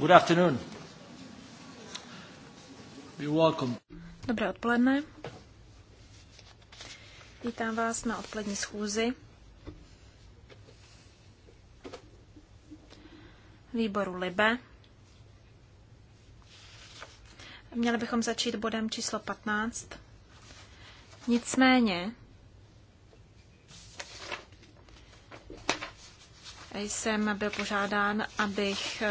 Good afternoon. You're welcome. Dobré odpoledne. Vítám vás na odpolední schůzi výboru LIBE. Měli bychom začít bodem číslo 15. Nicméně jsem byl požádán, abych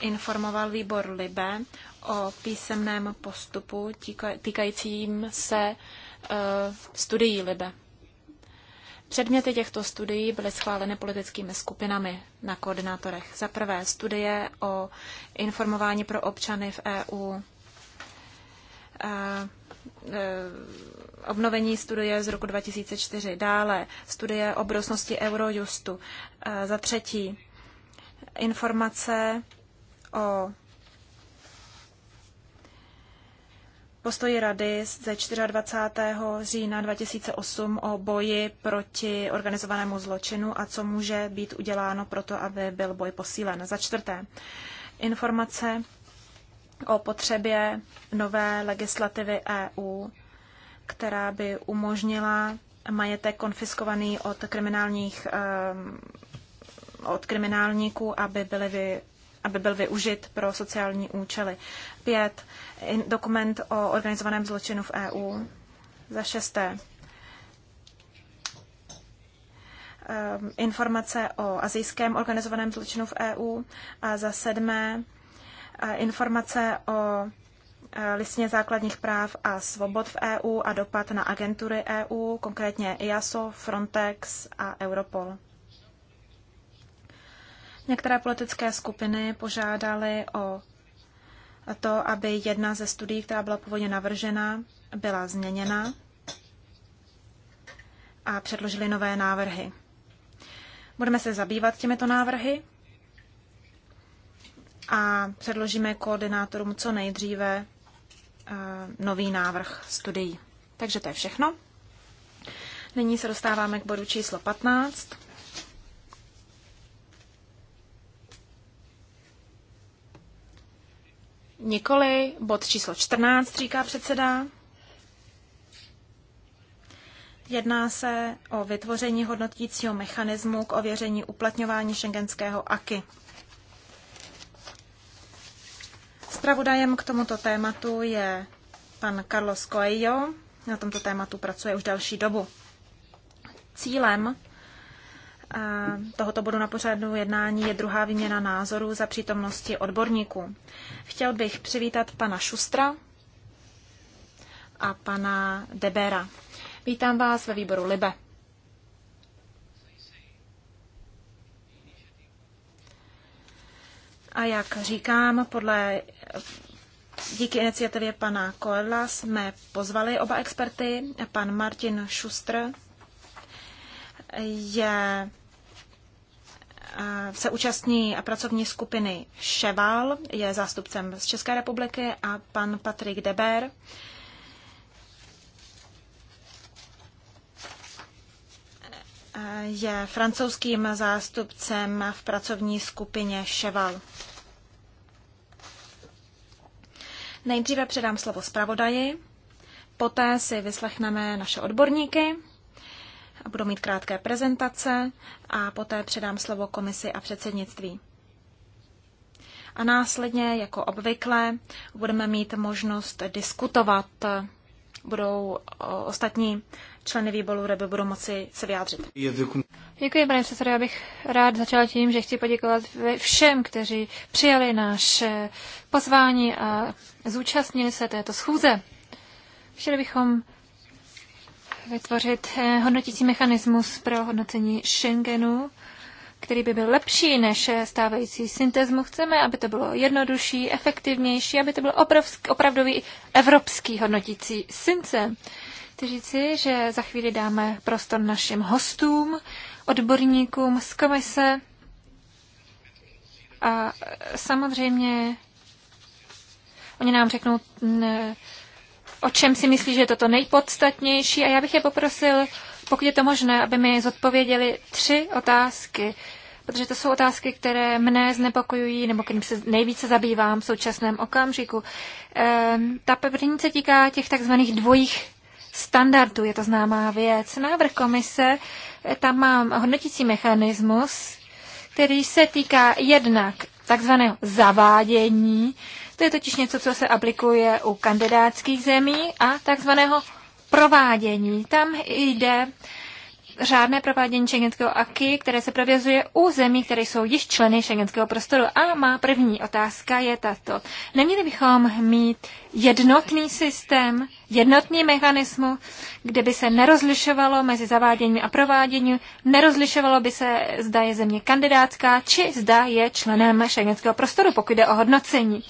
informoval výbor Libe o písemném postupu týkajícím se e, studií Libe. Předměty těchto studií byly schváleny politickými skupinami na koordinátorech. Za prvé studie o informování pro občany v EU, e, e, obnovení studie z roku 2004, dále studie o budoucnosti Eurojustu, za třetí informace o postoji rady ze 24. října 2008 o boji proti organizovanému zločinu a co může být uděláno pro to, aby byl boj posílen. Za čtvrté, informace o potřebě nové legislativy EU, která by umožnila majetek konfiskovaný od kriminálních ehm, od kriminálníků, aby byly aby byl využit pro sociální účely. Pět, dokument o organizovaném zločinu v EU. Za šesté, ehm, informace o azijském organizovaném zločinu v EU. A za sedmé, informace o e, listině základních práv a svobod v EU a dopad na agentury EU, konkrétně IASO, Frontex a Europol. Některé politické skupiny požádaly o to, aby jedna ze studií, která byla původně navržena, byla změněna a předložili nové návrhy. Budeme se zabývat těmito návrhy a předložíme koordinátorům co nejdříve eh, nový návrh studií. Takže to je všechno. Nyní se dostáváme k bodu číslo 15. Nikoli, bod číslo 14, říká předseda. Jedná se o vytvoření hodnotícího mechanismu k ověření uplatňování šengenského AKY. Spravodajem k tomuto tématu je pan Carlos Coelho. Na tomto tématu pracuje už další dobu. Cílem tohoto bodu na pořadu jednání je druhá výměna názorů za přítomnosti odborníků. Chtěl bych přivítat pana Šustra a pana Debera. Vítám vás ve výboru Libe. A jak říkám, podle Díky iniciativě pana Koedla jsme pozvali oba experty. Pan Martin Schuster je se účastní pracovní skupiny Ševal, je zástupcem z České republiky a pan Patrik Deber. je francouzským zástupcem v pracovní skupině Cheval. Nejdříve předám slovo zpravodaji, poté si vyslechneme naše odborníky Budu mít krátké prezentace a poté předám slovo komisi a předsednictví. A následně, jako obvykle, budeme mít možnost diskutovat. Budou ostatní členy výboru Reby budou moci se vyjádřit. Děkuji, pane předsedo. Já bych rád začal tím, že chci poděkovat všem, kteří přijali naše pozvání a zúčastnili se této schůze. Chtěli bychom vytvořit eh, hodnotící mechanismus pro hodnocení Schengenu, který by byl lepší než eh, stávající syntezmu. Chceme, aby to bylo jednodušší, efektivnější, aby to byl opravdový evropský hodnotící synce. Chci říci, že za chvíli dáme prostor našim hostům, odborníkům z komise a eh, samozřejmě oni nám řeknou o čem si myslí, že je toto nejpodstatnější. A já bych je poprosil, pokud je to možné, aby mi zodpověděli tři otázky, protože to jsou otázky, které mne znepokojují nebo kterým se nejvíce zabývám v současném okamžiku. Ehm, ta první se týká těch takzvaných dvojích standardů, je to známá věc. Návrh komise, eh, tam mám hodnotící mechanismus, který se týká jednak takzvaného zavádění, to je totiž něco, co se aplikuje u kandidátských zemí a takzvaného provádění. Tam jde řádné provádění šengenského aky, které se provězuje u zemí, které jsou již členy šengenského prostoru. A má první otázka je tato. Neměli bychom mít jednotný systém, jednotný mechanismus, kde by se nerozlišovalo mezi zaváděním a prováděním, nerozlišovalo by se, zda je země kandidátská, či zda je členem šengenského prostoru, pokud jde o hodnocení.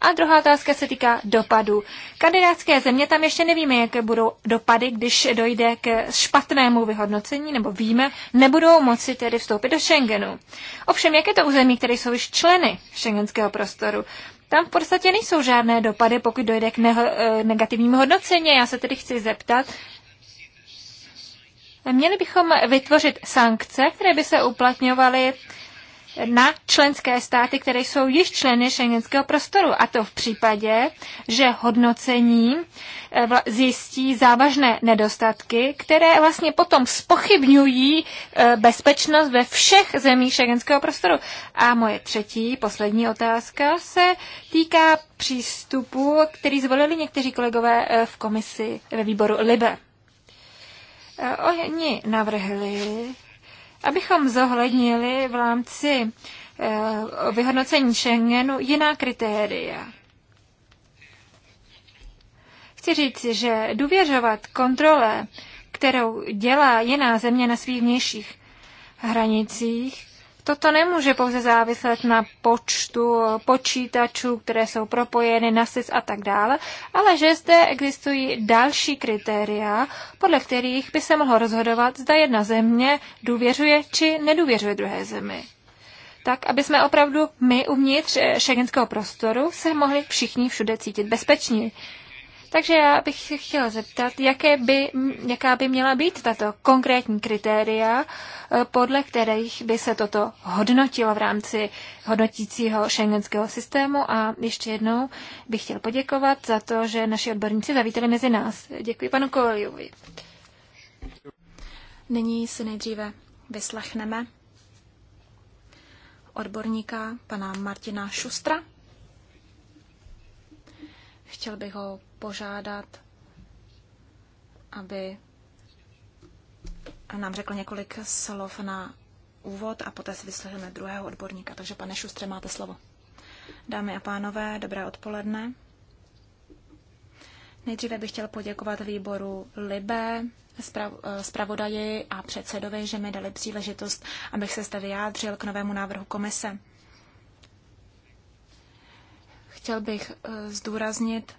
A druhá otázka se týká dopadů. Kandidátské země tam ještě nevíme, jaké budou dopady, když dojde k špatnému vyhodnocení, nebo víme, nebudou moci tedy vstoupit do Schengenu. Ovšem, jak je to území, které jsou již členy šengenského prostoru? tam v podstatě nejsou žádné dopady, pokud dojde k eh, negativnímu hodnocení. Já se tedy chci zeptat, Měli bychom vytvořit sankce, které by se uplatňovaly na členské státy, které jsou již členy šengenského prostoru. A to v případě, že hodnocení eh, zjistí závažné nedostatky, které vlastně potom spochybňují eh, bezpečnost ve všech zemích šengenského prostoru. A moje třetí, poslední otázka se týká přístupu, který zvolili někteří kolegové eh, v komisi ve výboru LIBE. Oni navrhli abychom zohlednili v rámci eh, vyhodnocení Schengenu jiná kritéria. Chci říct, že důvěřovat kontrole, kterou dělá jiná země na svých vnějších hranicích, Toto nemůže pouze záviset na počtu počítačů, které jsou propojeny na SIS a tak dále, ale že zde existují další kritéria, podle kterých by se mohlo rozhodovat, zda jedna země důvěřuje či nedůvěřuje druhé zemi. Tak, aby jsme opravdu my uvnitř šengenského eh, prostoru se mohli všichni všude cítit bezpeční. Takže já bych se chtěla zeptat, jaké by, jaká by měla být tato konkrétní kritéria, eh, podle kterých by se toto hodnotilo v rámci hodnotícího šengenského systému. A ještě jednou bych chtěl poděkovat za to, že naši odborníci zavítali mezi nás. Děkuji panu Kovaliovi. Nyní si nejdříve vyslechneme odborníka pana Martina Šustra Chtěl bych ho požádat, aby nám řekl několik slov na úvod a poté si vyslechneme druhého odborníka. Takže pane Šustře, máte slovo. Dámy a pánové, dobré odpoledne. Nejdříve bych chtěl poděkovat výboru Libe, eh, zpravodaji a předsedovi, že mi dali příležitost, abych se zde vyjádřil k novému návrhu komise. Chtěl bych eh, zdůraznit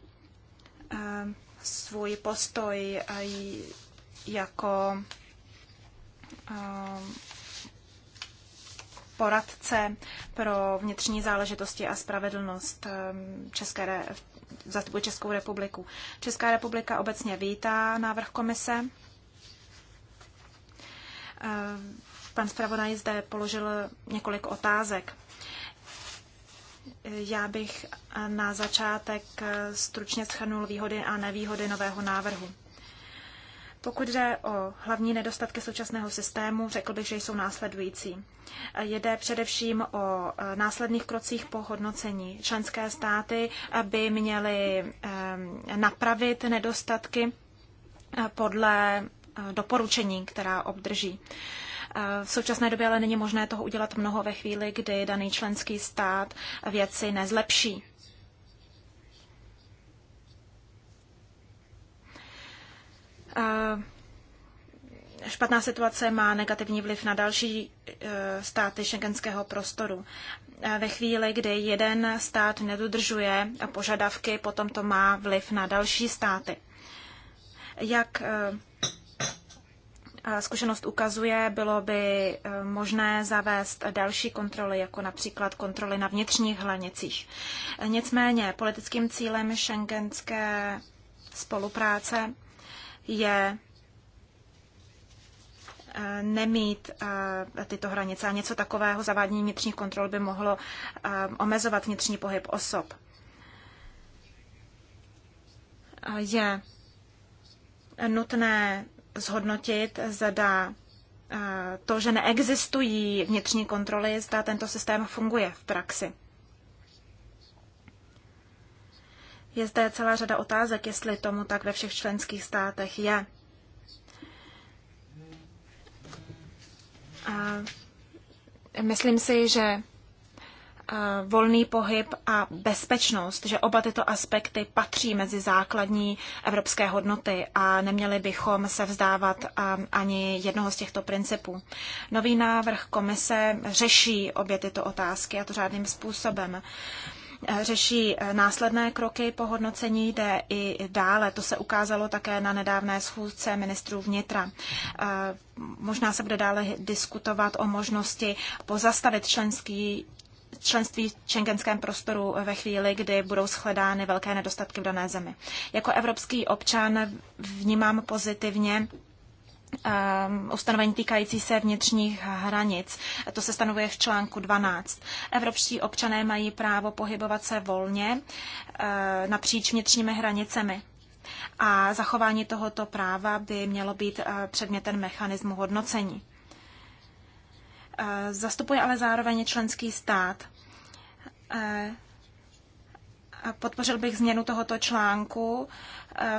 eh, svůj postoj eh, jako poradce pro vnitřní záležitosti a spravedlnost České, za Českou republiku. Česká republika obecně vítá návrh komise. Pan zpravodaj zde položil několik otázek. Já bych na začátek stručně schrnul výhody a nevýhody nového návrhu. Pokud jde o hlavní nedostatky současného systému, řekl bych, že jsou následující. Jde především o následných krocích po hodnocení. Členské státy by měly napravit nedostatky podle eh, doporučení, která obdrží. V současné době ale není možné toho udělat mnoho ve chvíli, kdy daný členský stát věci nezlepší. Špatná situace má negativní vliv na další e, státy šengenského prostoru. Ve chvíli, kdy jeden stát nedodržuje požadavky, potom to má vliv na další státy. Jak e, zkušenost ukazuje, bylo by eh, možné zavést další kontroly, jako například kontroly na vnitřních hranicích. Nicméně politickým cílem šengenské spolupráce je eh, nemít eh, tyto hranice a něco takového zavádění vnitřních kontrol by mohlo omezovat vnitřní pohyb osob. Je nutné zhodnotit, zda eh, to, že neexistují vnitřní kontroly, zda tento systém funguje v praxi. Je zde celá řada otázek, jestli tomu tak ve všech členských státech je. A myslím si, že Eh, volný pohyb a bezpečnost, že oba tyto aspekty patří mezi základní evropské hodnoty a neměli bychom se vzdávat eh, ani jednoho z těchto principů. Nový návrh komise řeší obě tyto otázky a to řádným způsobem eh, řeší následné kroky po hodnocení, jde i dále. To se ukázalo také na nedávné schůzce ministrů vnitra. Možná se bude dále diskutovat o možnosti pozastavit členský členství v šengenském prostoru ve chvíli, kdy budou shledány velké nedostatky v dané zemi. Jako evropský občan vnímám pozitivně ehm, ustanovení týkající se vnitřních hranic. To se stanovuje v článku 12. Evropští občané mají právo pohybovat se volně ehm, napříč vnitřními hranicemi. A zachování tohoto práva by mělo být eh, předmětem mechanismu hodnocení. Eh, zastupuje ale zároveň členský stát. Eh, podpořil bych změnu tohoto článku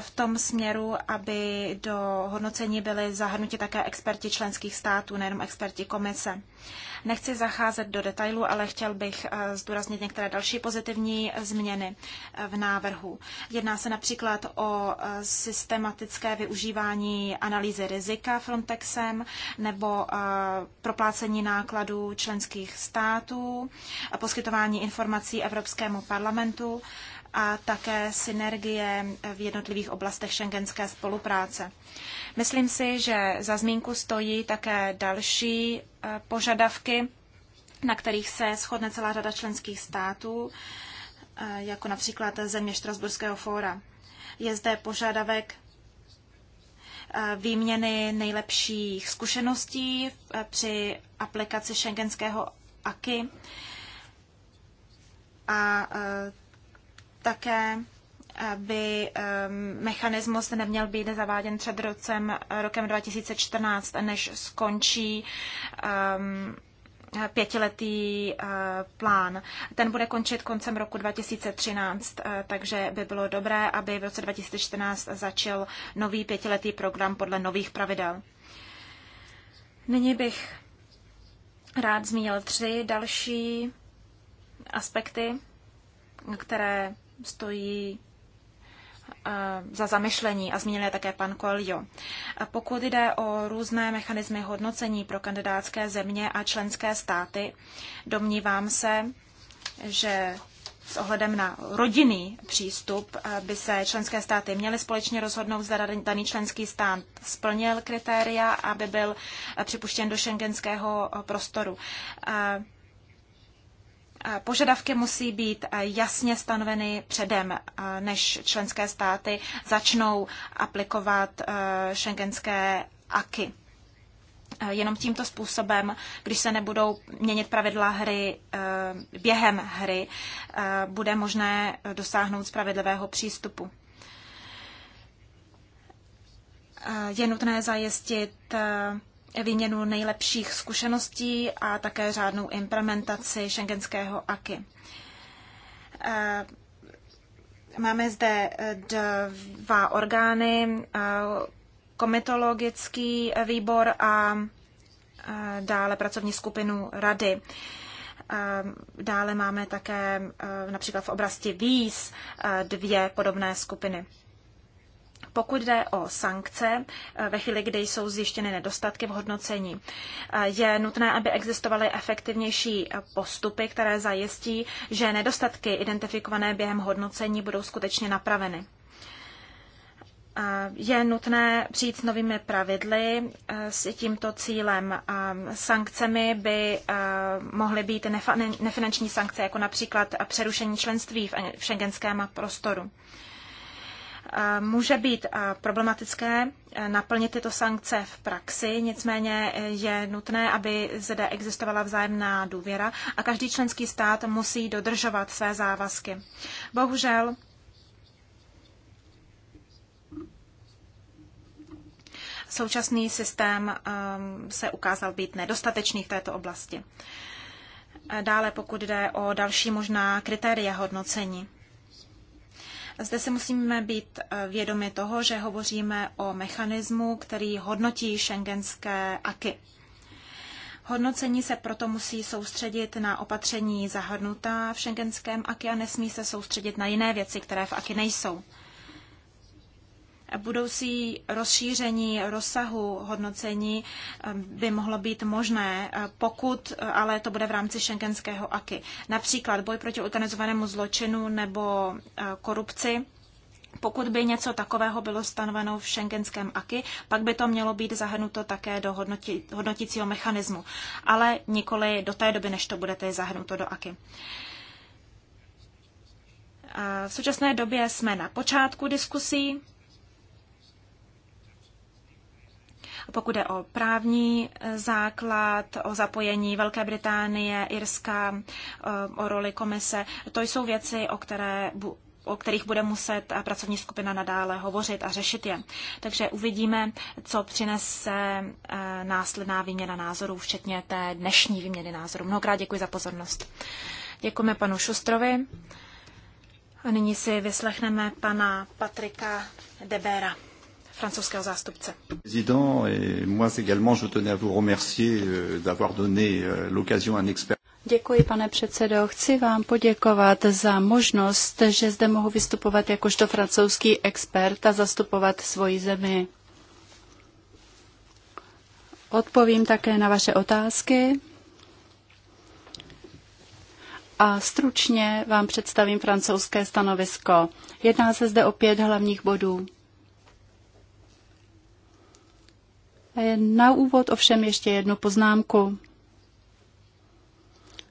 v tom směru, aby do hodnocení byly zahrnuti také experti členských států, nejenom experti komise. Nechci zacházet do detailu, ale chtěl bych eh, zdůraznit některé další pozitivní změny eh, v návrhu. Jedná se například o eh, systematické využívání analýzy rizika Frontexem nebo proplácení nákladů členských států, poskytování informací Evropskému parlamentu, a také synergie v jednotlivých oblastech šengenské spolupráce. Myslím si, že za zmínku stojí také další eh, požadavky, na kterých se shodne celá řada členských států, eh, jako například země Štrasburského fóra. Je zde požadavek eh, výměny nejlepších zkušeností při aplikaci šengenského AKY a také eh, by ehm, mechanismus neměl být zaváděn před rocem, rokem 2014, než skončí ehm, pětiletý eh, plán. Ten bude končit koncem roku 2013, eh, takže by bylo dobré, aby v roce 2014 začal nový pětiletý program podle nových pravidel. Nyní bych rád zmínil tři další aspekty, které stojí eh, za zamyšlení a zmínil je také pan Koljo. Pokud jde o různé mechanismy hodnocení pro kandidátské země a členské státy, domnívám se, že s ohledem na rodinný přístup eh, by se členské státy měly společně rozhodnout, zda daný členský stát splnil kritéria, aby byl eh, připuštěn do šengenského prostoru. Požadavky musí být eh, jasně stanoveny předem, eh, než členské státy začnou aplikovat eh, šengenské aky. Jenom tímto způsobem, když se nebudou měnit pravidla hry během hry, bude možné dosáhnout spravedlivého přístupu. Je nutné zajistit výměnu nejlepších zkušeností a také řádnou implementaci šengenského AKI. Eh, máme zde eh, dva orgány, eh, komitologický výbor a dále pracovní skupinu rady. Dále máme také například v oblasti víz dvě podobné skupiny. Pokud jde o sankce, eh, ve chvíli, kdy jsou zjištěny nedostatky v hodnocení, eh, je nutné, aby existovaly efektivnější eh, postupy, které zajistí, že nedostatky identifikované během hodnocení budou skutečně napraveny. Je nutné přijít s novými pravidly s tímto cílem. Sankcemi by mohly být nefinanční sankce, jako například přerušení členství v šengenském prostoru. Může být problematické naplnit tyto sankce v praxi, nicméně e, je nutné, aby zde existovala vzájemná důvěra a každý členský stát musí dodržovat své závazky. Bohužel současný systém e, se ukázal být nedostatečný v této oblasti. E, dále, pokud jde o další možná kritéria hodnocení. Zde se musíme být eh, vědomi toho, že hovoříme o mechanismu, který hodnotí šengenské aky. Hodnocení se proto musí soustředit na opatření zahrnutá v šengenském aky a nesmí se soustředit na jiné věci, které v aky nejsou budoucí rozšíření rozsahu hodnocení eh, by mohlo být možné, eh, pokud eh, ale to bude v rámci šengenského AKY. Například boj proti organizovanému zločinu nebo korupci. Pokud by něco takového bylo stanoveno v šengenském AKY, pak by to mělo být zahrnuto také do hodnoti, hodnotícího mechanismu, ale nikoli do té doby, než to budete zahrnuto do AKY. V současné době jsme na počátku diskusí. pokud je o právní eh, základ, o zapojení Velké Británie, Irska, eh, o roli komise. To jsou věci, o které o kterých bude muset eh, pracovní skupina nadále hovořit a řešit je. Takže uvidíme, co přinese následná výměna názorů, včetně té dnešní výměny názorů. Mnohokrát děkuji za pozornost. Děkujeme panu Šustrovi. A nyní si vyslechneme pana Patrika Debera francouzského zástupce. Děkuji, pane předsedo. Chci vám poděkovat za možnost, že zde mohu vystupovat jakožto francouzský expert a zastupovat svoji zemi. Odpovím také na vaše otázky a stručně vám představím francouzské stanovisko. Jedná se zde o pět hlavních bodů. Na úvod ovšem ještě jednu poznámku.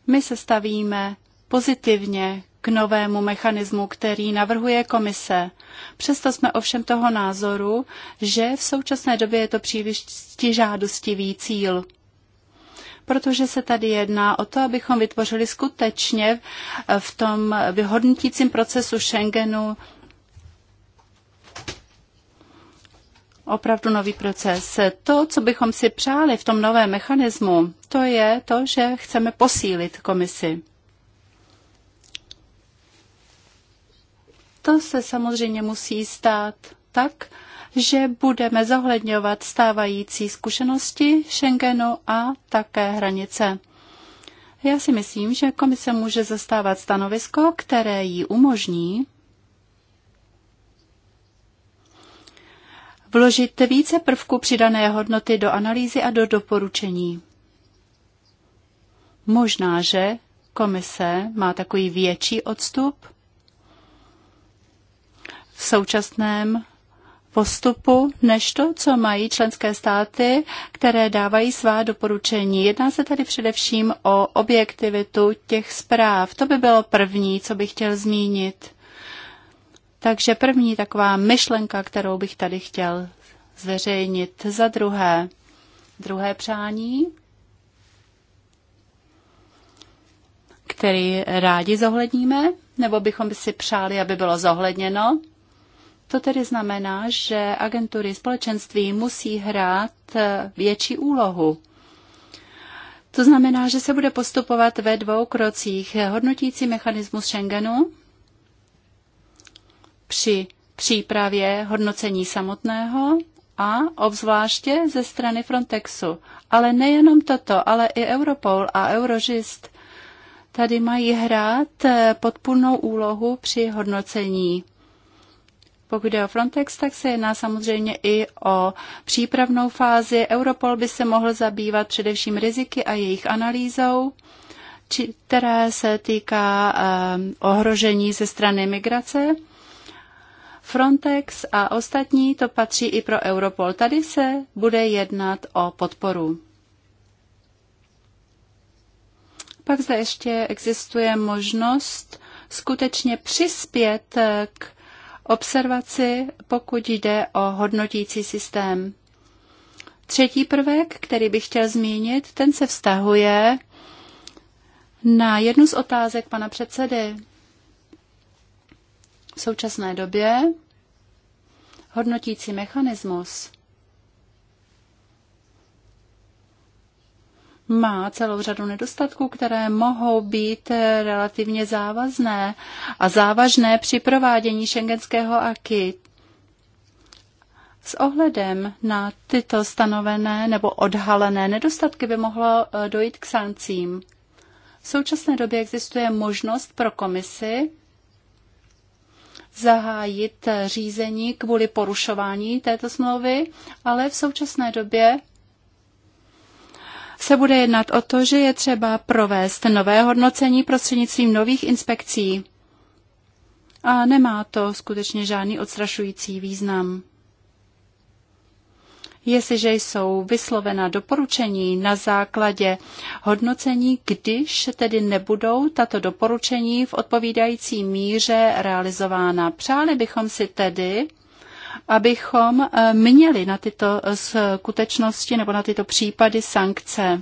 My se stavíme pozitivně k novému mechanismu, který navrhuje komise. Přesto jsme ovšem toho názoru, že v současné době je to příliš stižádostivý cíl protože se tady jedná o to, abychom vytvořili skutečně v tom vyhodnotícím procesu Schengenu opravdu nový proces. To, co bychom si přáli v tom novém mechanismu, to je to, že chceme posílit komisi. To se samozřejmě musí stát tak, že budeme zohledňovat stávající zkušenosti Schengenu a také hranice. Já si myslím, že komise může zastávat stanovisko, které jí umožní vložit více prvků přidané hodnoty do analýzy a do doporučení. Možná, že komise má takový větší odstup v současném postupu než to, co mají členské státy, které dávají svá doporučení. Jedná se tady především o objektivitu těch zpráv. To by bylo první, co bych chtěl zmínit. Takže první taková myšlenka, kterou bych tady chtěl zveřejnit. Za druhé, druhé přání, který rádi zohledníme, nebo bychom by si přáli, aby bylo zohledněno. To tedy znamená, že agentury společenství musí hrát větší úlohu. To znamená, že se bude postupovat ve dvou krocích. Hodnotící mechanismus Schengenu, při přípravě hodnocení samotného a obzvláště ze strany Frontexu. Ale nejenom toto, ale i Europol a Eurožist tady mají hrát eh, podpůrnou úlohu při hodnocení. Pokud je o Frontex, tak se jedná samozřejmě i o přípravnou fázi. Europol by se mohl zabývat především riziky a jejich analýzou, či, které se týká um, ohrožení ze strany migrace Frontex a ostatní to patří i pro Europol. Tady se bude jednat o podporu. Pak zde ještě existuje možnost skutečně přispět k observaci, pokud jde o hodnotící systém. Třetí prvek, který bych chtěl zmínit, ten se vztahuje na jednu z otázek pana předsedy. V současné době hodnotící mechanismus má celou řadu nedostatků, které mohou být relativně závazné a závažné při provádění šengenského aky. S ohledem na tyto stanovené nebo odhalené nedostatky by mohlo eh, dojít k sankcím. V současné době existuje možnost pro komisi zahájit řízení kvůli porušování této smlouvy, ale v současné době se bude jednat o to, že je třeba provést nové hodnocení prostřednictvím nových inspekcí. A nemá to skutečně žádný odstrašující význam jestliže jsou vyslovena doporučení na základě hodnocení, když tedy nebudou tato doporučení v odpovídající míře realizována. Přáli bychom si tedy, abychom eh, měli na tyto skutečnosti nebo na tyto případy sankce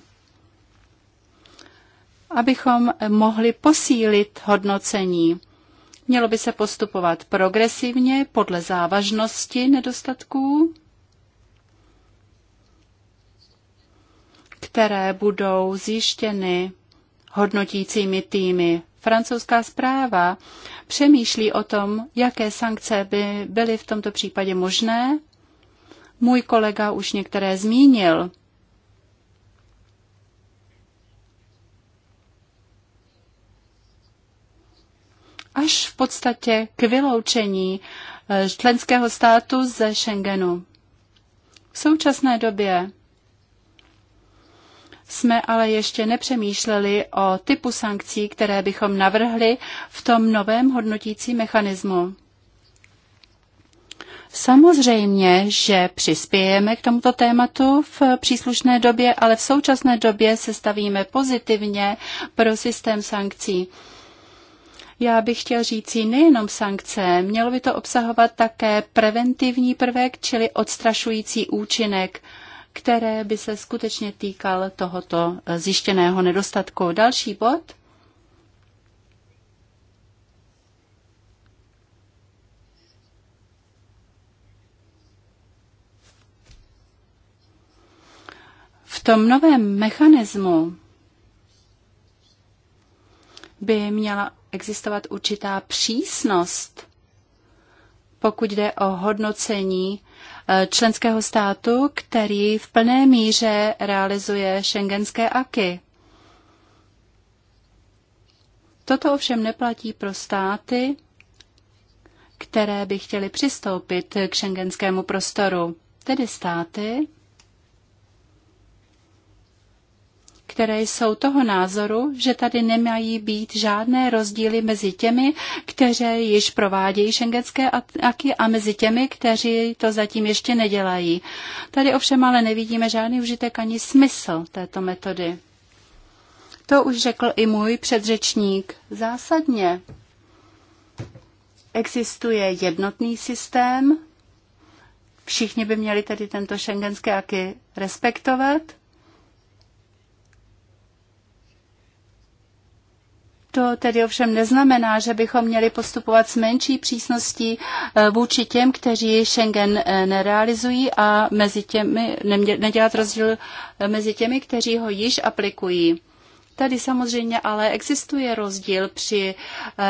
abychom mohli posílit hodnocení. Mělo by se postupovat progresivně podle závažnosti nedostatků které budou zjištěny hodnotícími týmy. Francouzská zpráva přemýšlí o tom, jaké sankce by byly v tomto případě možné. Můj kolega už některé zmínil. Až v podstatě k vyloučení eh, členského státu ze Schengenu. V současné době jsme ale ještě nepřemýšleli o typu sankcí, které bychom navrhli v tom novém hodnotícím mechanismu. Samozřejmě, že přispějeme k tomuto tématu v příslušné době, ale v současné době se stavíme pozitivně pro systém sankcí. Já bych chtěl říci nejenom sankce, mělo by to obsahovat také preventivní prvek, čili odstrašující účinek které by se skutečně týkal tohoto eh, zjištěného nedostatku. Další bod. V tom novém mechanismu by měla existovat určitá přísnost, pokud jde o hodnocení Eh, členského státu, který v plné míře realizuje šengenské aky. Toto ovšem neplatí pro státy, které by chtěly přistoupit k šengenskému prostoru, tedy státy, které jsou toho názoru, že tady nemají být žádné rozdíly mezi těmi, kteří již provádějí šengenské aky a mezi těmi, kteří to zatím ještě nedělají. Tady ovšem ale nevidíme žádný užitek ani smysl této metody. To už řekl i můj předřečník. Zásadně existuje jednotný systém, všichni by měli tedy tento šengenské aky respektovat To tedy ovšem neznamená, že bychom měli postupovat s menší přísností eh, vůči těm, kteří Schengen eh, nerealizují a mezi těmi, nedělat rozdíl eh, mezi těmi, kteří ho již aplikují. Tady samozřejmě ale existuje rozdíl při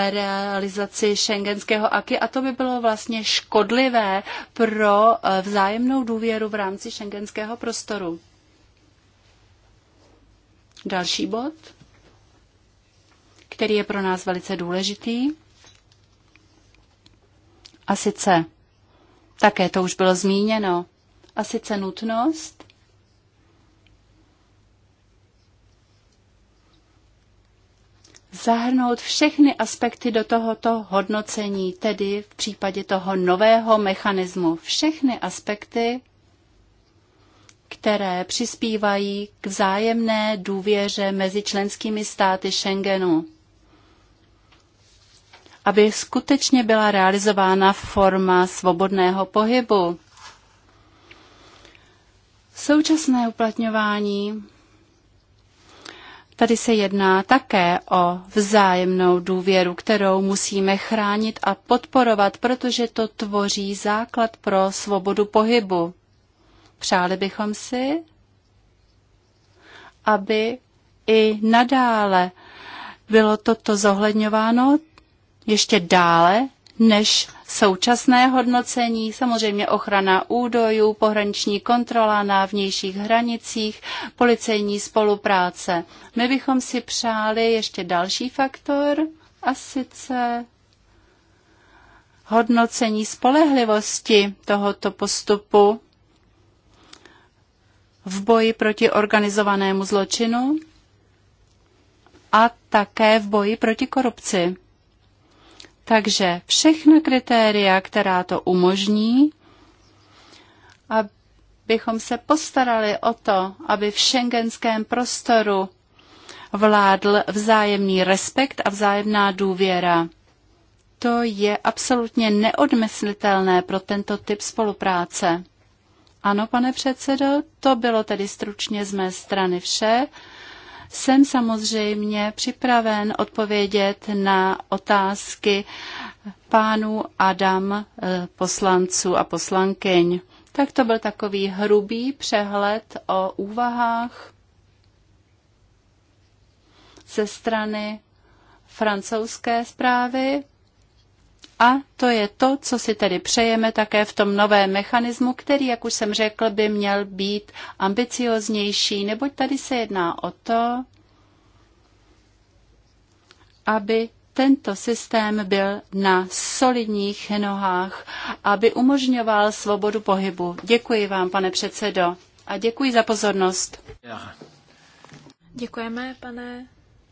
realizaci šengenského aky a to by bylo vlastně škodlivé pro vzájemnou důvěru v rámci šengenského prostoru. Další bod který je pro nás velice důležitý. A sice, také to už bylo zmíněno, a sice nutnost zahrnout všechny aspekty do tohoto hodnocení, tedy v případě toho nového mechanismu. Všechny aspekty, které přispívají k vzájemné důvěře mezi členskými státy Schengenu aby skutečně byla realizována forma svobodného pohybu. Současné uplatňování Tady se jedná také o vzájemnou důvěru, kterou musíme chránit a podporovat, protože to tvoří základ pro svobodu pohybu. Přáli bychom si, aby i nadále bylo toto zohledňováno ještě dále než současné hodnocení, samozřejmě ochrana údojů, pohraniční kontrola na vnějších hranicích, policejní spolupráce. My bychom si přáli ještě další faktor, a sice hodnocení spolehlivosti tohoto postupu v boji proti organizovanému zločinu a také v boji proti korupci. Takže všechna kritéria, která to umožní, abychom se postarali o to, aby v šengenském prostoru vládl vzájemný respekt a vzájemná důvěra. To je absolutně neodmyslitelné pro tento typ spolupráce. Ano, pane předsedo, to bylo tedy stručně z mé strany vše jsem samozřejmě připraven odpovědět na otázky pánů Adam eh, poslanců a poslankyň. Tak to byl takový hrubý přehled o úvahách ze strany francouzské zprávy a to je to, co si tedy přejeme také v tom novém mechanismu, který, jak už jsem řekl, by měl být ambicioznější, neboť tady se jedná o to, aby tento systém byl na solidních nohách, aby umožňoval svobodu pohybu. Děkuji vám, pane předsedo, a děkuji za pozornost. Děkujeme, pane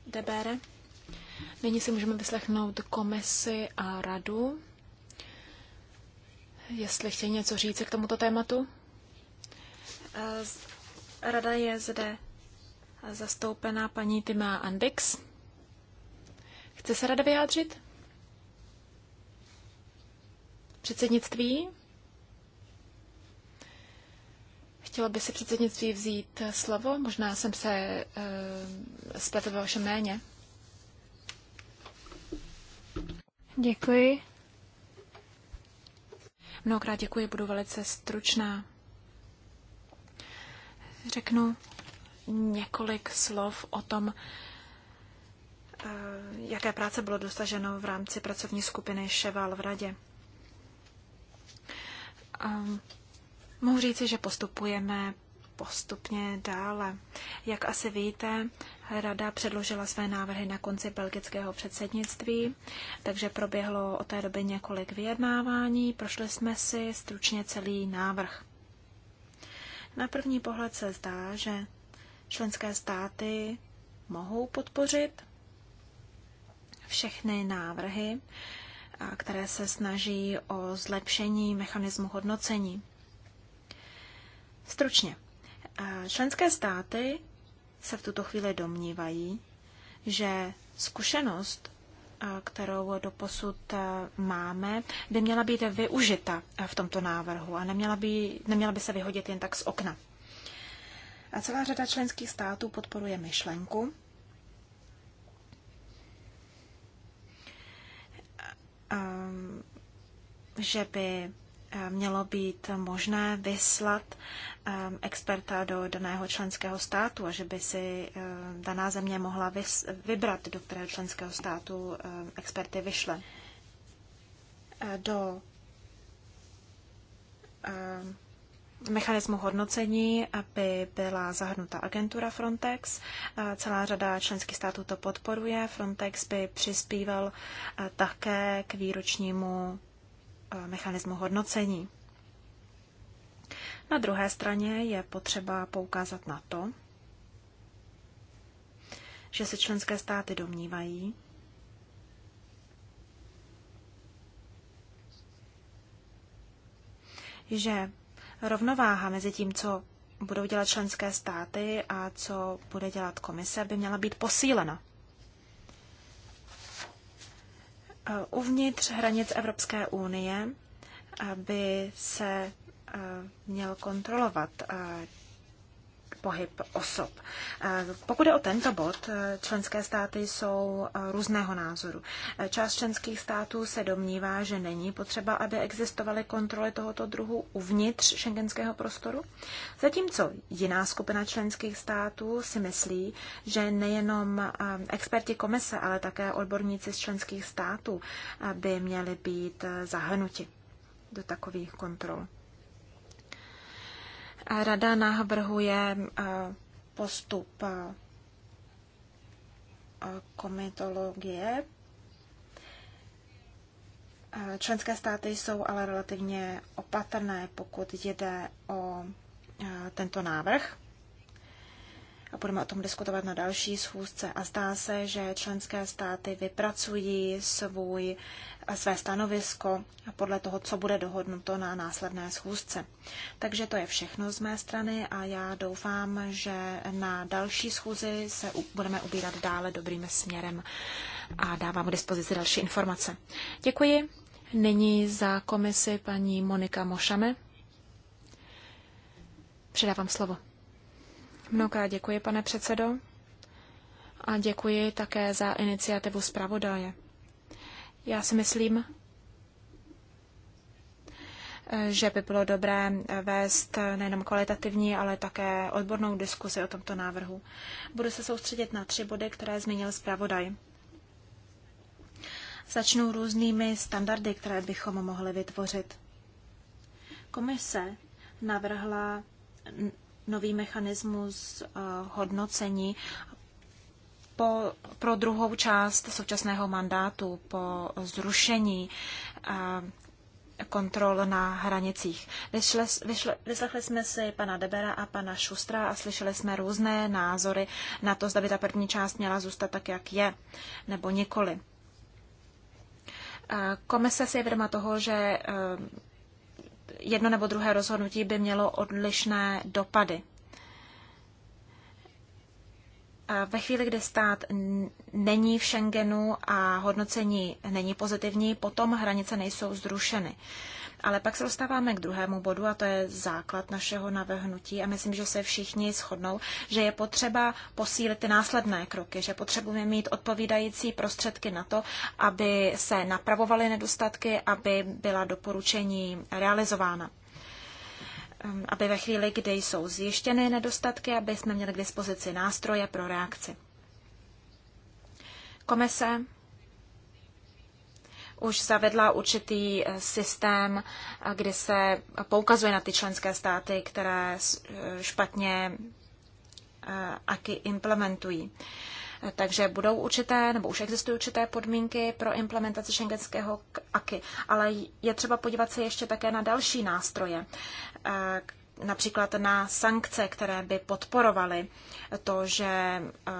Debere. Nyní si můžeme vyslechnout komisi a radu. Jestli chtějí něco říct k tomuto tématu. Eh, rada je zde zastoupená paní Tima Andix. Chce se rada vyjádřit? Předsednictví? Chtělo by si předsednictví vzít slovo? Možná jsem se e, spletl ve vašem jméně. Děkuji. Mnohokrát děkuji, budu velice stručná. Řeknu několik slov o tom, eh, jaké práce bylo dosaženo v rámci pracovní skupiny Ševal v Radě. Um, mohu říci, že postupujeme postupně dále. Jak asi víte, Rada předložila své návrhy na konci belgického předsednictví, takže proběhlo od té doby několik vyjednávání, prošli jsme si stručně celý návrh. Na první pohled se zdá, že členské státy mohou podpořit všechny návrhy, které se snaží o zlepšení mechanismu hodnocení. Stručně. Členské státy se v tuto chvíli domnívají, že zkušenost, eh, kterou do posud eh, máme, by měla být využita eh, v tomto návrhu a neměla by, neměla by se vyhodit jen tak z okna. A celá řada členských států podporuje myšlenku, že by Eh, mělo být možné vyslat eh, experta do daného členského státu a že by si eh, daná země mohla vybrat, do kterého členského státu experty vyšle. Do mechanismu hodnocení, aby byla zahrnuta agentura Frontex. Celá řada členských států to podporuje. Frontex by přispíval také k výročnímu Eh, mechanismu hodnocení. Na druhé straně je potřeba poukázat na to, že se členské státy domnívají, že rovnováha mezi tím, co budou dělat členské státy a co bude dělat komise, by měla být posílena. Eh, uvnitř hranic Evropské unie by se eh, měl kontrolovat eh, pohyb osob. Eh, pokud je o tento bod, eh, členské státy jsou eh, různého názoru. Část členských států se domnívá, že není potřeba, aby existovaly kontroly tohoto druhu uvnitř šengenského prostoru, zatímco jiná skupina členských států si myslí, že nejenom experti komise, ale také odborníci z členských států by měli být zahrnuti do takových kontrol. Rada navrhuje eh, postup eh, eh, komitologie. Členské státy jsou ale relativně opatrné, pokud jde o tento návrh a budeme o tom diskutovat na další schůzce. A zdá se, že členské státy vypracují svůj, své stanovisko podle toho, co bude dohodnuto na následné schůzce. Takže to je všechno z mé strany a já doufám, že na další schůzi se budeme ubírat dále dobrým směrem a dávám k dispozici další informace. Děkuji. Nyní za komisi paní Monika Mošame. Předávám slovo. Mnohokrát děkuji, pane předsedo, a děkuji také za iniciativu zpravodaje. Já si myslím, že by bylo dobré vést nejenom kvalitativní, ale také odbornou diskusi o tomto návrhu. Budu se soustředit na tři body, které zmínil zpravodaj. Začnu různými standardy, které bychom mohli vytvořit. Komise navrhla nový mechanismus eh, hodnocení po, pro druhou část současného mandátu po zrušení eh, kontrol na hranicích. Vyšle, vyšle, vyslechli jsme si pana Debera a pana Šustra a slyšeli jsme různé názory na to, zda by ta první část měla zůstat tak, jak je, nebo nikoli. Eh, komise si je vědoma toho, že jedno nebo druhé rozhodnutí by mělo odlišné dopady. Ve chvíli, kdy stát není v Schengenu a hodnocení není pozitivní, potom hranice nejsou zrušeny. Ale pak se dostáváme k druhému bodu a to je základ našeho navrhnutí a myslím, že se všichni shodnou, že je potřeba posílit ty následné kroky, že potřebujeme mít odpovídající prostředky na to, aby se napravovaly nedostatky, aby byla doporučení realizována. Um, aby ve chvíli, kdy jsou zjištěny nedostatky, aby jsme měli k dispozici nástroje pro reakci. Komise už zavedla určitý eh, systém, eh, kdy se poukazuje na ty členské státy, které eh, špatně aky implementují. Takže budou určité, nebo už existují určité podmínky pro implementaci šengenského AKY, ale je třeba podívat se ještě také na další nástroje, eh, například na sankce, které by podporovaly to, že eh,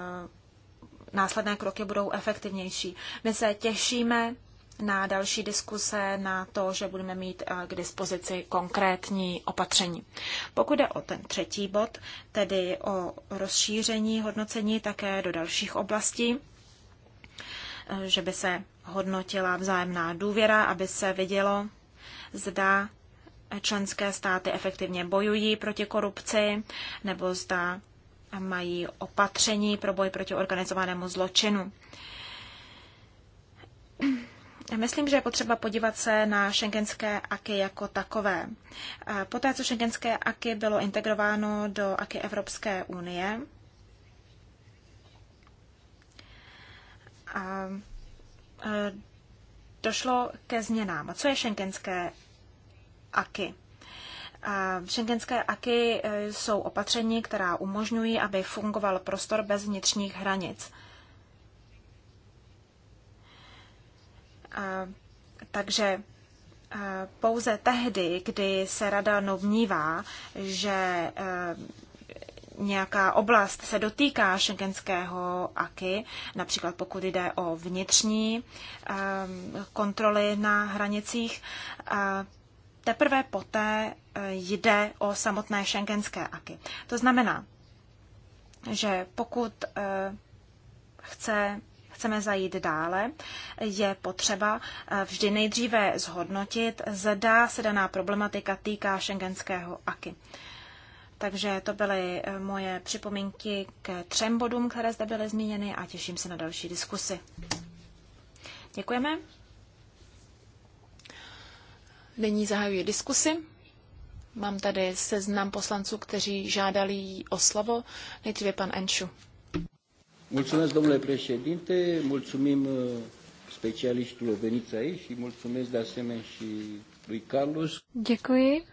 následné kroky budou efektivnější. My se těšíme na další diskuse, na to, že budeme mít eh, k dispozici konkrétní opatření. Pokud jde o ten třetí bod, tedy o rozšíření hodnocení také do dalších oblastí, eh, že by se hodnotila vzájemná důvěra, aby se vidělo, zda členské státy efektivně bojují proti korupci, nebo zda mají opatření pro boj proti organizovanému zločinu. Myslím, že je potřeba podívat se na šengenské aky jako takové. Poté, co šengenské aky bylo integrováno do aky Evropské unie, a došlo ke změnám. Co je šengenské aky? Schengenské aky e, jsou opatření, která umožňují, aby fungoval prostor bez vnitřních hranic. Takže pouze tehdy, kdy se rada novnívá, že nějaká oblast se dotýká šengenského AKY, například pokud jde o vnitřní kontroly na hranicích, teprve poté e, jde o samotné šengenské AKY. To znamená, že pokud e, chce chceme zajít dále, je potřeba eh, vždy nejdříve zhodnotit, zda se daná problematika týká šengenského AKY. Takže to byly eh, moje připomínky k třem bodům, které zde byly zmíněny a těším se na další diskusy. Děkujeme. Nyní zahajuji diskusy. Mám tady seznam poslanců, kteří žádali o slovo. Nejdříve pan Enšu. Mulțumesc, domnule președinte, mulțumim uh, specialiștilor veniți aici și mulțumesc de asemenea și lui Carlos. Děkuji.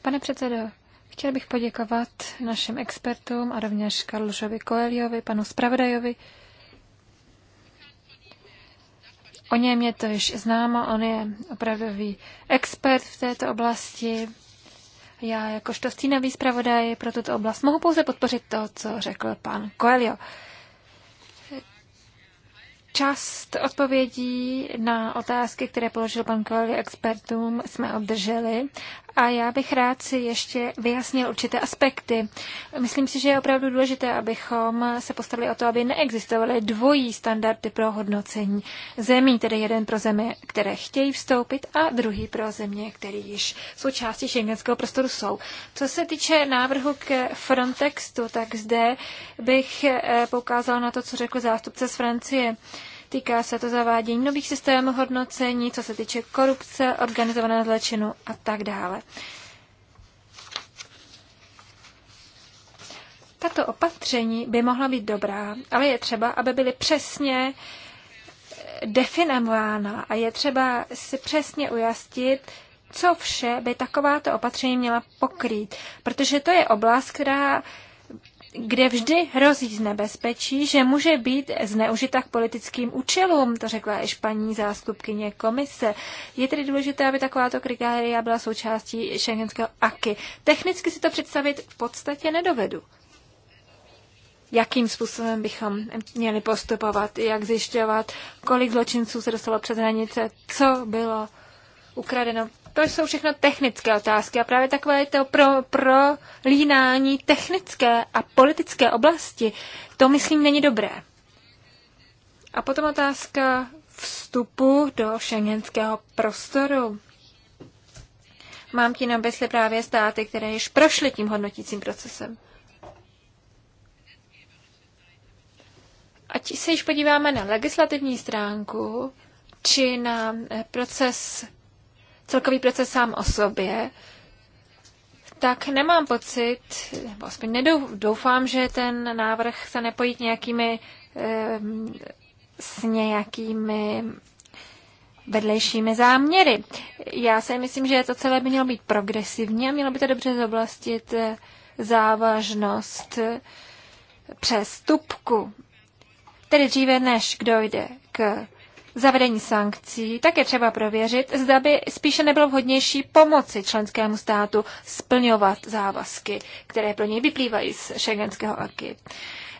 Pane předsedo, chtěl bych poděkovat našim expertům a rovněž Karlušovi Koeliovi, panu Spravodajovi. O něm je to již známo, on je opravdový expert v této oblasti. Já jakožto stínový zpravodaj pro tuto oblast mohu pouze podpořit to, co řekl pan Coelho. Část odpovědí na otázky, které položil pan Coelho expertům, jsme obdrželi a já bych rád si ještě vyjasnil určité aspekty. Myslím si, že je opravdu důležité, abychom se postavili o to, aby neexistovaly dvojí standardy pro hodnocení zemí, tedy jeden pro země, které chtějí vstoupit a druhý pro země, které již součástí šengenského prostoru jsou. Co se týče návrhu k Frontextu, tak zde bych eh, poukázal na to, co řekl zástupce z Francie. Týká se to zavádění nových systémů hodnocení, co se týče korupce, organizovaného zločinu a tak dále. Tato opatření by mohla být dobrá, ale je třeba, aby byly přesně eh, definována a je třeba si přesně ujastit, co vše by takováto opatření měla pokrýt, protože to je oblast, která kde vždy hrozí z nebezpečí, že může být zneužita k politickým účelům, to řekla i španí zástupkyně komise. Je tedy důležité, aby takováto kritéria byla součástí šengenského AKY. Technicky si to představit v podstatě nedovedu jakým způsobem bychom měli postupovat, jak zjišťovat, kolik zločinců se dostalo přes hranice, co bylo ukradeno. To jsou všechno technické otázky a právě takové to pro, pro línání technické a politické oblasti, to myslím není dobré. A potom otázka vstupu do šengenského prostoru. Mám ti na mysli právě státy, které již prošly tím hodnotícím procesem. Ať se již podíváme na legislativní stránku, či na eh, proces celkový proces sám o sobě, tak nemám pocit, nebo aspoň doufám, že ten návrh se nepojí nějakými, s nějakými vedlejšími záměry. Já si myslím, že to celé by mělo být progresivní a mělo by to dobře zoblastit eh, závažnost eh, přestupku. Tedy dříve, než kdo jde k zavedení sankcí, tak je třeba prověřit, zda by spíše nebylo vhodnější pomoci členskému státu splňovat závazky, které pro něj vyplývají z šengenského aky.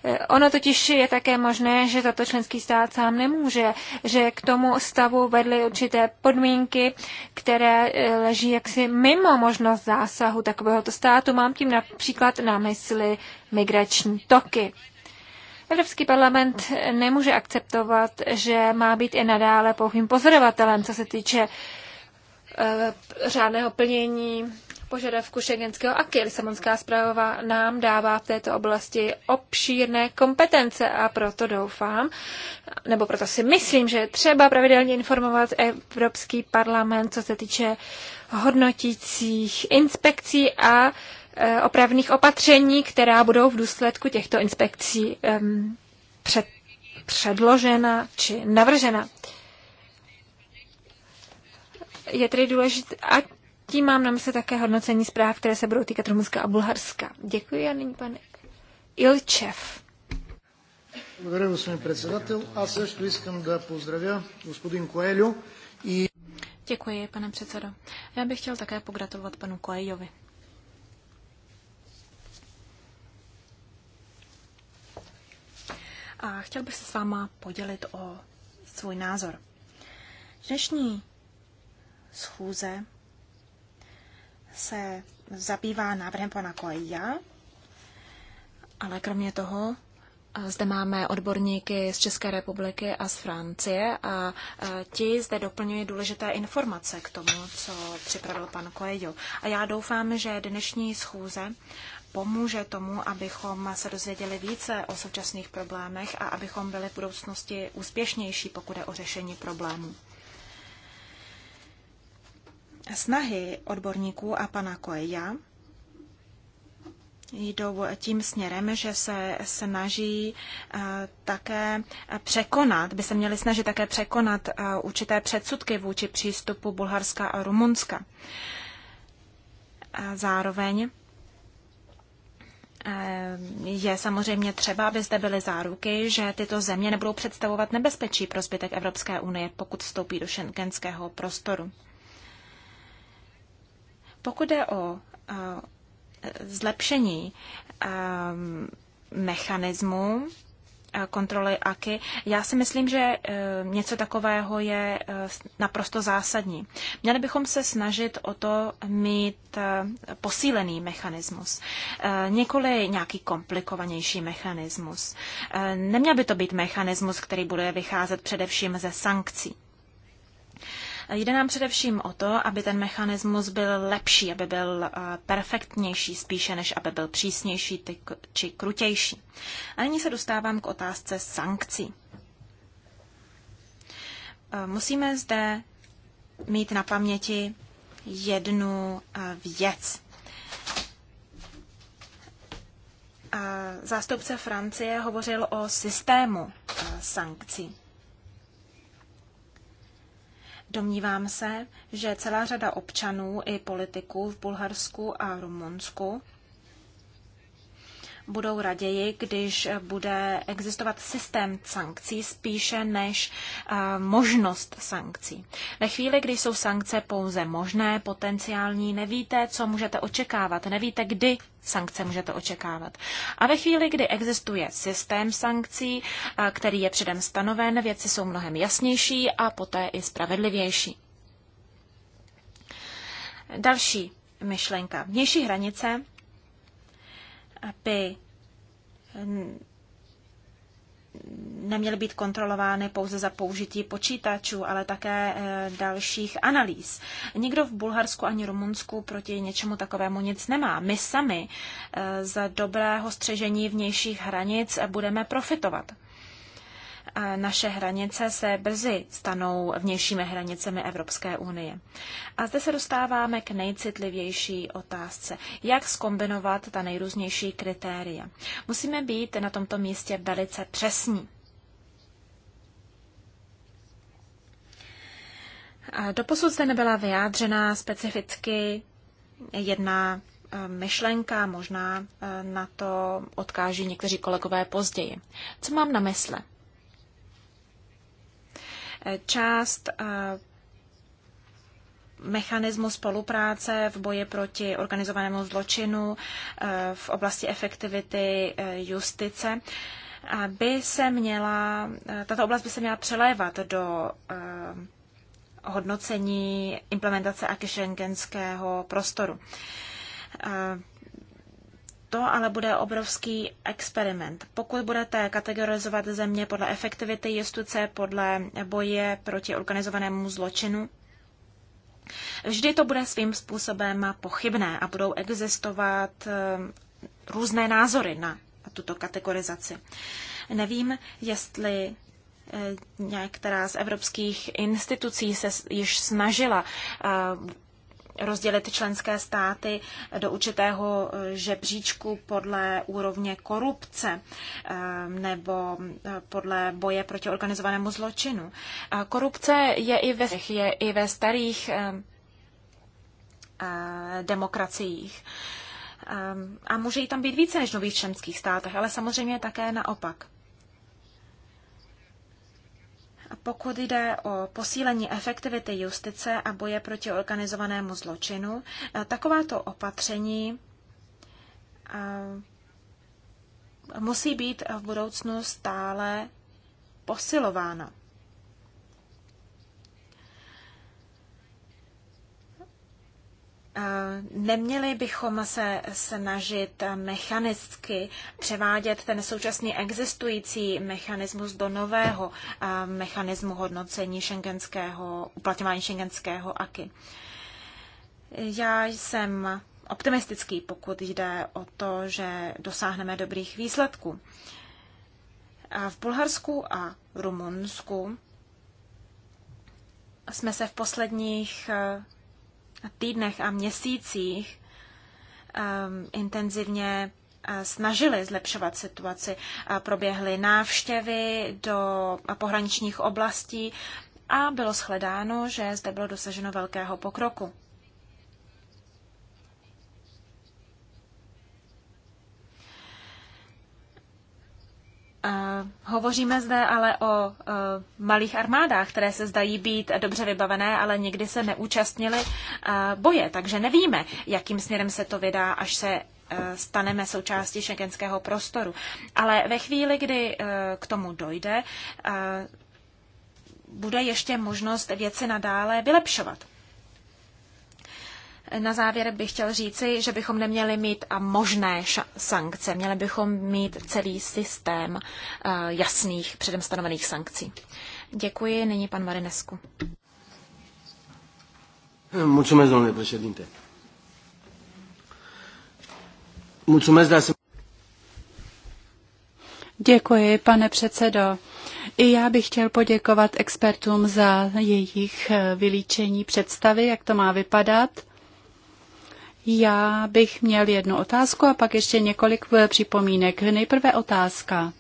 Eh, ono totiž je také možné, že za to členský stát sám nemůže, že k tomu stavu vedly určité podmínky, které eh, leží jaksi mimo možnost zásahu takovéhoto státu. Mám tím například na mysli migrační toky. Evropský parlament nemůže akceptovat, že má být i nadále pouhým pozorovatelem, co se týče eh, řádného plnění požadavku šegenského aky. Lisabonská zpráva nám dává v této oblasti obšírné kompetence a proto doufám, nebo proto si myslím, že třeba pravidelně informovat Evropský parlament, co se týče hodnotících inspekcí a Eh, opravných opatření, která budou v důsledku těchto inspekcí před, předložena či navržena. Je tedy důležité, a tím mám na mysli také hodnocení zpráv, které se budou týkat Rumunska a Bulharska. Děkuji a nyní pan Ilčev. Благодаря, господин председател. Аз също искам да поздравя господин Коелю и... Děkuji, pane předsedo. Já bych chtěl také pogratulovat panu Koejovi. a chtěl bych se s váma podělit o svůj názor. Dnešní schůze se zabývá návrhem pana Koeja, ale kromě toho eh, zde máme odborníky z České republiky a z Francie a eh, ti zde doplňují důležité informace k tomu, co připravil pan Koejo. A já doufám, že dnešní schůze pomůže tomu, abychom se dozvěděli více o současných problémech a abychom byli v budoucnosti úspěšnější, pokud je o řešení problémů. Snahy odborníků a pana Koeja jdou tím směrem, že se snaží eh, také překonat, by se měli snažit také překonat eh, určité předsudky vůči přístupu Bulharska a Rumunska. A zároveň je samozřejmě třeba, aby zde byly záruky, že tyto země nebudou představovat nebezpečí pro zbytek Evropské unie, pokud vstoupí do šengenského prostoru. Pokud jde o eh, zlepšení eh, mechanismu Eh, kontroly AKY. Já si myslím, že eh, něco takového je eh, naprosto zásadní. Měli bychom se snažit o to mít posílený mechanismus, nikoli nějaký komplikovanější mechanismus. Neměl by to být mechanismus, který bude vycházet především ze sankcí. Jde nám především o to, aby ten mechanismus byl lepší, aby byl eh, perfektnější spíše, než aby byl přísnější či krutější. A nyní se dostávám k otázce sankcí. Eh, musíme zde mít na paměti jednu eh, věc. Zástupce Francie hovořil o systému sankcí. Domnívám se, že celá řada občanů i politiků v Bulharsku a Rumunsku budou raději, když bude existovat systém sankcí spíše než eh, možnost sankcí. Ve chvíli, kdy jsou sankce pouze možné, potenciální, nevíte, co můžete očekávat, nevíte, kdy sankce můžete očekávat. A ve chvíli, kdy existuje systém sankcí, eh, který je předem stanoven, věci jsou mnohem jasnější a poté i spravedlivější. Další myšlenka. Vnější hranice aby neměly být kontrolovány pouze za použití počítačů, ale také e, dalších analýz. Nikdo v Bulharsku ani Rumunsku proti něčemu takovému nic nemá. My sami e, za dobrého střežení vnějších hranic budeme profitovat naše hranice se brzy stanou vnějšími hranicemi Evropské unie. A zde se dostáváme k nejcitlivější otázce. Jak skombinovat ta nejrůznější kritéria? Musíme být na tomto místě velice přesní. Doposud zde nebyla vyjádřena specificky jedna e, myšlenka, možná e, na to odkáží někteří kolegové později. Co mám na mysli? Eh, část eh, mechanismu spolupráce v boji proti organizovanému zločinu eh, v oblasti efektivity justice by se měla, tato oblast by se měla přelévat do hodnocení implementace Akišengenského prostoru. To ale bude obrovský experiment. Pokud budete kategorizovat země podle efektivity justice, podle boje proti organizovanému zločinu, vždy to bude svým způsobem pochybné a budou existovat eh, různé názory na tuto kategorizaci. Nevím, jestli eh, některá z evropských institucí se již snažila eh, rozdělit členské státy do určitého eh, žebříčku podle úrovně korupce eh, nebo eh, podle boje proti organizovanému zločinu. Korupce je i ve, je i ve starých demokraciích. A může jí tam být více než v nových členských státech, ale samozřejmě také naopak. Pokud jde o posílení efektivity justice a boje proti organizovanému zločinu, eh, takováto opatření eh, musí být v budoucnu stále posilována. Eh, neměli bychom se snažit mechanicky převádět ten současný existující mechanismus do nového eh, mechanismu hodnocení šengenského, uplatňování šengenského AKY. Já jsem optimistický, pokud jde o to, že dosáhneme dobrých výsledků. A v Bulharsku a Rumunsku jsme se v posledních eh, týdnech a měsících ehm, intenzivně eh, snažili zlepšovat situaci. Proběhly návštěvy do pohraničních oblastí a bylo shledáno, že zde bylo dosaženo velkého pokroku. Eh, hovoříme zde ale o eh, malých armádách, které se zdají být dobře vybavené, ale nikdy se neúčastnili eh, boje, takže nevíme, jakým směrem se to vydá, až se staneme součástí šengenského prostoru. Ale ve chvíli, kdy k tomu dojde, bude ještě možnost věci nadále vylepšovat. Na závěr bych chtěl říci, že bychom neměli mít a možné sankce, měli bychom mít celý systém eh, jasných předem stanovených sankcí. Děkuji, nyní pan Marinescu. Mulțumesc, domnule președinte. Mulțumesc de asemenea. Děkuji, pane předsedo. I já bych chtěl poděkovat expertům za jejich eh, vylíčení představy, jak to má vypadat. Já bych měl jednu otázku a pak ještě několik připomínek. Nejprve otázka.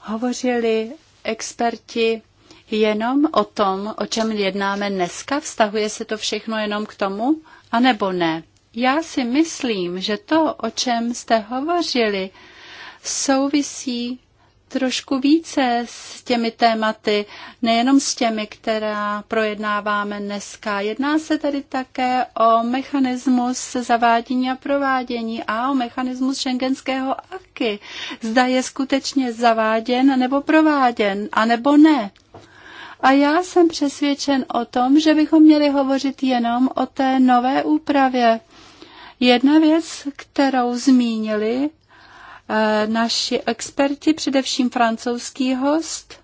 Hovořili experti jenom o tom, o čem jednáme dneska? Vztahuje se to všechno jenom k tomu? A nebo ne? Já si myslím, že to, o čem jste hovořili, souvisí trošku více s těmi tématy, nejenom s těmi, která projednáváme dneska. Jedná se tady také o mechanismus zavádění a provádění a o mechanismus šengenského aky. Zda je skutečně zaváděn nebo prováděn, anebo ne. A já jsem přesvědčen o tom, že bychom měli hovořit jenom o té nové úpravě. Jedna věc, kterou zmínili Eh, naši experti, především francouzský host,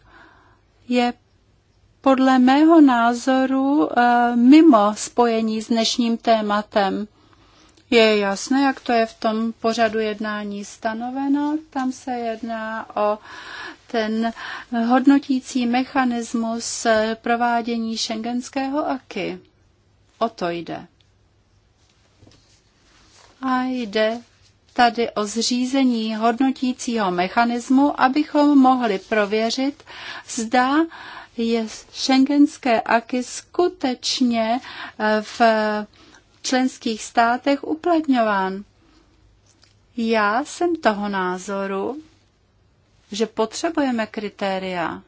je podle mého názoru eh, mimo spojení s dnešním tématem. Je jasné, jak to je v tom pořadu jednání stanoveno. Tam se jedná o ten hodnotící mechanismus eh, provádění šengenského aky. O to jde. A jde tady o zřízení hodnotícího mechanismu, abychom mohli prověřit, zda je šengenské aky skutečně eh, v členských státech uplatňován. Já jsem toho názoru, že potřebujeme kritéria,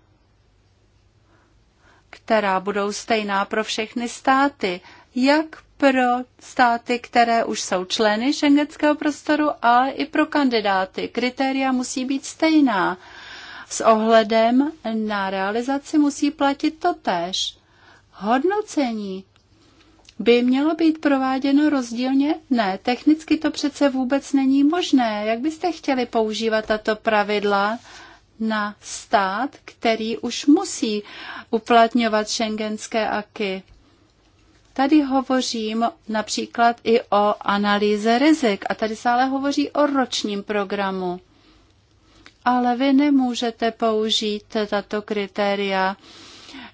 která budou stejná pro všechny státy, jak pro státy, které už jsou členy šengenského prostoru, ale i pro kandidáty. Kritéria musí být stejná. S ohledem na realizaci musí platit totéž. Hodnocení by mělo být prováděno rozdílně? Ne, technicky to přece vůbec není možné. Jak byste chtěli používat tato pravidla na stát, který už musí uplatňovat šengenské aky? Tady hovořím například i o analýze rizik a tady se ale hovoří o ročním programu. Ale vy nemůžete použít tato kritéria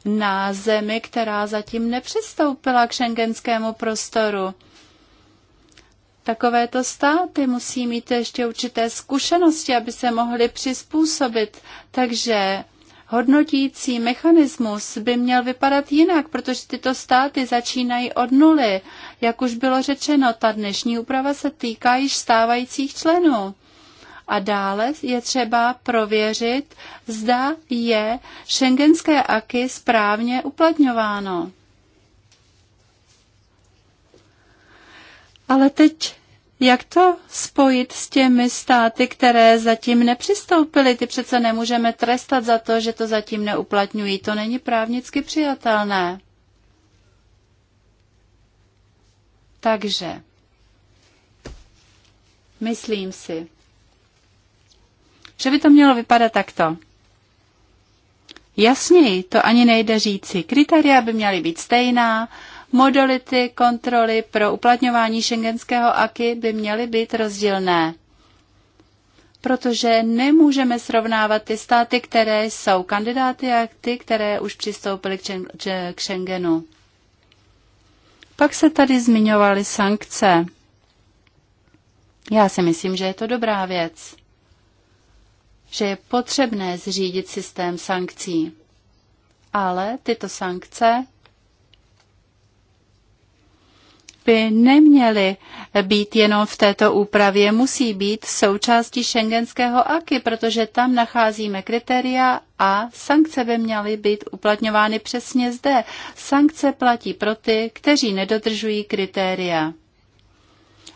na zemi, která zatím nepřistoupila k šengenskému prostoru. Takovéto státy musí mít ještě určité zkušenosti, aby se mohly přizpůsobit. Takže hodnotící mechanismus by měl vypadat jinak, protože tyto státy začínají od nuly. Jak už bylo řečeno, ta dnešní úprava se týká již stávajících členů. A dále je třeba prověřit, zda je šengenské aky správně uplatňováno. Ale teď jak to spojit s těmi státy, které zatím nepřistoupily? Ty přece nemůžeme trestat za to, že to zatím neuplatňují. To není právnicky přijatelné. Takže, myslím si, že by to mělo vypadat takto. Jasněji to ani nejde říci. Kritéria by měly být stejná, modality kontroly pro uplatňování šengenského aky by měly být rozdílné protože nemůžeme srovnávat ty státy, které jsou kandidáty a ty, které už přistoupily k Schengenu. Pak se tady zmiňovaly sankce. Já si myslím, že je to dobrá věc, že je potřebné zřídit systém sankcí. Ale tyto sankce by neměly být jenom v této úpravě, musí být součástí šengenského aky, protože tam nacházíme kritéria a sankce by měly být uplatňovány přesně zde. Sankce platí pro ty, kteří nedodržují kritéria.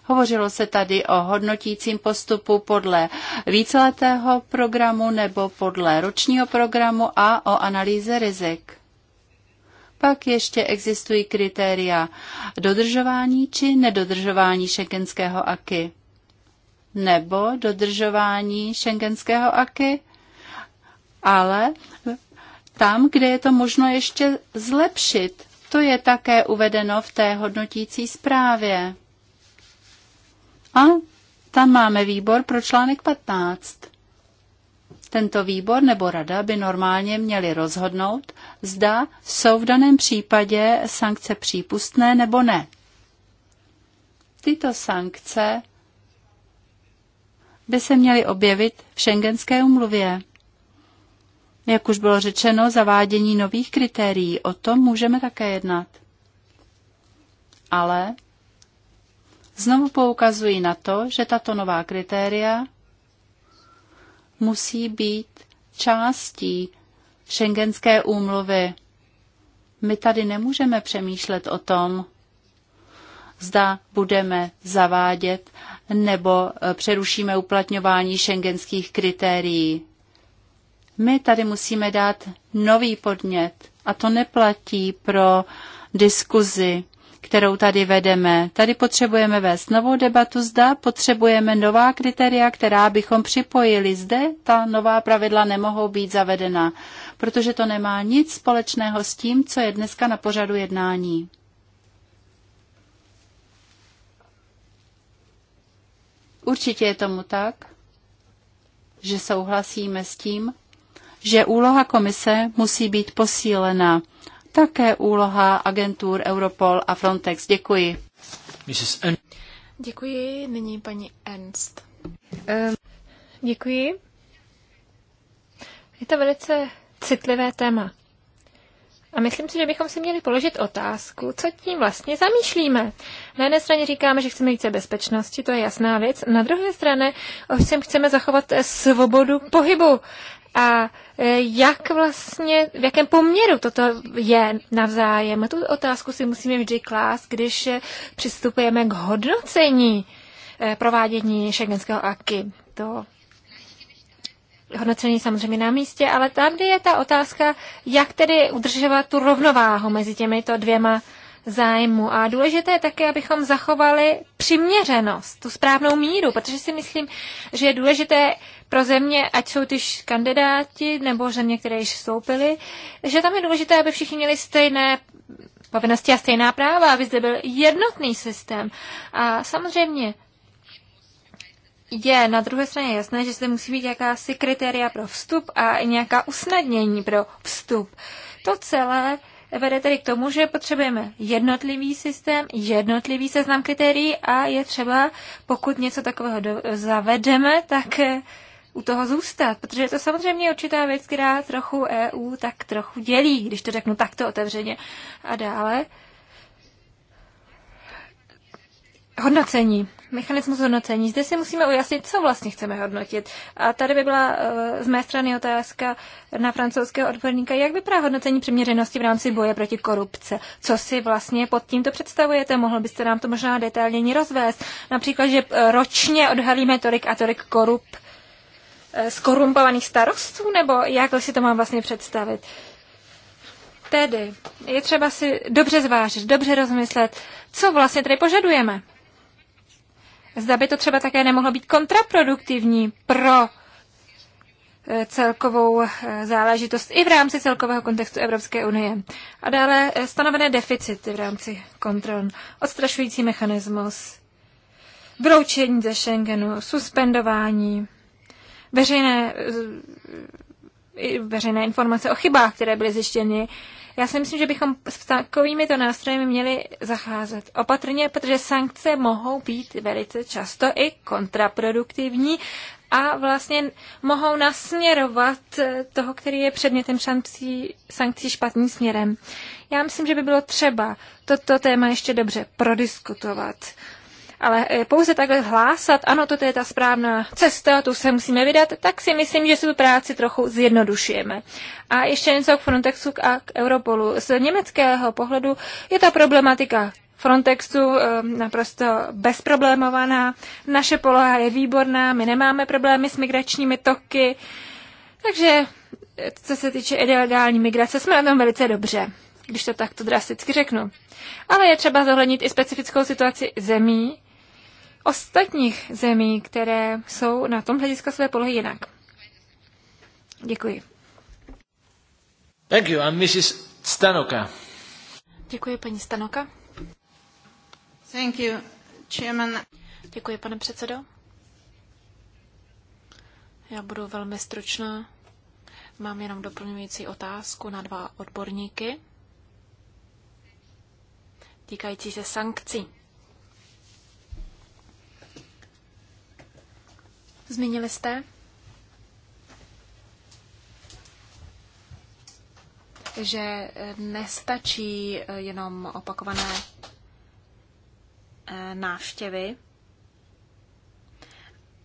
Hovořilo se tady o hodnotícím postupu podle víceletého programu nebo podle ročního programu a o analýze rizik. Pak ještě existují kritéria dodržování či nedodržování šengenského aky nebo dodržování šengenského aky, ale tam, kde je to možno ještě zlepšit, to je také uvedeno v té hodnotící zprávě. A tam máme výbor pro článek 15. Tento výbor nebo rada by normálně měli rozhodnout, zda jsou v daném případě sankce přípustné nebo ne. Tyto sankce by se měly objevit v šengenské umluvě. Jak už bylo řečeno, zavádění nových kritérií, o tom můžeme také jednat. Ale znovu poukazují na to, že tato nová kritéria musí být částí šengenské úmluvy. My tady nemůžeme přemýšlet o tom, zda budeme zavádět nebo e, přerušíme uplatňování šengenských kritérií. My tady musíme dát nový podnět a to neplatí pro diskuzi kterou tady vedeme. Tady potřebujeme vést novou debatu, zda potřebujeme nová kritéria, která bychom připojili. Zde ta nová pravidla nemohou být zavedena, protože to nemá nic společného s tím, co je dneska na pořadu jednání. Určitě je tomu tak, že souhlasíme s tím, že úloha komise musí být posílena také úloha agentur Europol a Frontex. Děkuji. Děkuji. Nyní paní Ernst. Um, děkuji. Je to velice citlivé téma. A myslím si, že bychom si měli položit otázku, co tím vlastně zamýšlíme. Na jedné straně říkáme, že chceme více bezpečnosti, to je jasná věc. Na druhé straně ovšem chceme zachovat svobodu pohybu. A e, jak vlastně, v jakém poměru toto je navzájem? Tu otázku si musíme vždy klást, když e, přistupujeme k hodnocení e, provádění šengenského aky. To hodnocení samozřejmě na místě, ale tam, kde je ta otázka, jak tedy udržovat tu rovnováhu mezi těmito dvěma zájmu. A důležité je také, abychom zachovali přiměřenost, tu správnou míru, protože si myslím, že je důležité pro země, ať jsou tyž kandidáti nebo země, které již vstoupily, že tam je důležité, aby všichni měli stejné povinnosti a stejná práva, aby zde byl jednotný systém. A samozřejmě je na druhé straně jasné, že zde musí být jakási kritéria pro vstup a nějaká usnadnění pro vstup. To celé vede tedy k tomu, že potřebujeme jednotlivý systém, jednotlivý seznam kritérií a je třeba, pokud něco takového do- zavedeme, tak u toho zůstat, protože je to samozřejmě určitá věc, která trochu EU tak trochu dělí, když to řeknu takto otevřeně. A dále Hodnocení. Mechanismus hodnocení. Zde si musíme ujasnit, co vlastně chceme hodnotit. A tady by byla eh, z mé strany otázka na francouzského odborníka, jak vypadá hodnocení přiměřenosti v rámci boje proti korupce. Co si vlastně pod tímto představujete? Mohl byste nám to možná detailněji rozvést? Například, že eh, ročně odhalíme tolik a tolik korup, Eh, skorumpovaných starostů, nebo jak si to mám vlastně představit? Tedy je třeba si dobře zvážit, dobře rozmyslet, co vlastně tady požadujeme. Zda by to třeba také nemohlo být kontraproduktivní pro eh, celkovou eh, záležitost i v rámci celkového kontextu Evropské unie. A dále stanovené deficity v rámci kontrol, odstrašující mechanismus, vroučení ze Schengenu, suspendování, veřejné, veřejné informace o chybách, které byly zjištěny. Já si myslím, že bychom s takovými to nástroji měli zacházet opatrně, protože sankce mohou být velice často i kontraproduktivní a vlastně mohou nasměrovat toho, který je předmětem sankcí, sankcí špatným směrem. Já myslím, že by bylo třeba toto téma ještě dobře prodiskutovat. Ale eh, pouze takhle hlásat, ano, toto je ta správná cesta, tu se musíme vydat, tak si myslím, že si tu práci trochu zjednodušujeme. A ještě něco k Frontexu a k Europolu. Z německého pohledu je ta problematika Frontexu eh, naprosto bezproblémovaná. Naše poloha je výborná, my nemáme problémy s migračními toky, takže eh, co se týče ideální migrace, jsme na tom velice dobře, když to takto drasticky řeknu. Ale je třeba zohlednit i specifickou situaci zemí, ostatních zemí, které jsou na tom hlediska své polohy jinak. Děkuji. Thank you. I'm Mrs. Stanoka. Děkuji, paní Stanoka. Thank you, Chairman. Děkuji, pane předsedo. Já budu velmi stručná. Mám jenom doplňující otázku na dva odborníky týkající se sankcí. zmínili jste, že nestačí jenom opakované eh, návštěvy.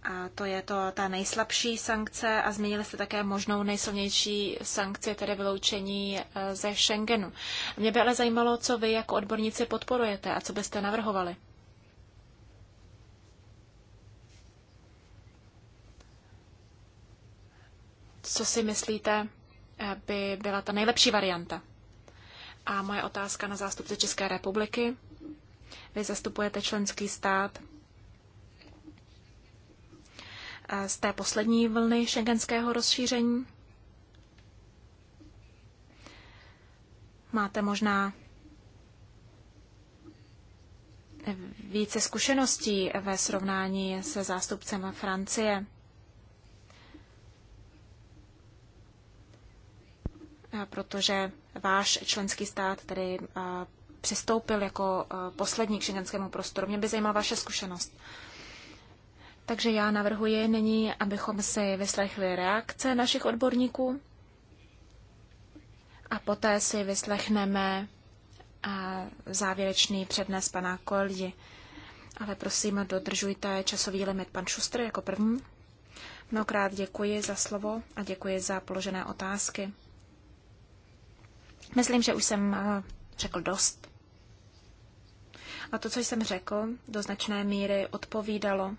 A to je to ta nejslabší sankce a změnili jste také možnou nejsilnější sankci, tedy vyloučení eh, ze Schengenu. Mě by ale zajímalo, co vy jako odborníci podporujete a co byste navrhovali. co si myslíte, eh, by byla ta nejlepší varianta? A moje otázka na zástupce České republiky. Vy zastupujete členský stát eh, z té poslední vlny šengenského rozšíření. Máte možná více zkušeností ve srovnání se zástupcem Francie protože váš členský stát tedy přistoupil jako poslední k šengenskému prostoru. Mě by zajímala vaše zkušenost. Takže já navrhuji nyní, abychom si vyslechli reakce našich odborníků a poté si vyslechneme závěrečný přednes pana Koldi. Ale prosím, dodržujte časový limit. Pan Šustr jako první. Mnohokrát děkuji za slovo a děkuji za položené otázky. Myslím, že už jsem eh, řekl dost. A to, co jsem řekl, do značné míry odpovídalo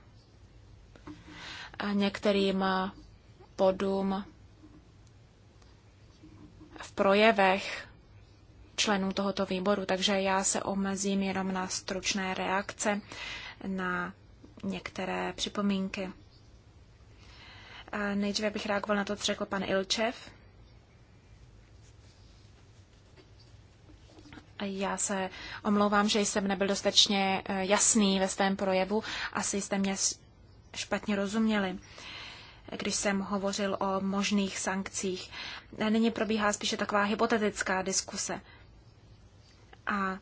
eh, některým eh, bodům v projevech členů tohoto výboru, takže já se omezím jenom na stručné reakce na některé připomínky. Nejdříve bych reagoval na to, co řekl pan Ilčev. Já se omlouvám, že jsem nebyl dostatečně eh, jasný ve svém projevu. Asi jste mě špatně rozuměli když jsem hovořil o možných sankcích. Nyní probíhá spíše taková hypotetická diskuse. A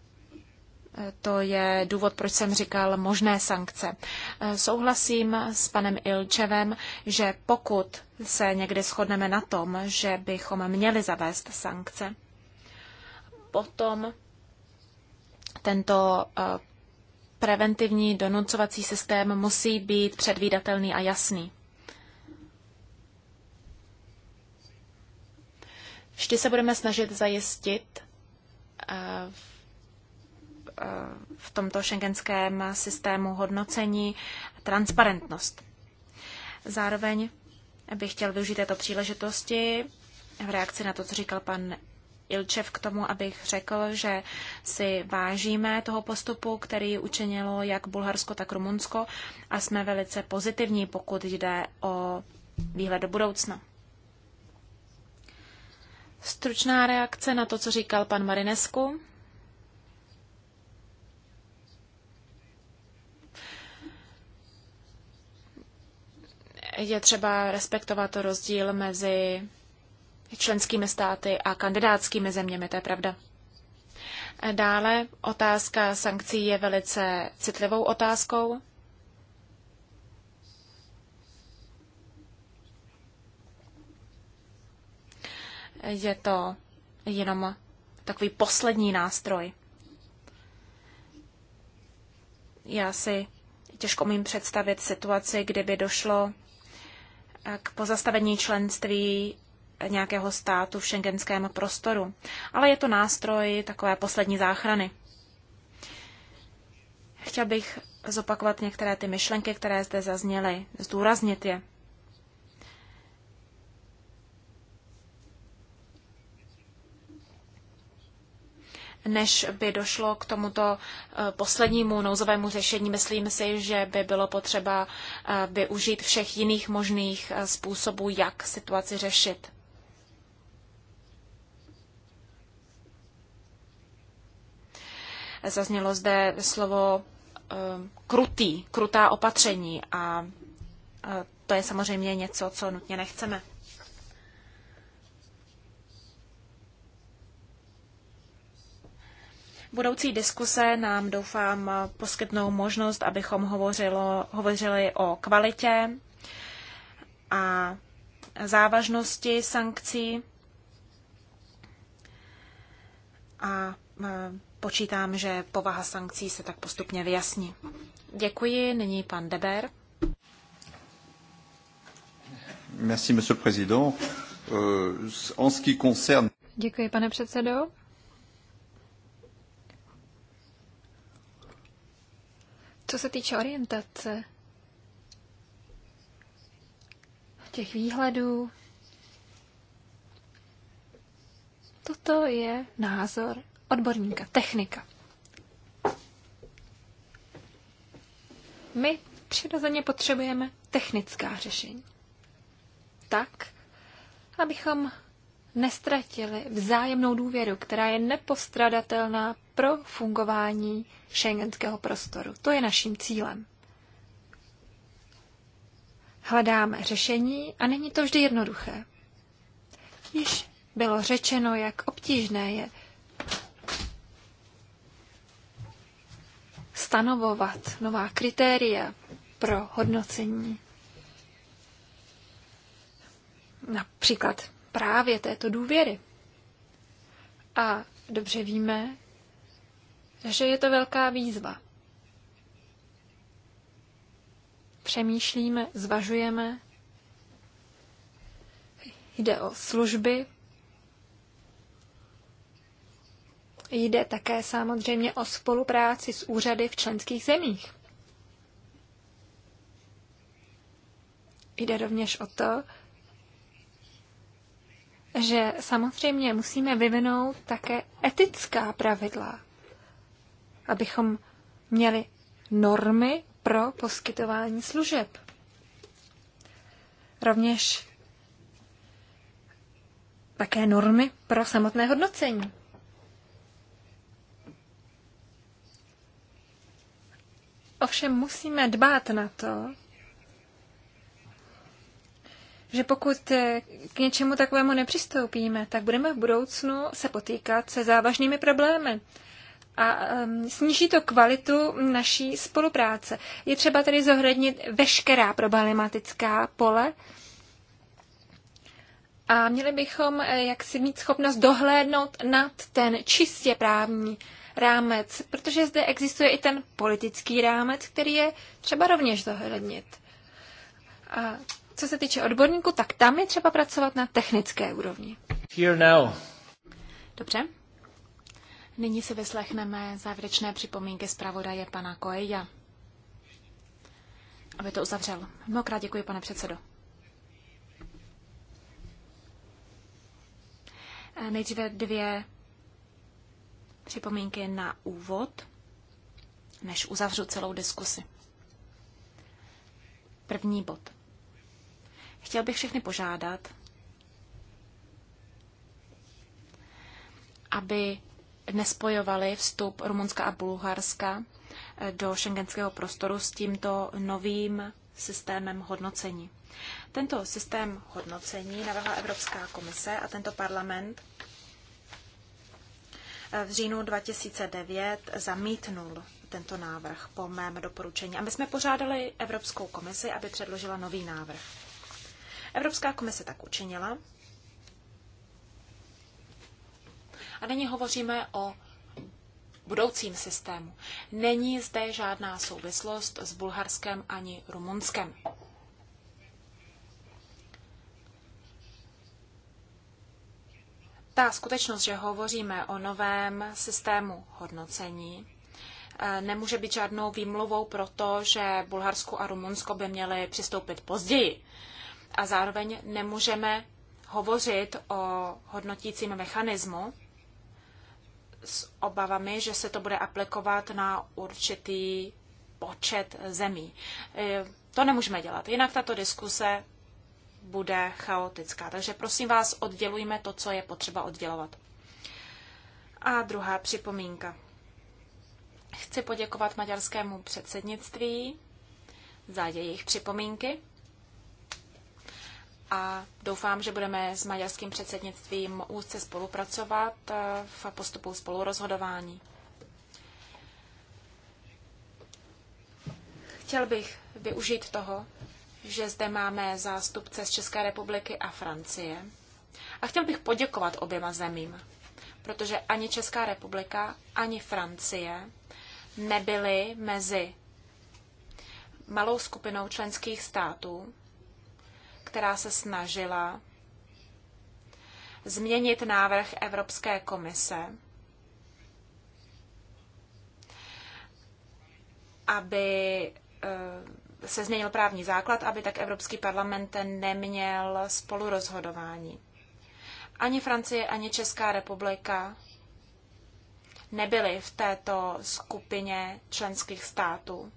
eh, to je důvod, proč jsem říkal možné sankce. Eh, souhlasím s panem Ilčevem, že pokud se někdy shodneme na tom, že bychom měli zavést sankce, potom tento eh, preventivní donucovací systém musí být předvídatelný a jasný. Vždy se budeme snažit zajistit eh, eh, v tomto šengenském systému hodnocení transparentnost. Zároveň bych chtěl využít této příležitosti v reakci na to, co říkal pan Ilčev k tomu, abych řekl, že si vážíme toho postupu, který učinilo jak Bulharsko, tak Rumunsko a jsme velice pozitivní, pokud jde o výhled do budoucna. Stručná reakce na to, co říkal pan Marinesku. Je třeba respektovat rozdíl mezi členskými státy a kandidátskými zeměmi, to je pravda. Dále otázka sankcí je velice citlivou otázkou. Je to jenom takový poslední nástroj. Já si těžko umím představit situaci, kdyby došlo k pozastavení členství nějakého státu v šengenském prostoru, ale je to nástroj takové poslední záchrany. Chtěl bych zopakovat některé ty myšlenky, které zde zazněly, zdůraznit je. než by došlo k tomuto eh, poslednímu nouzovému řešení, myslím si, že by bylo potřeba eh, využít všech jiných možných eh, způsobů, jak situaci řešit. Zaznělo zde slovo eh, krutý, krutá opatření a eh, to je samozřejmě něco, co nutně nechceme. Budoucí diskuse nám doufám poskytnou možnost, abychom hovořilo, hovořili o kvalitě a závažnosti sankcí a eh, Počítám, že povaha sankcí se tak postupně vyjasní. Děkuji. Nyní pan Deber. Merci, monsieur le président. Euh, en ce qui concerne... Děkuji, pane předsedo. Co se týče orientace, těch výhledů, toto je názor odborníka, technika. My přirozeně potřebujeme technická řešení. Tak, abychom nestratili vzájemnou důvěru, která je nepostradatelná pro fungování šengenského prostoru. To je naším cílem. Hledáme řešení a není to vždy jednoduché. Již bylo řečeno, jak obtížné je stanovovat nová kritéria pro hodnocení. Například právě této důvěry. A dobře víme, že je to velká výzva. Přemýšlíme, zvažujeme, jde o služby Jde také samozřejmě o spolupráci s úřady v členských zemích. Jde rovněž o to, že samozřejmě musíme vyvinout také etická pravidla, abychom měli normy pro poskytování služeb. Rovněž také normy pro samotné hodnocení. Ovšem musíme dbát na to, že pokud k něčemu takovému nepřistoupíme, tak budeme v budoucnu se potýkat se závažnými problémy a sníží to kvalitu naší spolupráce. Je třeba tedy zohlednit veškerá problematická pole a měli bychom eh, jaksi mít schopnost dohlédnout nad ten čistě právní rámec, protože zde existuje i ten politický rámec, který je třeba rovněž zohlednit. A co se týče odborníků, tak tam je třeba pracovat na technické úrovni. Here now. Dobře. Nyní si vyslechneme závěrečné připomínky zpravodaje pana Koeja. Aby to uzavřel. Mnohokrát děkuji, pane předsedo. Nejdříve dvě připomínky na úvod, než uzavřu celou diskusi. První bod. Chtěl bych všechny požádat, aby nespojovali vstup Rumunska a Bulharska eh, do šengenského prostoru s tímto novým systémem hodnocení. Tento systém hodnocení navrhla Evropská komise a tento parlament v říjnu 2009 zamítnul tento návrh po mém doporučení. A my jsme požádali Evropskou komisi, aby předložila nový návrh. Evropská komise tak učinila. A nyní hovoříme o budoucím systému. Není zde žádná souvislost s bulharském ani rumunskem. Ta skutečnost, že hovoříme o novém systému hodnocení, eh, nemůže být žádnou výmluvou pro to, že Bulharsko a Rumunsko by měly přistoupit později. A zároveň nemůžeme hovořit o hodnotícím mechanismu s obavami, že se to bude aplikovat na určitý počet zemí. Eh, to nemůžeme dělat. Jinak tato diskuse bude chaotická. Takže prosím vás, oddělujme to, co je potřeba oddělovat. A druhá připomínka. Chci poděkovat maďarskému předsednictví za jejich připomínky a doufám, že budeme s maďarským předsednictvím úzce spolupracovat v postupu spolurozhodování. Chtěl bych využít toho, že zde máme zástupce z České republiky a Francie. A chtěl bych poděkovat oběma zemím, protože ani Česká republika, ani Francie nebyly mezi malou skupinou členských států, která se snažila změnit návrh Evropské komise, aby eh, se změnil právní základ, aby tak Evropský parlament neměl spolurozhodování. Ani Francie, ani Česká republika nebyly v této skupině členských států,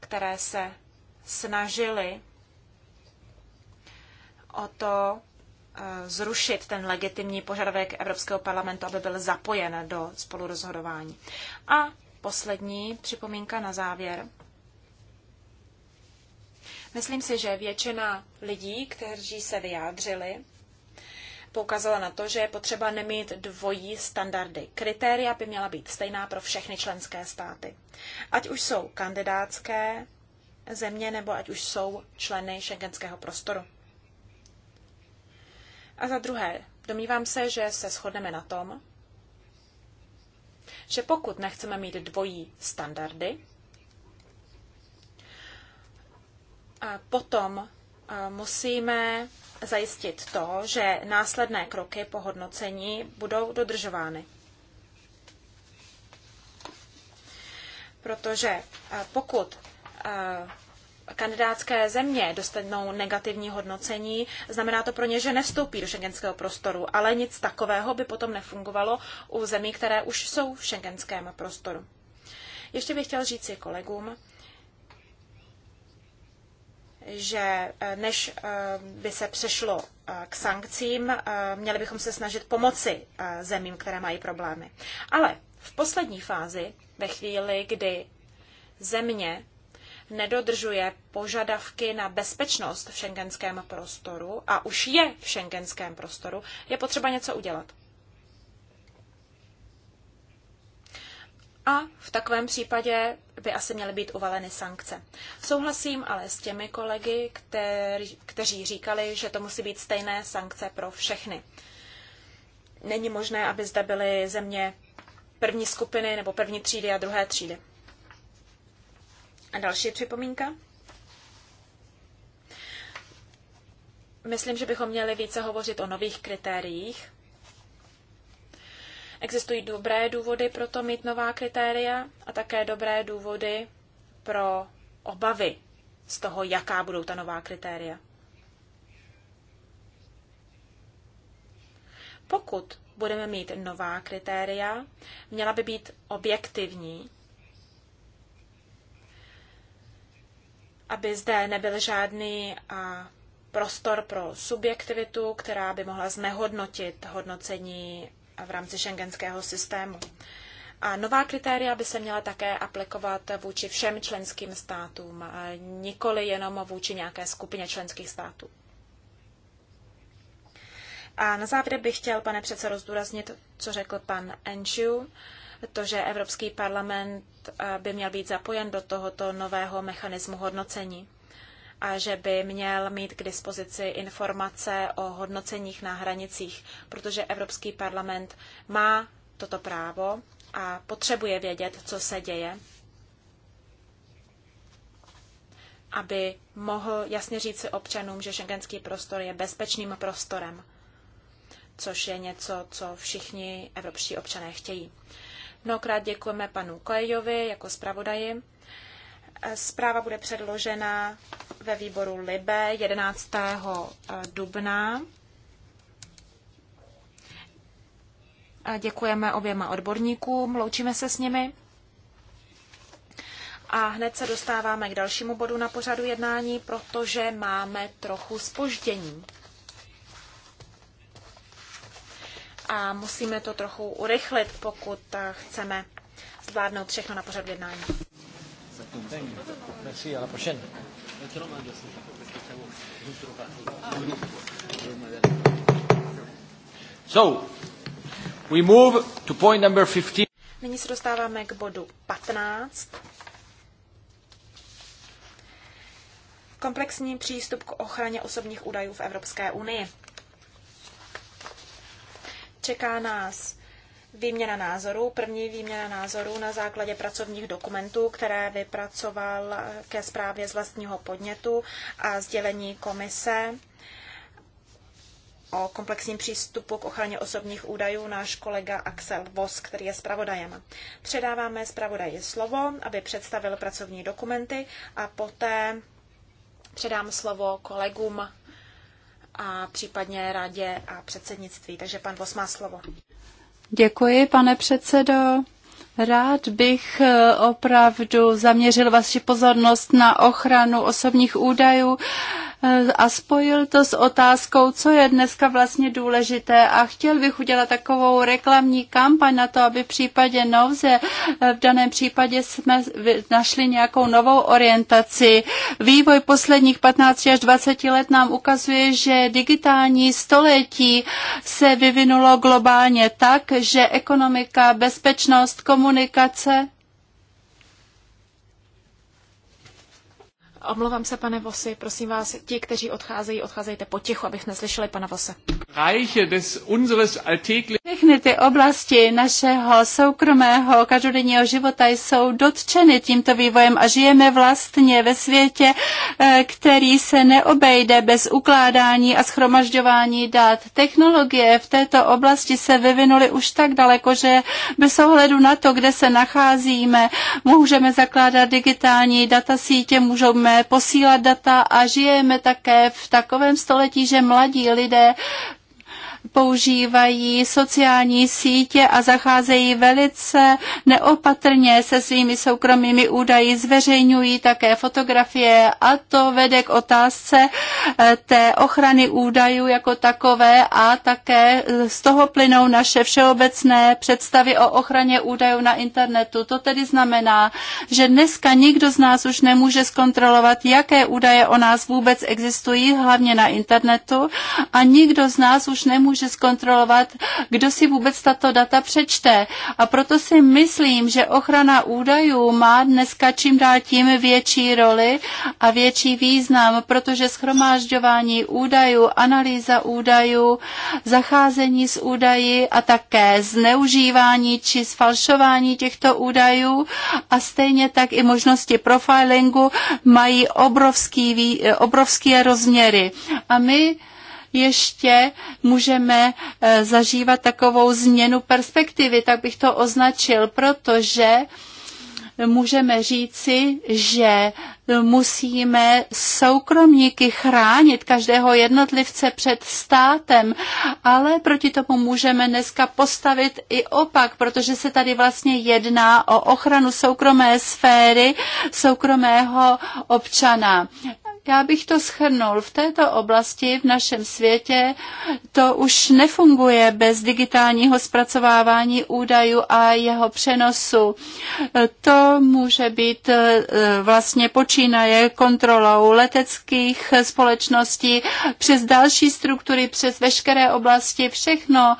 které se snažily o to eh, zrušit ten legitimní požadavek Evropského parlamentu, aby byl zapojen do spolurozhodování. A poslední připomínka na závěr. Myslím si, že většina lidí, kteří se vyjádřili, poukazala na to, že je potřeba nemít dvojí standardy. Kritéria by měla být stejná pro všechny členské státy. Ať už jsou kandidátské země, nebo ať už jsou členy šengenského prostoru. A za druhé, domnívám se, že se shodneme na tom, že pokud nechceme mít dvojí standardy, potom musíme zajistit to, že následné kroky po hodnocení budou dodržovány. Protože pokud kandidátské země dostanou negativní hodnocení, znamená to pro ně, že nevstoupí do šengenského prostoru, ale nic takového by potom nefungovalo u zemí, které už jsou v šengenském prostoru. Ještě bych chtěl říct si kolegům, že eh, než eh, by se přešlo eh, k sankcím, měli bychom se snažit pomoci zemím, které mají problémy. Ale v poslední fázi, ve chvíli, kdy země nedodržuje požadavky na bezpečnost v šengenském prostoru a už je v šengenském prostoru, je potřeba něco udělat. a v takovém případě by asi měly být uvaleny sankce. Souhlasím ale s těmi kolegy, který, kteří říkali, že to musí být stejné sankce pro všechny. Není možné, aby zde byly země první skupiny nebo první třídy a druhé třídy. A další připomínka? Myslím, že bychom měli více hovořit o nových kritériích Existují dobré důvody pro to mít nová kritéria a také dobré důvody pro obavy z toho, jaká budou ta nová kritéria. Pokud budeme mít nová kritéria, měla by být objektivní, aby zde nebyl žádný a, prostor pro subjektivitu, která by mohla znehodnotit hodnocení v rámci šengenského systému. A nová kritéria by se měla také aplikovat vůči všem členským státům, nikoli jenom vůči nějaké skupině členských států. A na závěr bych chtěl, pane předsedo, zdůraznit, co řekl pan Enchu, to, že Evropský parlament eh, by měl být zapojen do tohoto nového mechanismu hodnocení a že by měl mít k dispozici informace o hodnoceních na hranicích, protože Evropský parlament má toto právo a potřebuje vědět, co se děje, aby mohl jasně říci občanům, že šengenský prostor je bezpečným prostorem, což je něco, co všichni evropští občané chtějí. Mnohokrát děkujeme panu Kojejovi jako zpravodaji Zpráva bude předložena ve výboru LIBE 11. Eh, dubna. Děkujeme oběma odborníkům, loučíme se s nimi. A hned se dostáváme k dalšímu bodu na pořadu jednání, protože máme trochu spoždění. A musíme to trochu urychlit, pokud eh, chceme zvládnout všechno na pořadu jednání. Merci, alla prochaine. So, we move to point number 15. Nyní se dostáváme k bodu 15. Komplexní přístup k ochraně osobních údajů v Evropské unii. Čeká nás výměna názorů, první výměna názorů na základě pracovních dokumentů, které vypracoval ke zprávě z vlastního podnětu a sdělení komise o komplexním přístupu k ochraně osobních údajů náš kolega Axel Vos, který je zpravodajem. Předáváme zpravodaji slovo, aby představil pracovní dokumenty a poté předám slovo kolegům a případně radě a předsednictví. Takže pan Vos má slovo. Děkuji, pane předsedo. Rád bych eh, opravdu zaměřil vaši pozornost na ochranu osobních údajů Eh, a spojil to s otázkou, co je dneska vlastně důležité a chtěl bych udělat takovou reklamní kampaň na to, aby v případě nouze, eh, v daném případě jsme našli nějakou novou orientaci. Vývoj posledních 15 až 20 let nám ukazuje, že digitální století se vyvinulo globálně tak, že ekonomika, bezpečnost, komunikace Omlouvám se, pane Vosy, prosím vás, ti, kteří odcházejí, odcházejte potichu, abych neslyšeli pana Vose. Všechny ty oblasti našeho soukromého každodenního života jsou dotčeny tímto vývojem a žijeme vlastně ve světě, eh, který se neobejde bez ukládání a schromažďování dat. Technologie v této oblasti se vyvinuly už tak daleko, že bez ohledu na to, kde se nacházíme, můžeme zakládat digitální datasítě, můžeme posílat data a žijeme také v takovém století, že mladí lidé používají sociální sítě a zacházejí velice neopatrně se svými soukromými údaji, zveřejňují také fotografie a to vede k otázce eh, té ochrany údajů jako takové a také eh, z toho plynou naše všeobecné představy o ochraně údajů na internetu. To tedy znamená, že dneska nikdo z nás už nemůže zkontrolovat, jaké údaje o nás vůbec existují, hlavně na internetu a nikdo z nás už nemůže nemůže zkontrolovat, kdo si vůbec tato data přečte. A proto si myslím, že ochrana údajů má dneska čím dál tím větší roli a větší význam, protože schromážďování údajů, analýza údajů, zacházení s údaji a také zneužívání či sfalšování těchto údajů a stejně tak i možnosti profilingu mají obrovský, obrovské rozměry. A my ještě můžeme eh, zažívat takovou změnu perspektivy, tak bych to označil, protože můžeme říci, že musíme soukromníky chránit každého jednotlivce před státem, ale proti tomu můžeme dneska postavit i opak, protože se tady vlastně jedná o ochranu soukromé sféry soukromého občana. Já bych to schrnul. V této oblasti v našem světě to už nefunguje bez digitálního zpracovávání údajů a jeho přenosu. To může být eh, vlastně počínaje kontrolou leteckých společností přes další struktury, přes veškeré oblasti. Všechno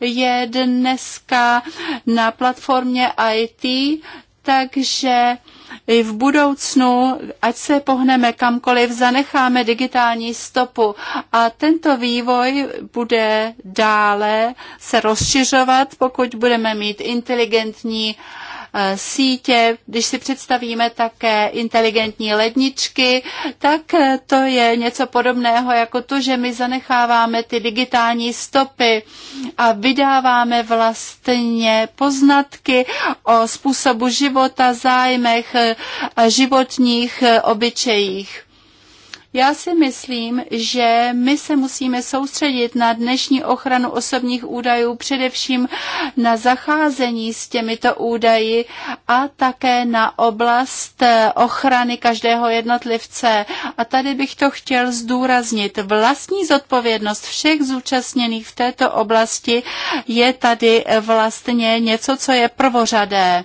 je dneska na platformě IT, takže i v budoucnu, ať se pohneme kamkoliv, zanecháme digitální stopu a tento vývoj bude dále se rozšiřovat, pokud budeme mít inteligentní uh, Eh, sítě, když si představíme také inteligentní ledničky, tak eh, to je něco podobného jako to, že my zanecháváme ty digitální stopy a vydáváme vlastně poznatky o způsobu života, zájmech, a životních eh, obyčejích. Já si myslím, že my se musíme soustředit na dnešní ochranu osobních údajů, především na zacházení s těmito údaji a také na oblast eh, ochrany každého jednotlivce. A tady bych to chtěl zdůraznit. Vlastní zodpovědnost všech zúčastněných v této oblasti je tady vlastně něco, co je prvořadé.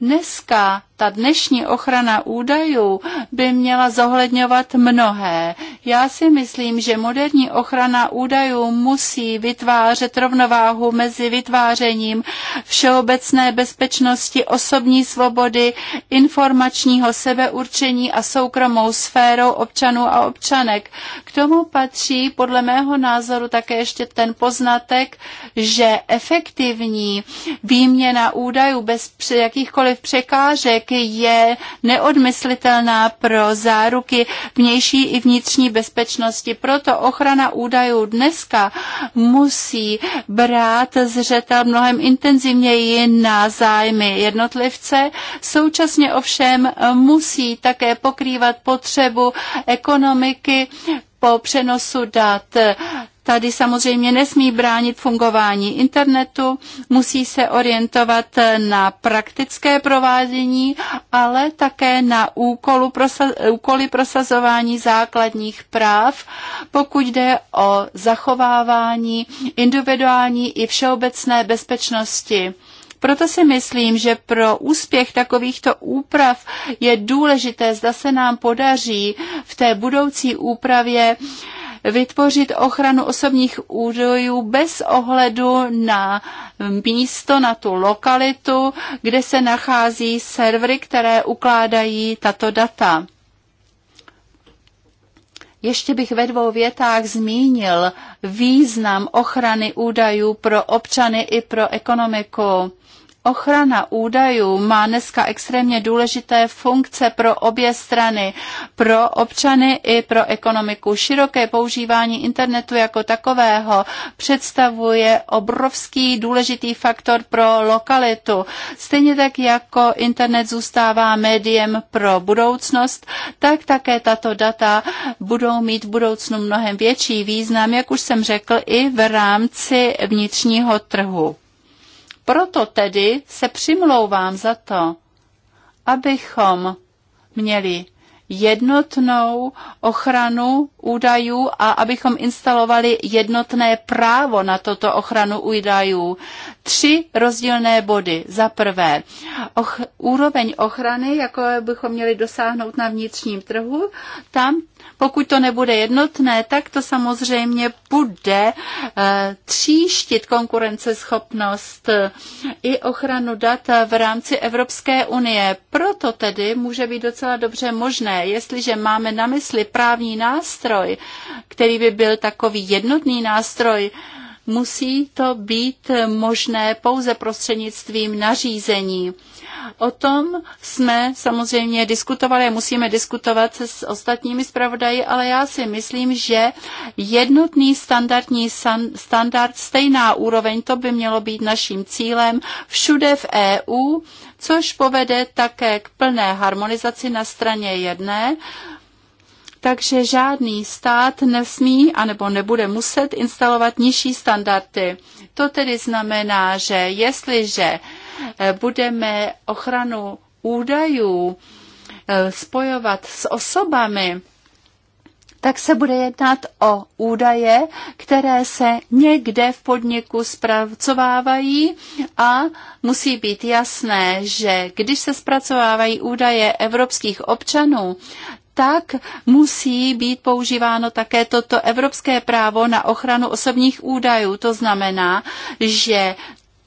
Dneska ta dnešní ochrana údajů by měla zohledňovat mnohé. Já si myslím, že moderní ochrana údajů musí vytvářet rovnováhu mezi vytvářením všeobecné bezpečnosti, osobní svobody, informačního sebeurčení a soukromou sférou občanů a občanek. K tomu patří podle mého názoru také ještě ten poznatek, že efektivní výměna údajů bez jakýchkoliv překážek je neodmyslitelná pro záruky vnější i vnitřní bezpečnosti. Proto ochrana údajů dneska musí brát zřetel mnohem intenzivněji na zájmy jednotlivce. Současně ovšem musí také pokrývat potřebu ekonomiky po přenosu dat tady samozřejmě nesmí bránit fungování internetu, musí se orientovat na praktické provádění, ale také na úkolu úkoly prosazování základních práv, pokud jde o zachovávání individuální i všeobecné bezpečnosti. Proto si myslím, že pro úspěch takovýchto úprav je důležité, zda se nám podaří v té budoucí úpravě uh, vytvořit ochranu osobních údajů bez ohledu na místo, na tu lokalitu, kde se nachází servery, které ukládají tato data. Ještě bych ve dvou větách zmínil význam ochrany údajů pro občany i pro ekonomiku. Ochrana údajů má dneska extrémně důležité funkce pro obě strany, pro občany i pro ekonomiku. Široké používání internetu jako takového představuje obrovský důležitý faktor pro lokalitu. Stejně tak jako internet zůstává médiem pro budoucnost, tak také tato data budou mít v budoucnu mnohem větší význam, jak už jsem řekl, i v rámci vnitřního trhu. Proto tedy se přimlouvám za to, abychom měli jednotnou ochranu údajů a abychom instalovali jednotné právo na toto ochranu údajů. Tři rozdílné body. Za prvé, och, úroveň ochrany, jako bychom měli dosáhnout na vnitřním trhu, tam pokud to nebude jednotné, tak to samozřejmě bude eh, tříštit konkurenceschopnost eh, i ochranu dat v rámci Evropské unie. Proto tedy může být docela dobře možné, jestliže máme na mysli právní nástroj, který by byl takový jednotný nástroj, musí to být možné pouze prostřednictvím nařízení. O tom jsme samozřejmě diskutovali a musíme diskutovat s ostatními zpravodaji, ale já si myslím, že jednotný standardní standard, stejná úroveň, to by mělo být naším cílem všude v EU, což povede také k plné harmonizaci na straně jedné, takže žádný stát nesmí anebo nebude muset instalovat nižší standardy. To tedy znamená, že jestliže budeme ochranu údajů eh, spojovat s osobami, tak se bude jednat o údaje, které se někde v podniku zpracovávají a musí být jasné, že když se zpracovávají údaje evropských občanů, tak musí být používáno také toto evropské právo na ochranu osobních údajů. To znamená, že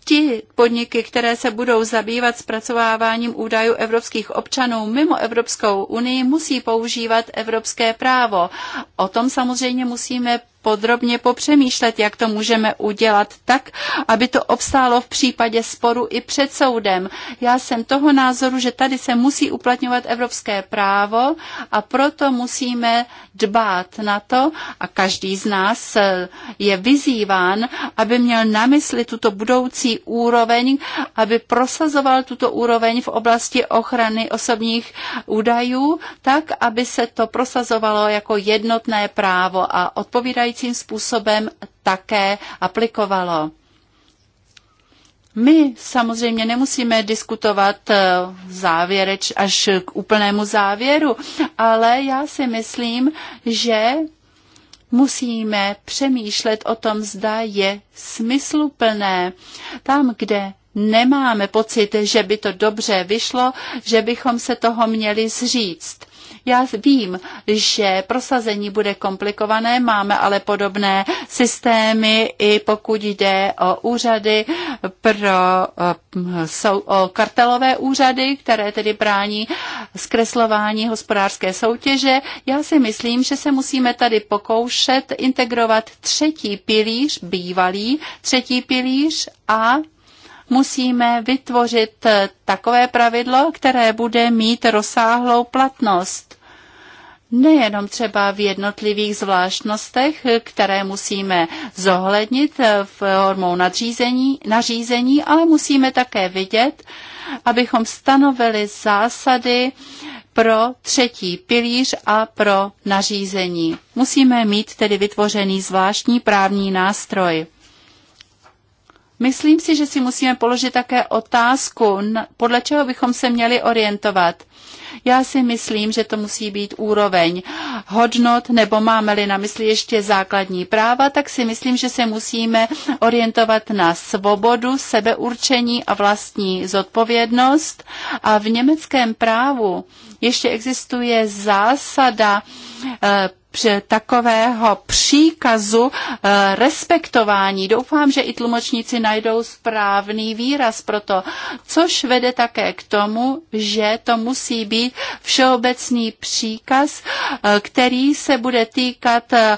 ti podniky, které se budou zabývat zpracováváním údajů evropských občanů mimo Evropskou unii, musí používat evropské právo. O tom samozřejmě musíme podrobně popřemýšlet, jak to můžeme udělat tak, aby to obstálo v případě sporu i před soudem. Já jsem toho názoru, že tady se musí uplatňovat evropské právo a proto musíme dbát na to a každý z nás eh, je vyzýván, aby měl na mysli tuto budoucí úroveň, aby prosazoval tuto úroveň v oblasti ochrany osobních údajů, tak, aby se to prosazovalo jako jednotné právo a odpovídají vynikajícím způsobem také aplikovalo. My samozřejmě nemusíme diskutovat eh, závěreč až k úplnému závěru, ale já si myslím, že musíme přemýšlet o tom, zda je smysluplné tam, kde nemáme pocit, že by to dobře vyšlo, že bychom se toho měli zříct. Já vím, že prosazení bude komplikované, máme ale podobné systémy i pokud jde o úřady pro eh, sou, o kartelové úřady, které tedy brání zkreslování hospodářské soutěže. Já si myslím, že se musíme tady pokoušet integrovat třetí pilíř, bývalý třetí pilíř a musíme vytvořit takové pravidlo, které bude mít rozsáhlou platnost nejenom třeba v jednotlivých zvláštnostech, které musíme zohlednit v hormou nadřízení, nařízení, ale musíme také vidět, abychom stanovili zásady pro třetí pilíř a pro nařízení. Musíme mít tedy vytvořený zvláštní právní nástroj. Myslím si, že si musíme položit také otázku, podle čeho bychom se měli orientovat. Já si myslím, že to musí být úroveň hodnot, nebo máme-li na mysli ještě základní práva, tak si myslím, že se musíme orientovat na svobodu, sebeurčení a vlastní zodpovědnost. A v německém právu ještě existuje zásada eh, takového příkazu eh, respektování. Doufám, že i tlumočníci najdou správný výraz pro to, což vede také k tomu, že to musí být všeobecný příkaz, eh, který se bude týkat eh,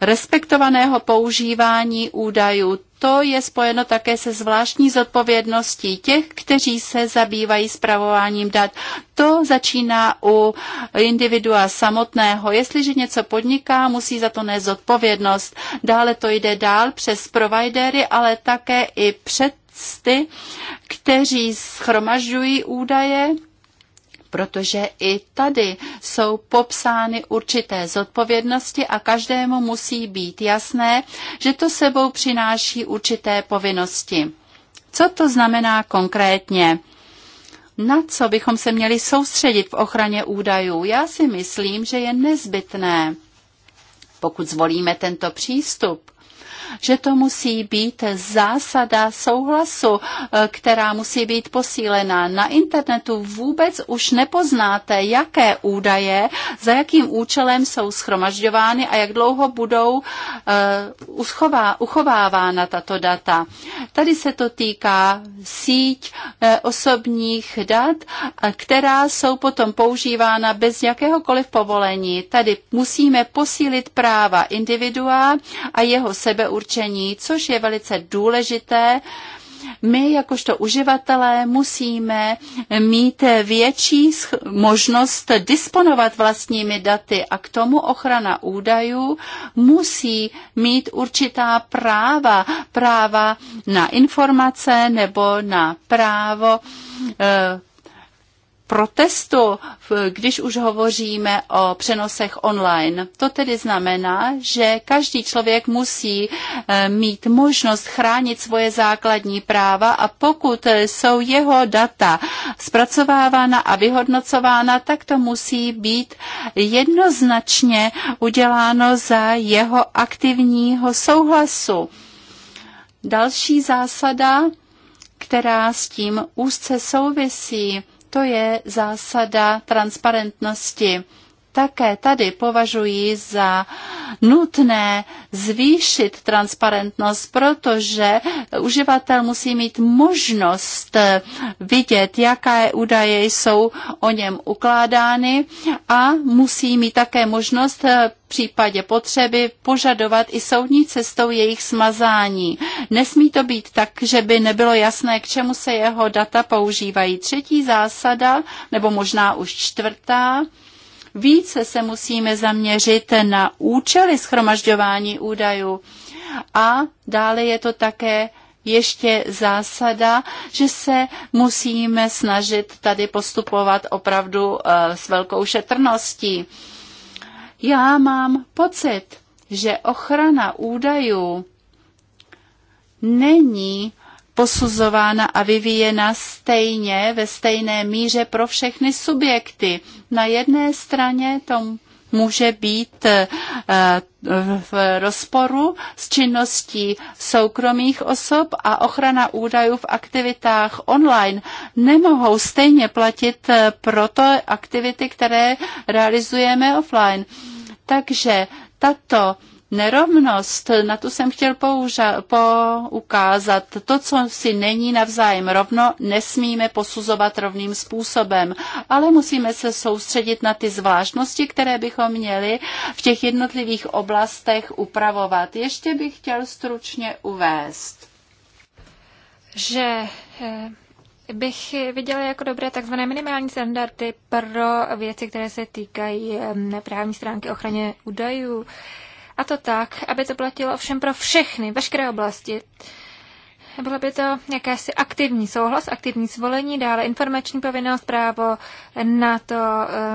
respektovaného používání údajů to je spojeno také se zvláštní zodpovědností těch, kteří se zabývají zpravováním dat. To začíná u individua samotného. Jestliže něco podniká, musí za to nést zodpovědnost. Dále to jde dál přes providery, ale také i před ty, kteří schromažďují údaje protože i tady jsou popsány určité zodpovědnosti a každému musí být jasné, že to sebou přináší určité povinnosti. Co to znamená konkrétně? Na co bychom se měli soustředit v ochraně údajů? Já si myslím, že je nezbytné, pokud zvolíme tento přístup, že to musí být zásada souhlasu, eh, která musí být posílená. Na internetu vůbec už nepoznáte, jaké údaje, za jakým účelem jsou schromažďovány a jak dlouho budou eh, uchovávána tato data. Tady se to týká síť eh, osobních dat, která jsou potom používána bez jakéhokoliv povolení. Tady musíme posílit práva individua a jeho sebeurčení určení, což je velice důležité. My jakožto uživatelé musíme mít větší možnost disponovat vlastními daty a k tomu ochrana údajů musí mít určitá práva, práva na informace nebo na právo eh, protestu, když už hovoříme o přenosech online. To tedy znamená, že každý člověk musí eh, mít možnost chránit svoje základní práva a pokud jsou jeho data zpracovávána a vyhodnocována, tak to musí být jednoznačně uděláno za jeho aktivního souhlasu. Další zásada, která s tím úzce souvisí, to je zásada transparentnosti také tady považuji za nutné zvýšit transparentnost, protože uživatel musí mít možnost vidět, jaké údaje jsou o něm ukládány a musí mít také možnost v případě potřeby požadovat i soudní cestou jejich smazání. Nesmí to být tak, že by nebylo jasné, k čemu se jeho data používají. Třetí zásada, nebo možná už čtvrtá, více se musíme zaměřit na účely schromažďování údajů. A dále je to také ještě zásada, že se musíme snažit tady postupovat opravdu eh, s velkou šetrností. Já mám pocit, že ochrana údajů není posuzována a vyvíjena stejně, ve stejné míře pro všechny subjekty. Na jedné straně to může být eh, v rozporu s činností soukromých osob a ochrana údajů v aktivitách online nemohou stejně platit eh, pro to aktivity, které realizujeme offline. Takže tato nerovnost, na tu jsem chtěl použa- poukázat. To, co si není navzájem rovno, nesmíme posuzovat rovným způsobem, ale musíme se soustředit na ty zvláštnosti, které bychom měli v těch jednotlivých oblastech upravovat. Ještě bych chtěl stručně uvést, že eh, bych viděla jako dobré takzvané minimální standardy pro věci, které se týkají eh, právní stránky ochraně údajů. A to tak, aby to platilo ovšem pro všechny, veškeré oblasti. Bylo by to jakési aktivní souhlas, aktivní zvolení. dále informační povinnost, právo na to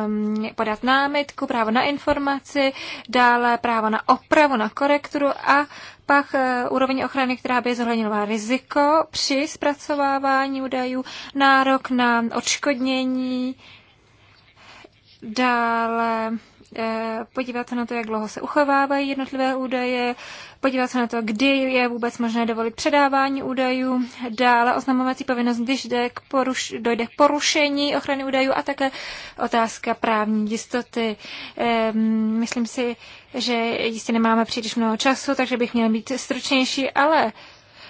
um, podat námitku, právo na informaci, dále právo na opravu, na korekturu a pak uh, úroveň ochrany, která by zohlednila riziko při zpracovávání údajů, nárok na odškodnění, dále Eh, podívat se na to, jak dlouho se uchovávají jednotlivé údaje, podívat se na to, kdy je vůbec možné dovolit předávání údajů, dále oznamovací povinnost, když jde k poruš- dojde k porušení ochrany údajů a také otázka právní jistoty. myslím si, že jistě nemáme příliš mnoho času, takže bych měl být stručnější, ale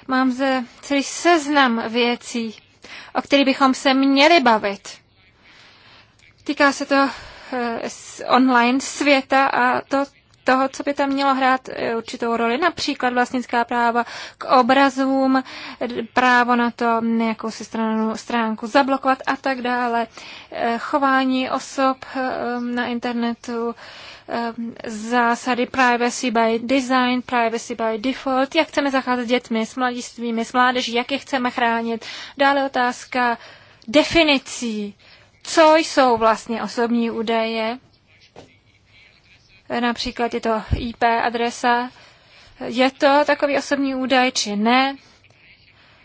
mám zde celý seznam věcí, o kterých bychom se měli bavit. Týká se to Eh, online světa a to, toho, co by tam mělo hrát eh, určitou roli, například vlastnická práva k obrazům, právo na to nějakou si stranu, stránku zablokovat a tak dále, eh, chování osob na internetu, zásady privacy by design, privacy by default, jak chceme zacházet s dětmi, s mladistvími, s mládeží, jak je chceme chránit. Dále otázka definicí co jsou vlastně osobní údaje. Například je to IP adresa. Je to takový osobní údaj, či ne?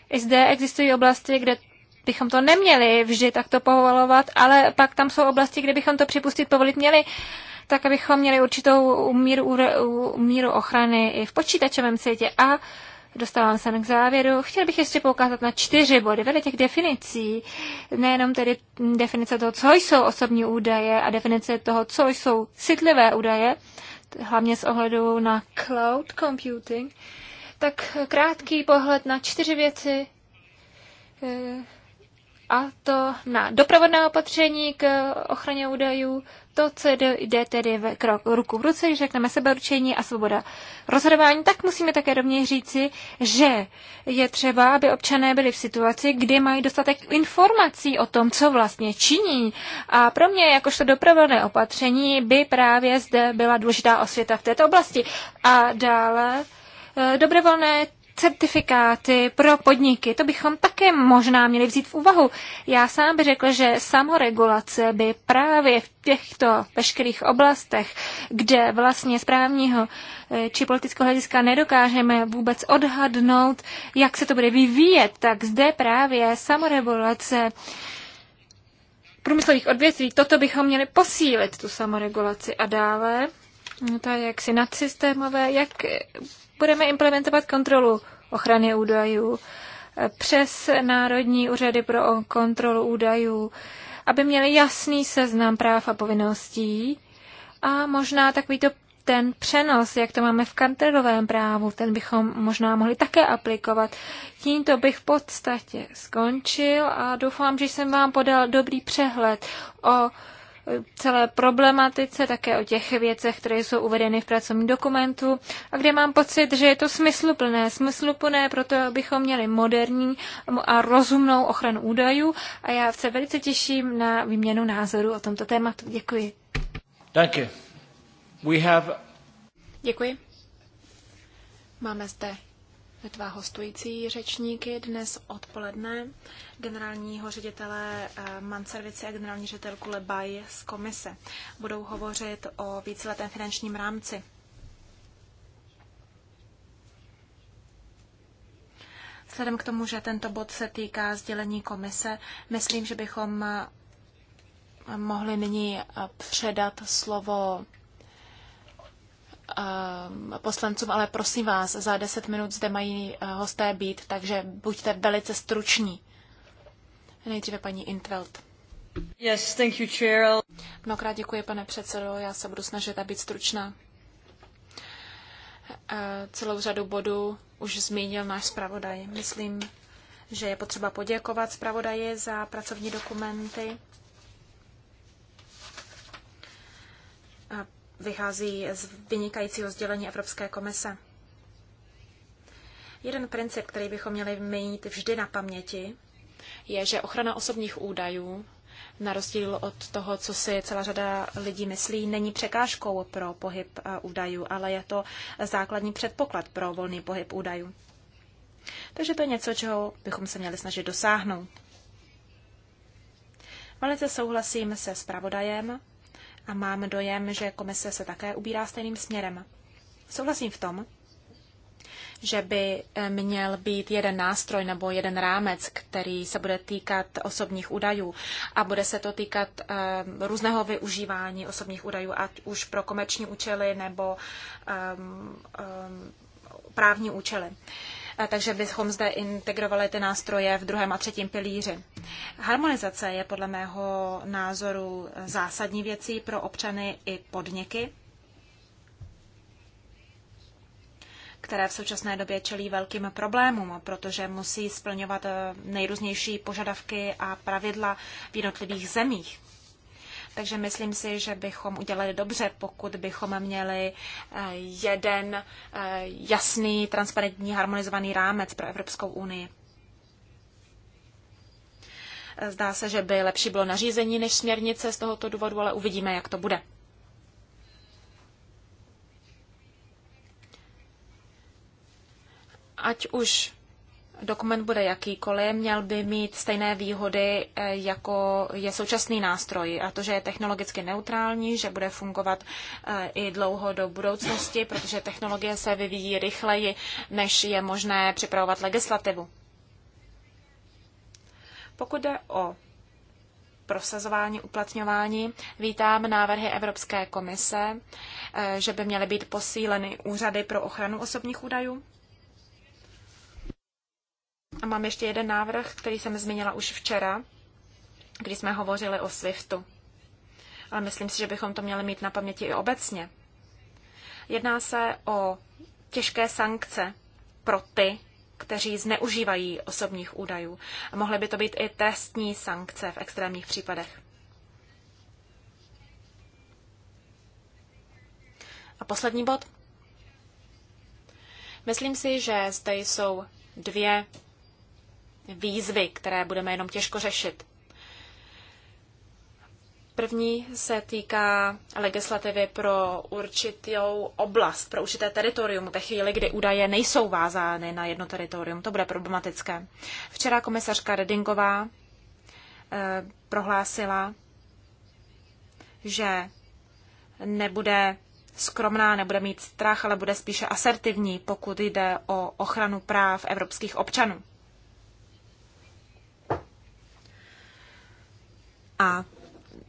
I zde existují oblasti, kde bychom to neměli vždy takto povolovat, ale pak tam jsou oblasti, kde bychom to připustit povolit měli, tak abychom měli určitou míru, míru ochrany i v počítačovém světě. A dostávám se k závěru. Chtěl bych ještě poukázat na čtyři body vedle těch definicí. Nejenom tedy definice toho, co jsou osobní údaje a definice toho, co jsou citlivé údaje, hlavně z ohledu na cloud computing, tak krátký pohled na čtyři věci, eh, a to na doprovodné opatření k ochraně údajů. To, co jde tedy v krok ruku v ruce, když řekneme seberučení a svoboda rozhodování, tak musíme také rovněž říci, že je třeba, aby občané byli v situaci, kdy mají dostatek informací o tom, co vlastně činí. A pro mě, jakožto doprovodné opatření, by právě zde byla důležitá osvěta v této oblasti. A dále eh, dobrovolné certifikáty pro podniky, to bychom také možná měli vzít v úvahu. Já sám bych řekl, že samoregulace by právě v těchto veškerých oblastech, kde vlastně správního eh, či politického hlediska nedokážeme vůbec odhadnout, jak se to bude vyvíjet, tak zde právě samoregulace průmyslových odvětví, toto bychom měli posílit, tu samoregulaci a dále. No to je jaksi nadsystémové, jak budeme implementovat kontrolu ochrany údajů přes Národní úřady pro kontrolu údajů, aby měli jasný seznam práv a povinností a možná to ten přenos, jak to máme v kanterovém právu, ten bychom možná mohli také aplikovat. Tímto bych v podstatě skončil a doufám, že jsem vám podal dobrý přehled o celé problematice, také o těch věcech, které jsou uvedeny v pracovním dokumentu a kde mám pocit, že je to smysluplné. Smysluplné proto, abychom měli moderní a rozumnou ochranu údajů a já se velice těším na výměnu názoru o tomto tématu. Děkuji. Děkuji. We have... Děkuji. Máme zde dva hostující řečníky dnes odpoledne, generálního ředitele eh, Manservici a generální ředitelku Lebaj z komise. Budou hovořit o víceletém finančním rámci. Vzhledem k tomu, že tento bod se týká sdělení komise, myslím, že bychom eh, mohli nyní eh, předat slovo Um, poslancům, ale prosím vás, za deset minut zde mají eh, hosté být, takže buďte velice struční. Nejdříve paní Intveld. Yes, thank you, Chair. Mnohokrát děkuji, pane předsedo. Já se budu snažit a být stručná. Eh, celou řadu bodů už zmínil náš zpravodaj. Myslím, že je potřeba poděkovat zpravodaji za pracovní dokumenty. Eh, vychází z vynikajícího sdělení Evropské komise. Jeden princip, který bychom měli mít vždy na paměti, je, že ochrana osobních údajů, na rozdíl od toho, co si celá řada lidí myslí, není překážkou pro pohyb eh, údajů, ale je to základní předpoklad pro volný pohyb údajů. Takže to je něco, čeho bychom se měli snažit dosáhnout. Velice souhlasím se zpravodajem a mám dojem, že komise se také ubírá stejným směrem. Souhlasím v tom, že by eh, měl být jeden nástroj nebo jeden rámec, který se bude týkat osobních údajů a bude se to týkat um, různého využívání osobních údajů, ať už pro komerční účely nebo um, um, právní účely. Uh, takže bychom zde integrovali ty nástroje v druhém a třetím pilíři. Harmonizace je podle mého názoru zásadní věcí pro občany i podniky, které v současné době čelí velkým problémům, protože musí splňovat eh, nejrůznější požadavky a pravidla v jednotlivých zemích. Takže myslím si, že bychom udělali dobře, pokud bychom měli eh, jeden eh, jasný, transparentní, harmonizovaný rámec pro Evropskou unii. Zdá se, že by lepší bylo nařízení než směrnice z tohoto důvodu, ale uvidíme, jak to bude. Ať už dokument bude jakýkoliv, měl by mít stejné výhody, eh, jako je současný nástroj. A to, že je technologicky neutrální, že bude fungovat eh, i dlouho do budoucnosti, protože technologie se vyvíjí rychleji, než je možné připravovat legislativu. Pokud jde o prosazování, uplatňování. Vítám návrhy Evropské komise, eh, že by měly být posíleny úřady pro ochranu osobních údajů. A mám ještě jeden návrh, který jsem zmínila už včera, kdy jsme hovořili o SWIFTu. Ale myslím si, že bychom to měli mít na paměti i obecně. Jedná se o těžké sankce pro ty, kteří zneužívají osobních údajů. A mohly by to být i trestní sankce v extrémních případech. A poslední bod. Myslím si, že zde jsou dvě výzvy, které budeme jenom těžko řešit. První se týká legislativy pro určitou oblast, pro určité teritorium, ve chvíli, kdy údaje nejsou vázány na jedno teritorium. To bude problematické. Včera komisařka Redingová eh, prohlásila, že nebude skromná, nebude mít strach, ale bude spíše asertivní, pokud jde o ochranu práv evropských občanů. A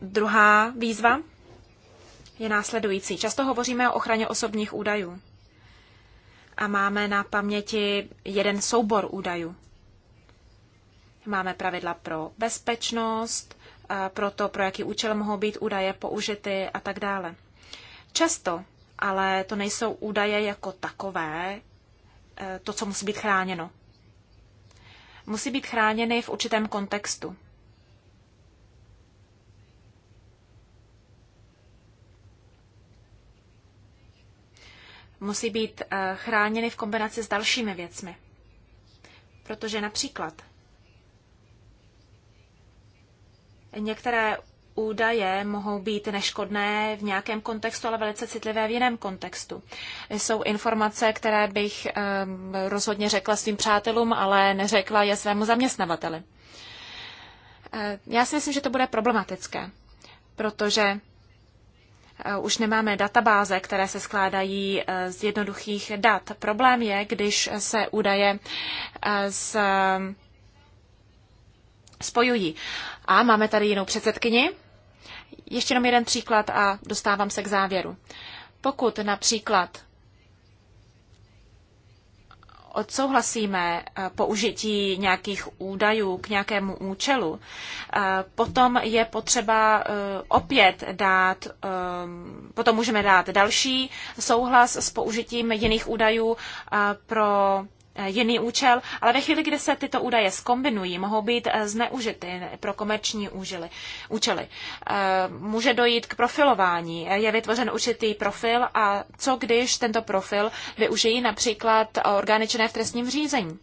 druhá výzva je následující. Často hovoříme o ochraně osobních údajů a máme na paměti jeden soubor údajů. Máme pravidla pro bezpečnost, pro to, pro jaký účel mohou být údaje použity a tak dále. Často, ale to nejsou údaje jako takové, e, to, co musí být chráněno. Musí být chráněny v určitém kontextu. musí být eh, chráněny v kombinaci s dalšími věcmi. Protože například některé údaje mohou být neškodné v nějakém kontextu, ale velice citlivé v jiném kontextu. Jsou informace, které bych eh, rozhodně řekla svým přátelům, ale neřekla je svému zaměstnavateli. Eh, já si myslím, že to bude problematické, protože Eh, už nemáme databáze, které se skládají eh, z jednoduchých dat. Problém je, když se údaje z, eh, spojují. A máme tady jinou předsedkyni. Ještě jenom jeden příklad a dostávám se k závěru. Pokud například odsouhlasíme eh, použití nějakých údajů k nějakému účelu, eh, potom je potřeba eh, opět dát, potom můžeme dát další souhlas s použitím jiných údajů pro Eh, jiný účel, ale ve chvíli, kdy se tyto údaje skombinují, mohou být eh, zneužity pro komerční úžily, účely. Eh, může dojít k profilování, je vytvořen určitý profil a co když tento profil využijí například orgány činné v trestním řízení.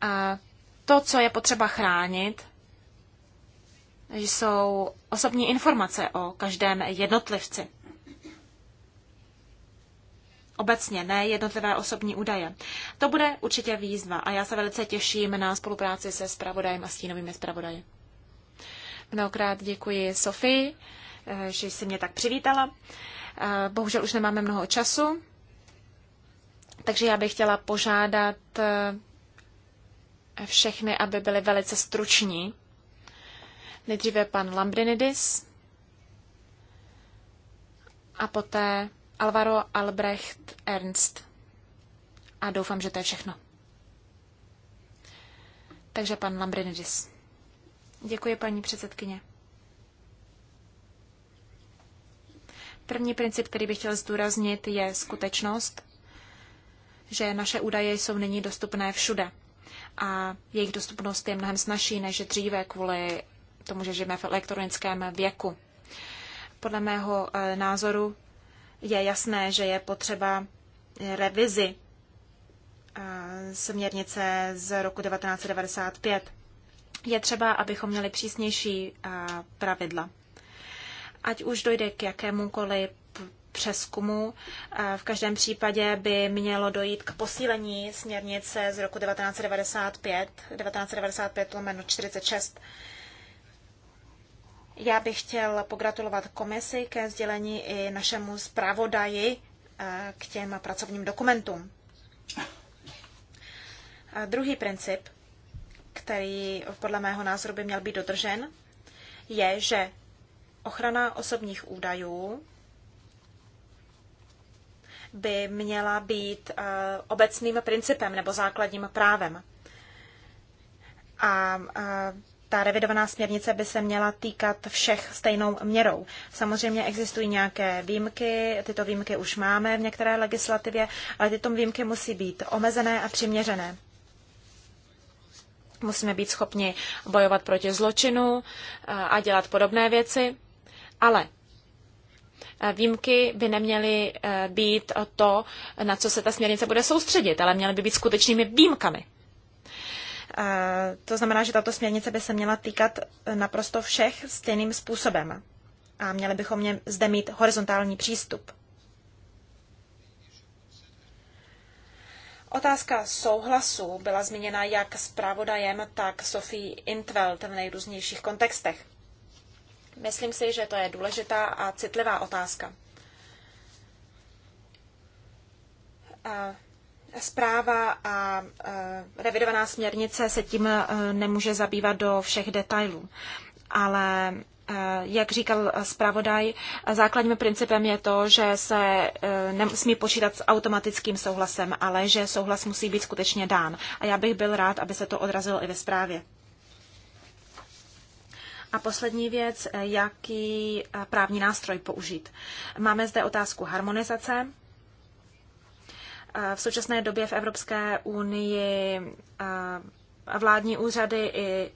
A to, co je potřeba chránit, jsou osobní informace o každém jednotlivci obecně, ne jednotlivé osobní údaje. To bude určitě výzva a já se velice těším na spolupráci se spravodajem a stínovými spravodaji. Mnohokrát děkuji Sofii, eh, že jsi mě tak přivítala. Eh, bohužel už nemáme mnoho času, takže já bych chtěla požádat eh, všechny, aby byli velice struční. Nejdříve pan Lambrinidis a poté Alvaro Albrecht Ernst. A doufám, že to je všechno. Takže pan Lambrinidis. Děkuji, paní předsedkyně. První princip, který bych chtěl zdůraznit, je skutečnost, že naše údaje jsou nyní dostupné všude. A jejich dostupnost je mnohem snažší než dříve kvůli tomu, že žijeme v elektronickém věku. Podle mého eh, názoru je jasné, že je potřeba revizi eh, směrnice z roku 1995. Je třeba, abychom měli přísnější eh, pravidla. Ať už dojde k jakémukoliv přeskumu. Eh, v každém případě by mělo dojít k posílení směrnice z roku 1995, 1995 46 já bych chtěl pogratulovat komisi ke sdělení i našemu zpravodaji eh, k těm pracovním dokumentům. A druhý princip, který podle mého názoru by měl být dodržen, je, že ochrana osobních údajů by měla být eh, obecným principem nebo základním právem. A eh, ta revidovaná směrnice by se měla týkat všech stejnou měrou. Samozřejmě existují nějaké výjimky, tyto výjimky už máme v některé legislativě, ale tyto výjimky musí být omezené a přiměřené. Musíme být schopni bojovat proti zločinu eh, a dělat podobné věci, ale eh, výjimky by neměly eh, být to, na co se ta směrnice bude soustředit, ale měly by být skutečnými výjimkami. To znamená, že tato směrnice by se měla týkat naprosto všech stejným způsobem. A měli bychom mě zde mít horizontální přístup. Otázka souhlasu byla zmíněna jak zpravodajem, tak Sophie Intveld v nejrůznějších kontextech. Myslím si, že to je důležitá a citlivá otázka. A Zpráva a eh, revidovaná směrnice se tím eh, nemůže zabývat do všech detailů, ale eh, jak říkal zpravodaj, základním principem je to, že se nesmí počítat s automatickým souhlasem, ale že souhlas musí být skutečně dán. A já bych byl rád, aby se to odrazilo i ve zprávě. A poslední věc, jaký právní nástroj použít. Máme zde otázku harmonizace v současné době v Evropské unii vládní úřady i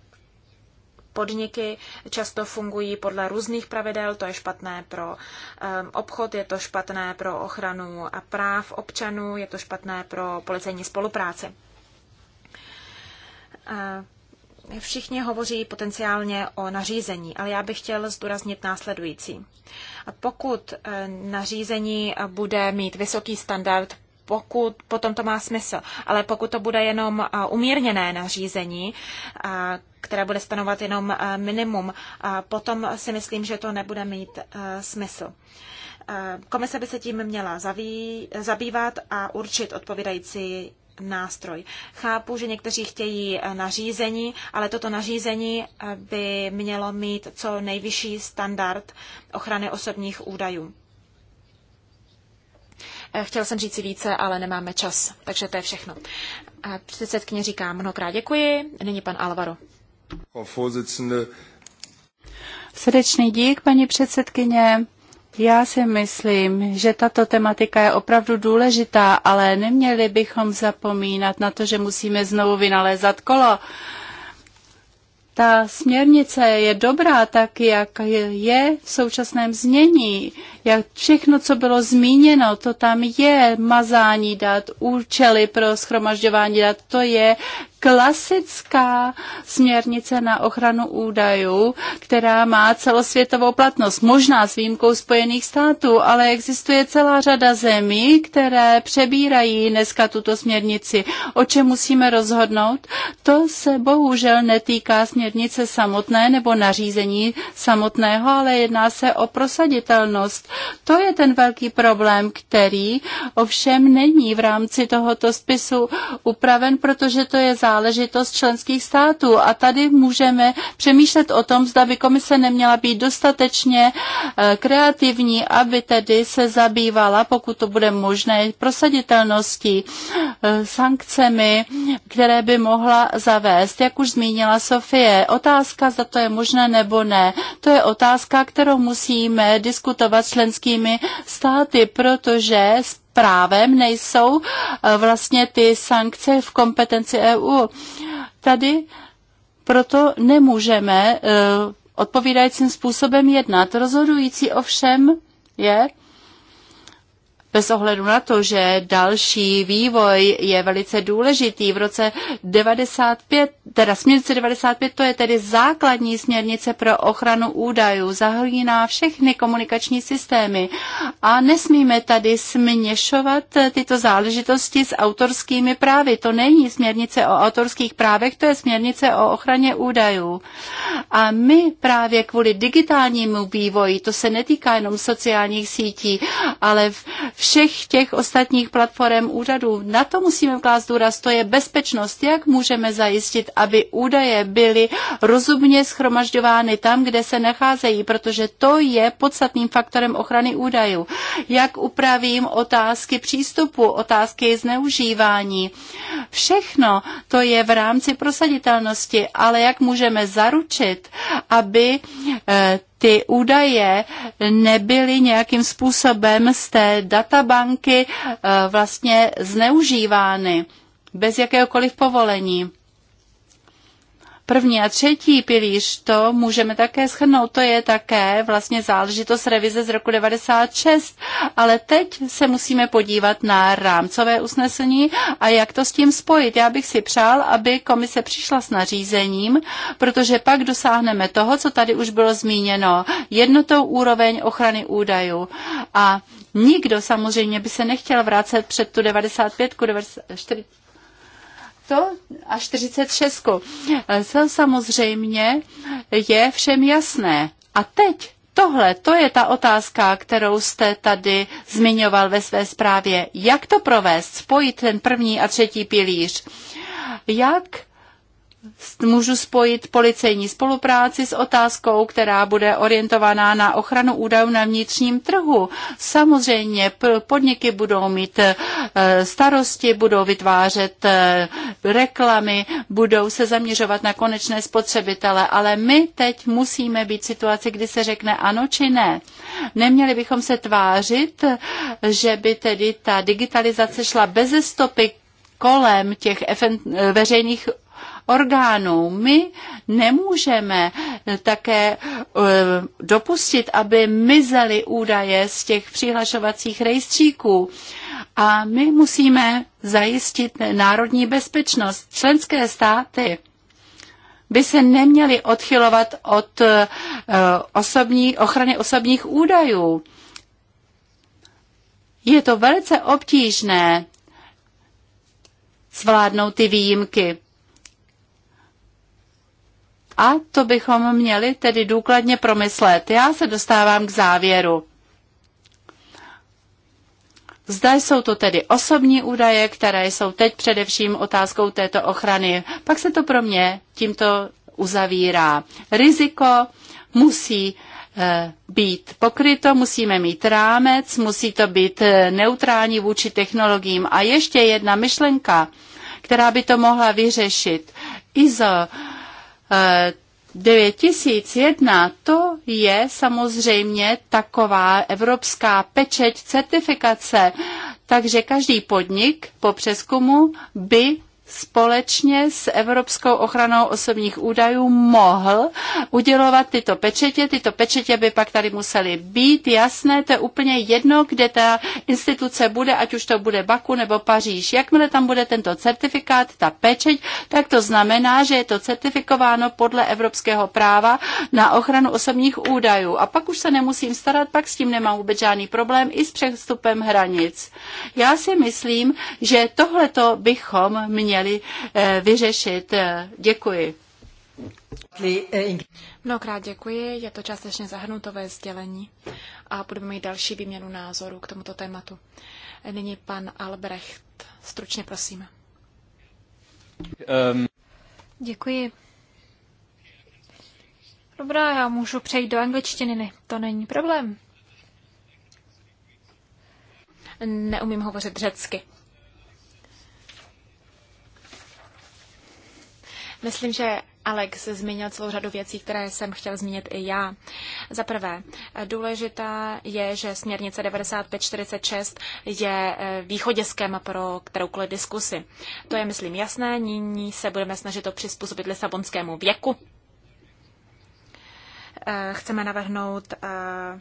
podniky často fungují podle různých pravidel, to je špatné pro um, obchod, je to špatné pro ochranu a práv občanů, je to špatné pro policejní spolupráci. Všichni hovoří potenciálně o nařízení, ale já bych chtěl zdůraznit následující. Pokud eh, nařízení bude mít vysoký standard pokud potom to má smysl. Ale pokud to bude jenom umírněné nařízení, které bude stanovat jenom minimum, potom si myslím, že to nebude mít smysl. Komise by se tím měla zaví, zabývat a určit odpovídající nástroj. Chápu, že někteří chtějí nařízení, ale toto nařízení by mělo mít co nejvyšší standard ochrany osobních údajů. Eh, chtěl jsem říct si více, ale nemáme čas, takže to je všechno. Eh, předsedkyně říká mnohokrát děkuji, nyní pan Alvaro. Srdečný dík, paní předsedkyně. Já si myslím, že tato tematika je opravdu důležitá, ale neměli bychom zapomínat na to, že musíme znovu vynalézat kolo. Ta směrnice je dobrá tak, jak je v současném znění. Jak všechno, co bylo zmíněno, to tam je mazání dat, účely pro schromažďování dat, to je klasická směrnice na ochranu údajů, která má celosvětovou platnost, možná s výjimkou Spojených států, ale existuje celá řada zemí, které přebírají dneska tuto směrnici. O čem musíme rozhodnout? To se bohužel netýká směrnice samotné nebo nařízení samotného, ale jedná se o prosaditelnost. To je ten velký problém, který ovšem není v rámci tohoto spisu upraven, protože to je záležitost členských států. A tady můžeme přemýšlet o tom, zda by komise neměla být dostatečně eh, kreativní, aby tedy se zabývala, pokud to bude možné, prosaditelností, eh, sankcemi, které by mohla zavést. Jak už zmínila Sofie, otázka, zda to je možné nebo ne, to je otázka, kterou musíme diskutovat s členskými státy, protože právem nejsou eh, vlastně ty sankce v kompetenci EU. Tady proto nemůžeme eh, odpovídajícím způsobem jednat. Rozhodující ovšem je, bez ohledu na to, že další vývoj je velice důležitý. V roce 95, teda směrnice 95, to je tedy základní směrnice pro ochranu údajů, zahlíná všechny komunikační systémy a nesmíme tady směšovat tyto záležitosti s autorskými právy. To není směrnice o autorských právech, to je směrnice o ochraně údajů. A my právě kvůli digitálnímu vývoji, to se netýká jenom sociálních sítí, ale v všech těch ostatních platform úřadů. Na to musíme klást důraz, to je bezpečnost. Jak můžeme zajistit, aby údaje byly rozumně schromažďovány tam, kde se nacházejí, protože to je podstatným faktorem ochrany údajů. Jak upravím otázky přístupu, otázky zneužívání. Všechno to je v rámci prosaditelnosti, ale jak můžeme zaručit, aby eh, ty údaje nebyly nějakým způsobem z té databanky eh, vlastně zneužívány bez jakéhokoliv povolení první a třetí pilíř, to můžeme také shrnout, to je také vlastně záležitost revize z roku 96, ale teď se musíme podívat na rámcové usnesení a jak to s tím spojit. Já bych si přál, aby komise přišla s nařízením, protože pak dosáhneme toho, co tady už bylo zmíněno, jednotou úroveň ochrany údajů. A nikdo samozřejmě by se nechtěl vrátit před tu 95, 94, to a 46. To samozřejmě je všem jasné. A teď Tohle to je ta otázka, kterou jste tady zmiňoval ve své zprávě. Jak to provést, spojit ten první a třetí pilíř? Jak můžu spojit policejní spolupráci s otázkou, která bude orientovaná na ochranu údajů na vnitřním trhu. Samozřejmě podniky budou mít eh, starosti, budou vytvářet eh, reklamy, budou se zaměřovat na konečné spotřebitele, ale my teď musíme být v situaci, kdy se řekne ano či ne. Neměli bychom se tvářit, že by tedy ta digitalizace šla bez stopy kolem těch veřejných orgánů. My nemůžeme také eh, dopustit, aby mizely údaje z těch přihlašovacích rejstříků. A my musíme zajistit národní bezpečnost. Členské státy by se neměly odchylovat od eh, osobní, ochrany osobních údajů. Je to velice obtížné zvládnout ty výjimky. A to bychom měli tedy důkladně promyslet. Já se dostávám k závěru. Zda jsou to tedy osobní údaje, které jsou teď především otázkou této ochrany. Pak se to pro mě tímto uzavírá. Riziko musí eh, být pokryto, musíme mít rámec, musí to být eh, neutrální vůči technologiím. A ještě jedna myšlenka, která by to mohla vyřešit. ISO 9001 eh, to je samozřejmě taková evropská pečeť certifikace, takže každý podnik po přeskumu by společně s Evropskou ochranou osobních údajů mohl udělovat tyto pečetě. Tyto pečetě by pak tady musely být. Jasné, to je úplně jedno, kde ta instituce bude, ať už to bude Baku nebo Paříž. Jakmile tam bude tento certifikát, ta pečeť, tak to znamená, že je to certifikováno podle evropského práva na ochranu osobních údajů. A pak už se nemusím starat, pak s tím nemám vůbec žádný problém i s přestupem hranic. Já si myslím, že tohleto bychom měli měli eh, vyřešit. Eh, děkuji. Mnohokrát děkuji, je to částečně zahrnutové sdělení a budeme mít další výměnu názorů k tomuto tématu. Eh, nyní pan Albrecht, stručně prosím. Um. Děkuji. Dobrá, já můžu přejít do angličtiny, ne, to není problém. Neumím hovořit řecky. Myslím, že Alex zmínil celou řadu věcí, které jsem chtěl zmínit i já. Za prvé, důležitá je, že směrnice 9546 je eh, východiskem pro kteroukoliv diskusi. To je, myslím, jasné. Nyní se budeme snažit to přizpůsobit Lisabonskému věku. Eh, chceme navrhnout eh,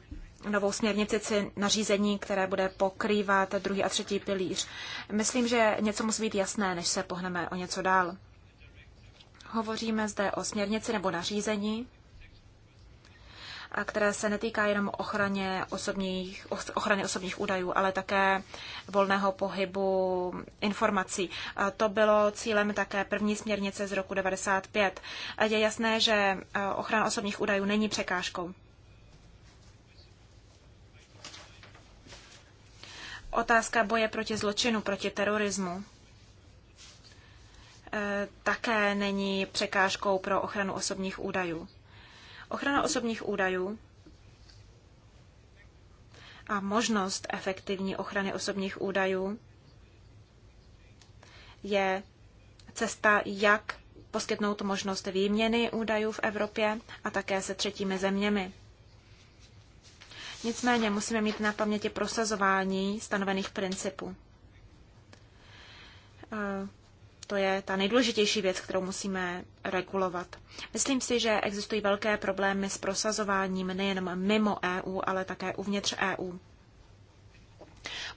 novou směrnici nařízení, které bude pokrývat druhý a třetí pilíř. Myslím, že něco musí být jasné, než se pohneme o něco dál. Hovoříme zde o směrnici nebo nařízení, a které se netýká jenom ochraně osobních, ochrany osobních údajů, ale také volného pohybu informací. A to bylo cílem také první směrnice z roku 95. je jasné, že e, ochrana osobních údajů není překážkou. Otázka boje proti zločinu, proti terorismu. Eh, také není překážkou pro ochranu osobních údajů. Ochrana osobních údajů a možnost efektivní ochrany osobních údajů je cesta, jak poskytnout možnost výměny údajů v Evropě a také se třetími zeměmi. Nicméně musíme mít na paměti prosazování stanovených principů. Eh, to je ta nejdůležitější věc, kterou musíme regulovat. Myslím si, že existují velké problémy s prosazováním nejen mimo EU, ale také uvnitř EU.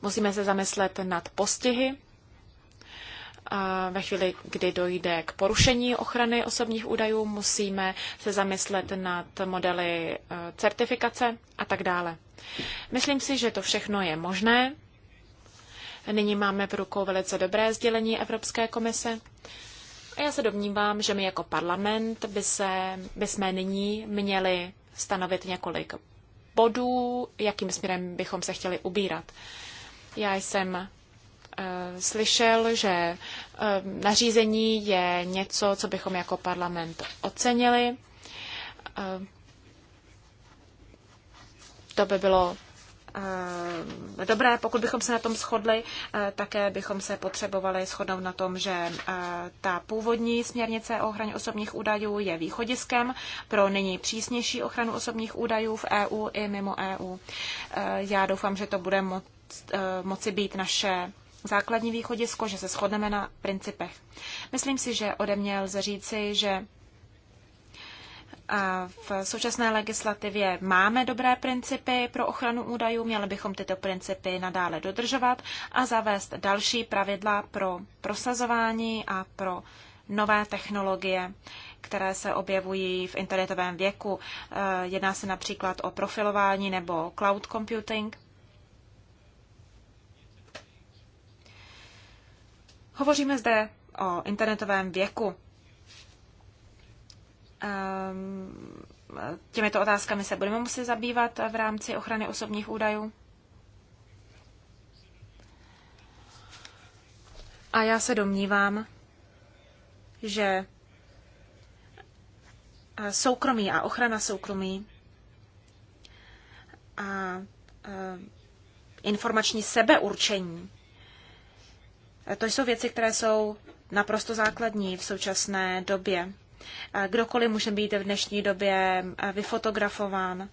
Musíme se zamyslet nad postihy ve chvíli, kdy dojde k porušení ochrany osobních údajů, musíme se zamyslet nad modely e, certifikace a tak dále. Myslím si, že to všechno je možné Nyní máme v rukou velice dobré sdělení Evropské komise. A já se domnívám, že my jako parlament by, se, by jsme nyní měli stanovit několik bodů, jakým směrem bychom se chtěli ubírat. Já jsem eh, slyšel, že eh, nařízení je něco, co bychom jako parlament ocenili. Eh, to by bylo Eh, dobré, pokud bychom se na tom shodli, eh, také bychom se potřebovali shodnout na tom, že eh, ta původní směrnice o ochraně osobních údajů je východiskem pro nyní přísnější ochranu osobních údajů v EU i mimo EU. Já doufám, že to bude moc, moci být naše základní východisko, že se shodneme na principech. Myslím si, že ode mě lze říci, že v současné legislativě máme dobré principy pro ochranu údajů, měli bychom tyto principy nadále dodržovat a zavést další pravidla pro prosazování a pro nové technologie, které se objevují v internetovém věku. E, jedná se například o profilování nebo cloud computing. Hovoříme zde o internetovém věku. Ehm, těmito otázkami se budeme muset zabývat v rámci ochrany osobních údajů. A já se domnívám, že eh, soukromí a ochrana soukromí a eh, informační sebeurčení, eh, to jsou věci, které jsou naprosto základní v současné době. Kdokoliv může být v dnešní době vyfotografován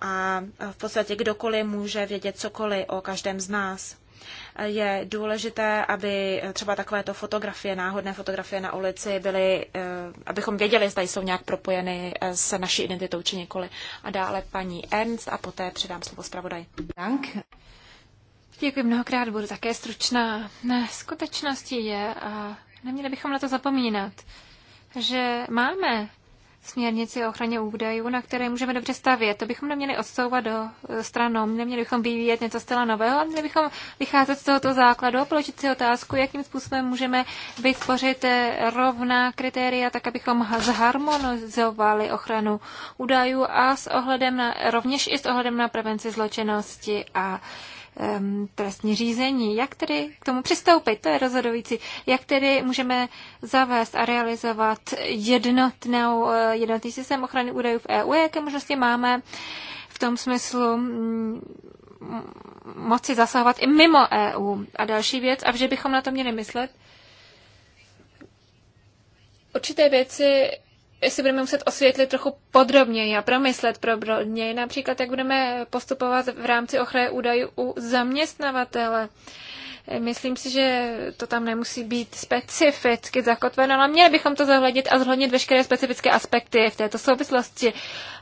a v podstatě kdokoliv může vědět cokoliv o každém z nás. Je důležité, aby třeba takovéto fotografie, náhodné fotografie na ulici byly, e, abychom věděli, zda jsou nějak propojeny e, s naší identitou či nikoli. A dále paní Ernst a poté předám slovo zpravodaj. Dank. Děkuji mnohokrát, budu také stručná. Ne, skutečností je a neměli bychom na to zapomínat že máme směrnici o ochraně údajů, na které můžeme dobře stavět. To bychom neměli odstouvat do e, stranou, neměli bychom vyvíjet něco zcela nového, ale měli bychom vycházet z tohoto základu a položit si otázku, jakým způsobem můžeme vytvořit e, rovná kritéria, tak abychom zharmonizovali ochranu údajů a s ohledem na, rovněž i s ohledem na prevenci zločinnosti a uh, um, trestní řízení. Jak tedy k tomu přistoupit? To je rozhodující. Jak tedy můžeme zavést a realizovat jednotnou, eh, jednotný systém ochrany údajů v EU? Jaké možnosti máme v tom smyslu mm, moci zasahovat i mimo EU? A další věc, a vždy bychom na to měli myslet, určité věci si budeme muset osvětlit trochu podrobněji a promyslet podrobněji, například jak budeme postupovat v rámci ochrany údajů u zaměstnavatele. Myslím si, že to tam nemusí být specificky zakotveno, ale měli bychom to zohlednit a zohlednit veškeré specifické aspekty v této souvislosti.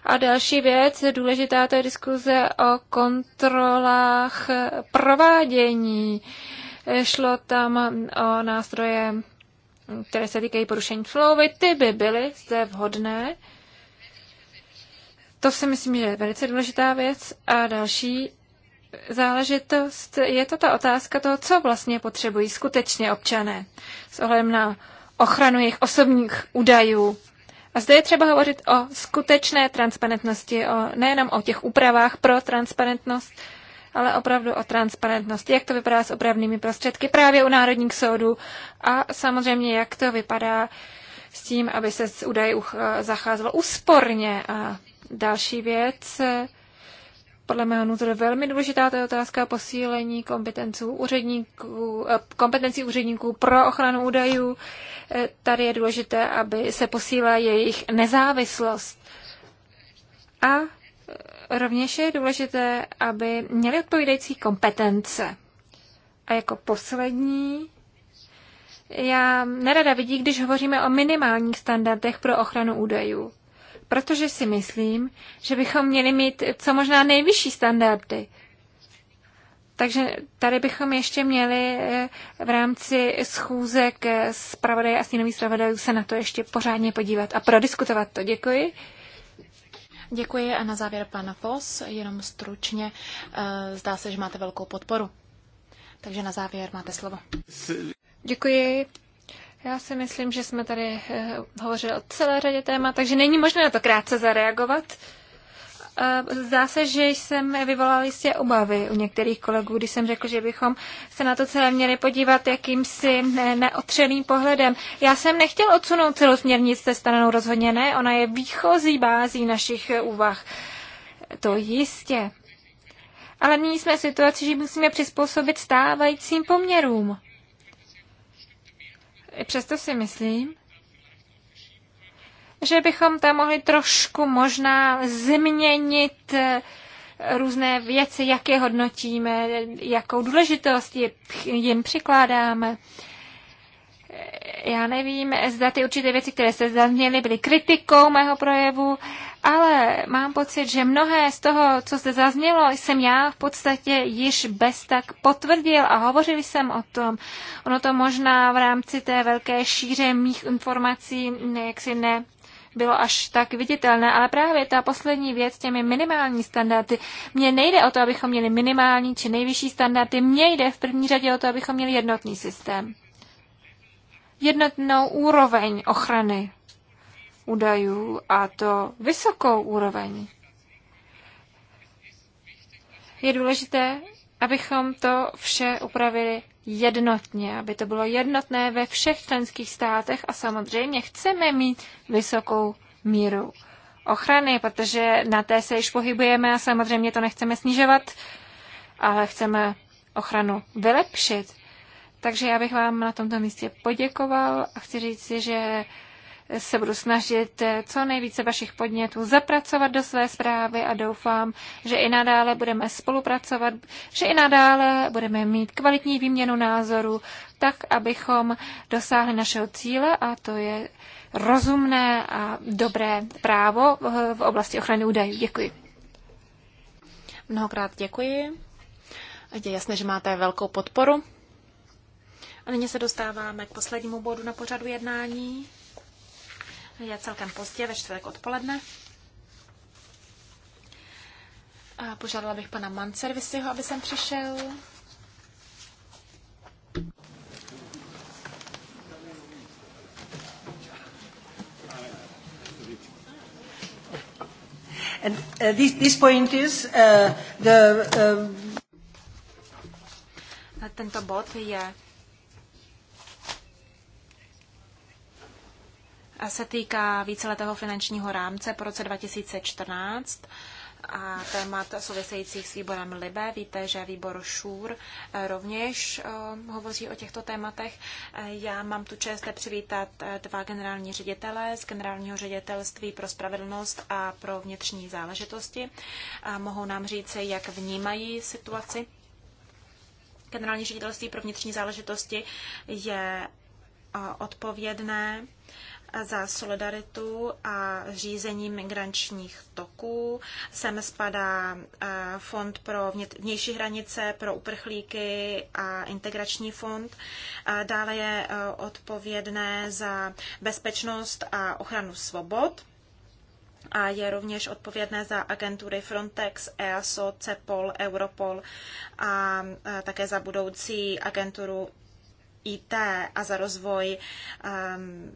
A další věc, důležitá, to je diskuze o kontrolách provádění. Šlo tam o nástroje které se týkají porušení smlouvy, ty by byly zde vhodné. To si myslím, že je velice důležitá věc. A další záležitost je to ta otázka toho, co vlastně potřebují skutečně občané s ohledem na ochranu jejich osobních údajů. A zde je třeba hovořit o skutečné transparentnosti, o, nejenom o těch úpravách pro transparentnost, ale opravdu o transparentnost, jak to vypadá s opravnými prostředky právě u národních soudů a samozřejmě jak to vypadá s tím, aby se z údajů zacházelo úsporně. A další věc, podle mého názoru velmi důležitá, to je otázka posílení kompetenců úředníků, eh, kompetencí úředníků pro ochranu údajů. Eh, tady je důležité, aby se posílila jejich nezávislost. A Rovněž je důležité, aby měli odpovídající kompetence. A jako poslední, já nerada vidí, když hovoříme o minimálních standardech pro ochranu údajů, protože si myslím, že bychom měli mít co možná nejvyšší standardy. Takže tady bychom ještě měli eh, v rámci schůzek s pravodají a s jinými se na to ještě pořádně podívat a prodiskutovat to. Děkuji. Děkuji a na závěr pan Fos, jenom stručně, eh, zdá se, že máte velkou podporu. Takže na závěr máte slovo. Děkuji. Já si myslím, že jsme tady eh, hovořili o celé řadě témat, takže není možné na to krátce zareagovat. Eh, zdá se, že jsem vyvolal jistě obavy u některých kolegů, když jsem řekl, že bychom se na to celé měli podívat jakýmsi eh, neotřeným pohledem. Já jsem nechtěl odsunout celou směrnici stranou rozhodně ne, ona je výchozí bází našich eh, úvah. To jistě. Ale nyní jsme v situaci, že musíme přizpůsobit stávajícím poměrům. přesto si myslím, že bychom tam mohli trošku možná změnit eh, různé věci, jak je hodnotíme, jakou důležitost jim přikládáme. Já nevím, zda ty určité věci, které se zazněly, byly kritikou mého projevu, ale mám pocit, že mnohé z toho, co se zaznělo, jsem já v podstatě již bez tak potvrdil a hovořil jsem o tom. Ono to možná v rámci té velké šíře mých informací jaksi ne bylo až tak viditelné, ale právě ta poslední věc, těmi minimální standardy, mně nejde o to, abychom měli minimální či nejvyšší standardy, mně jde v první řadě o to, abychom měli jednotný systém. Jednotnou úroveň ochrany údajů a to vysokou úroveň. Je důležité, abychom to vše upravili jednotně, aby to bylo jednotné ve všech členských státech a samozřejmě chceme mít vysokou míru ochrany, protože na té se již pohybujeme a samozřejmě to nechceme snižovat, ale chceme ochranu vylepšit. Takže já bych vám na tomto místě poděkoval a chci říct si, že se budu snažit eh, co nejvíce vašich podnětů zapracovat do své zprávy a doufám, že i nadále budeme spolupracovat, že i nadále budeme mít kvalitní výměnu názorů, tak abychom dosáhli našeho cíle a to je rozumné a dobré právo eh, v oblasti ochrany údajů. Děkuji. Mnohokrát děkuji. Je jasné, že máte velkou podporu. A nyní se dostáváme k poslednímu bodu na pořadu jednání je celkem pozdě, ve čtvrtek odpoledne. A požádala bych pana Manservisiho, aby sem přišel. And uh, this, this point is uh, the, uh... Tento bod je A se týká víceletého finančního rámce po roce 2014 a témat souvisejících s výborem Libe. Víte, že výbor ŠUR eh, rovněž eh, hovoří o těchto tématech. Eh, já mám tu čest přivítat dva generální ředitele z generálního ředitelství pro spravedlnost a pro vnitřní záležitosti. A mohou nám říci, jak vnímají situaci. Generální ředitelství pro vnitřní záležitosti je odpovědné za solidaritu a řízení migrančních toků. Sem spadá eh, fond pro vnější hranice, pro uprchlíky a integrační fond. Eh, dále je eh, odpovědné za bezpečnost a ochranu svobod a je rovněž odpovědné za agentury Frontex, EASO, CEPOL, Europol a také za budoucí agenturu IT a za rozvoj um,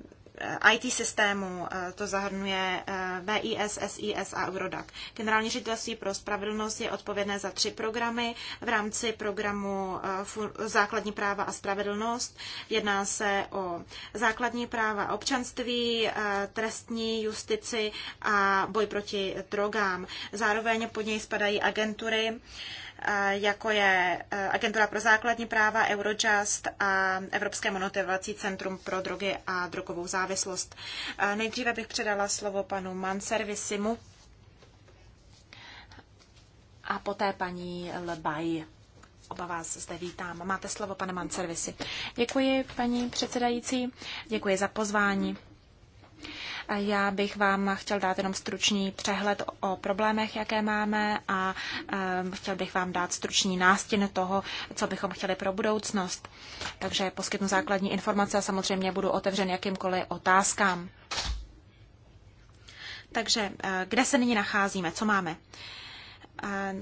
IT systému eh, to zahrnuje eh, VIS, SIS a Eurodac. Generální ředitelství pro spravedlnost je odpovědné za tři programy v rámci programu eh, Základní práva a spravedlnost. Jedná se o základní práva občanství, trestní justici a boj proti drogám. Zároveň pod něj spadají agentury, jako je e, Agentura pro základní práva, Eurojust a Evropské monotivací centrum pro drogy a drogovou závislost. E, nejdříve bych předala slovo panu Manservisimu a poté paní Lebaj. Oba vás zde vítám. Máte slovo, pane Manservisi. Děkuji, paní předsedající. Děkuji za pozvání. Já bych vám chtěl dát jenom stručný přehled o problémech, jaké máme a chtěl bych vám dát stručný nástěn toho, co bychom chtěli pro budoucnost. Takže poskytnu základní informace a samozřejmě budu otevřen jakýmkoliv otázkám. Takže eh, kde se nyní nacházíme? Co máme? Eh,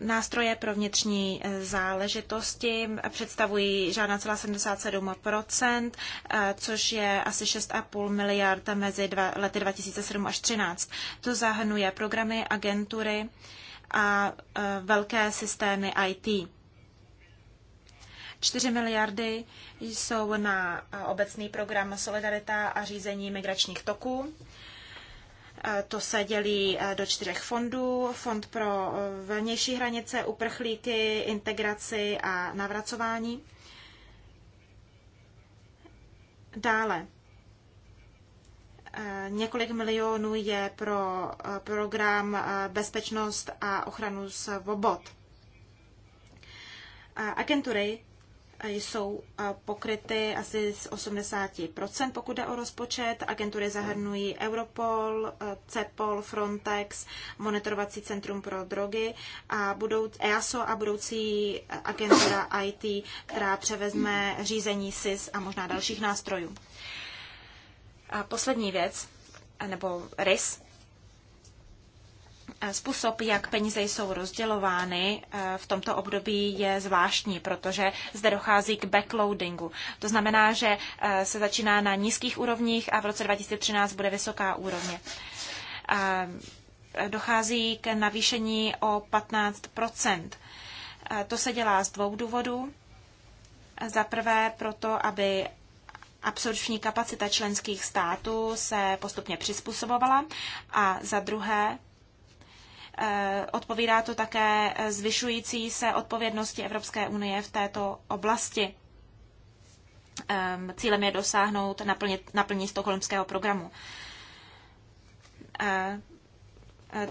Nástroje pro vnitřní eh, záležitosti představují žádná celá 77%, eh, což je asi 6,5 miliard mezi dva, lety 2007 až 2013. To zahrnuje programy, agentury a eh, velké systémy IT. 4 miliardy jsou na obecný program Solidarita a řízení migračních toků. Eh, to se dělí eh, do čtyřech fondů. Fond pro eh, vnější hranice, uprchlíky, integraci a navracování. Dále. Několik milionů je pro program Bezpečnost a ochranu svobod. Agentury jsou pokryty asi z 80%, pokud jde o rozpočet. Agentury zahrnují Europol, eh, CEPOL, Frontex, Monitorovací centrum pro drogy a budou, EASO a budoucí agentura IT, která převezme řízení SIS a možná dalších nástrojů. A poslední věc, nebo RIS, Eh, způsob, jak peníze jsou rozdělovány eh, v tomto období, je zvláštní, protože zde dochází k backloadingu. To znamená, že eh, se začíná na nízkých úrovních a v roce 2013 bude vysoká úrovně. Dochází k navýšení o 15 To se dělá z dvou důvodů. Za prvé proto, aby absorpční kapacita členských států se postupně přizpůsobovala a za druhé, Eh, odpovídá to také zvyšující se odpovědnosti Evropské unie v této oblasti. Ehm, cílem je dosáhnout naplnit, naplnit stokholmského programu. Eh,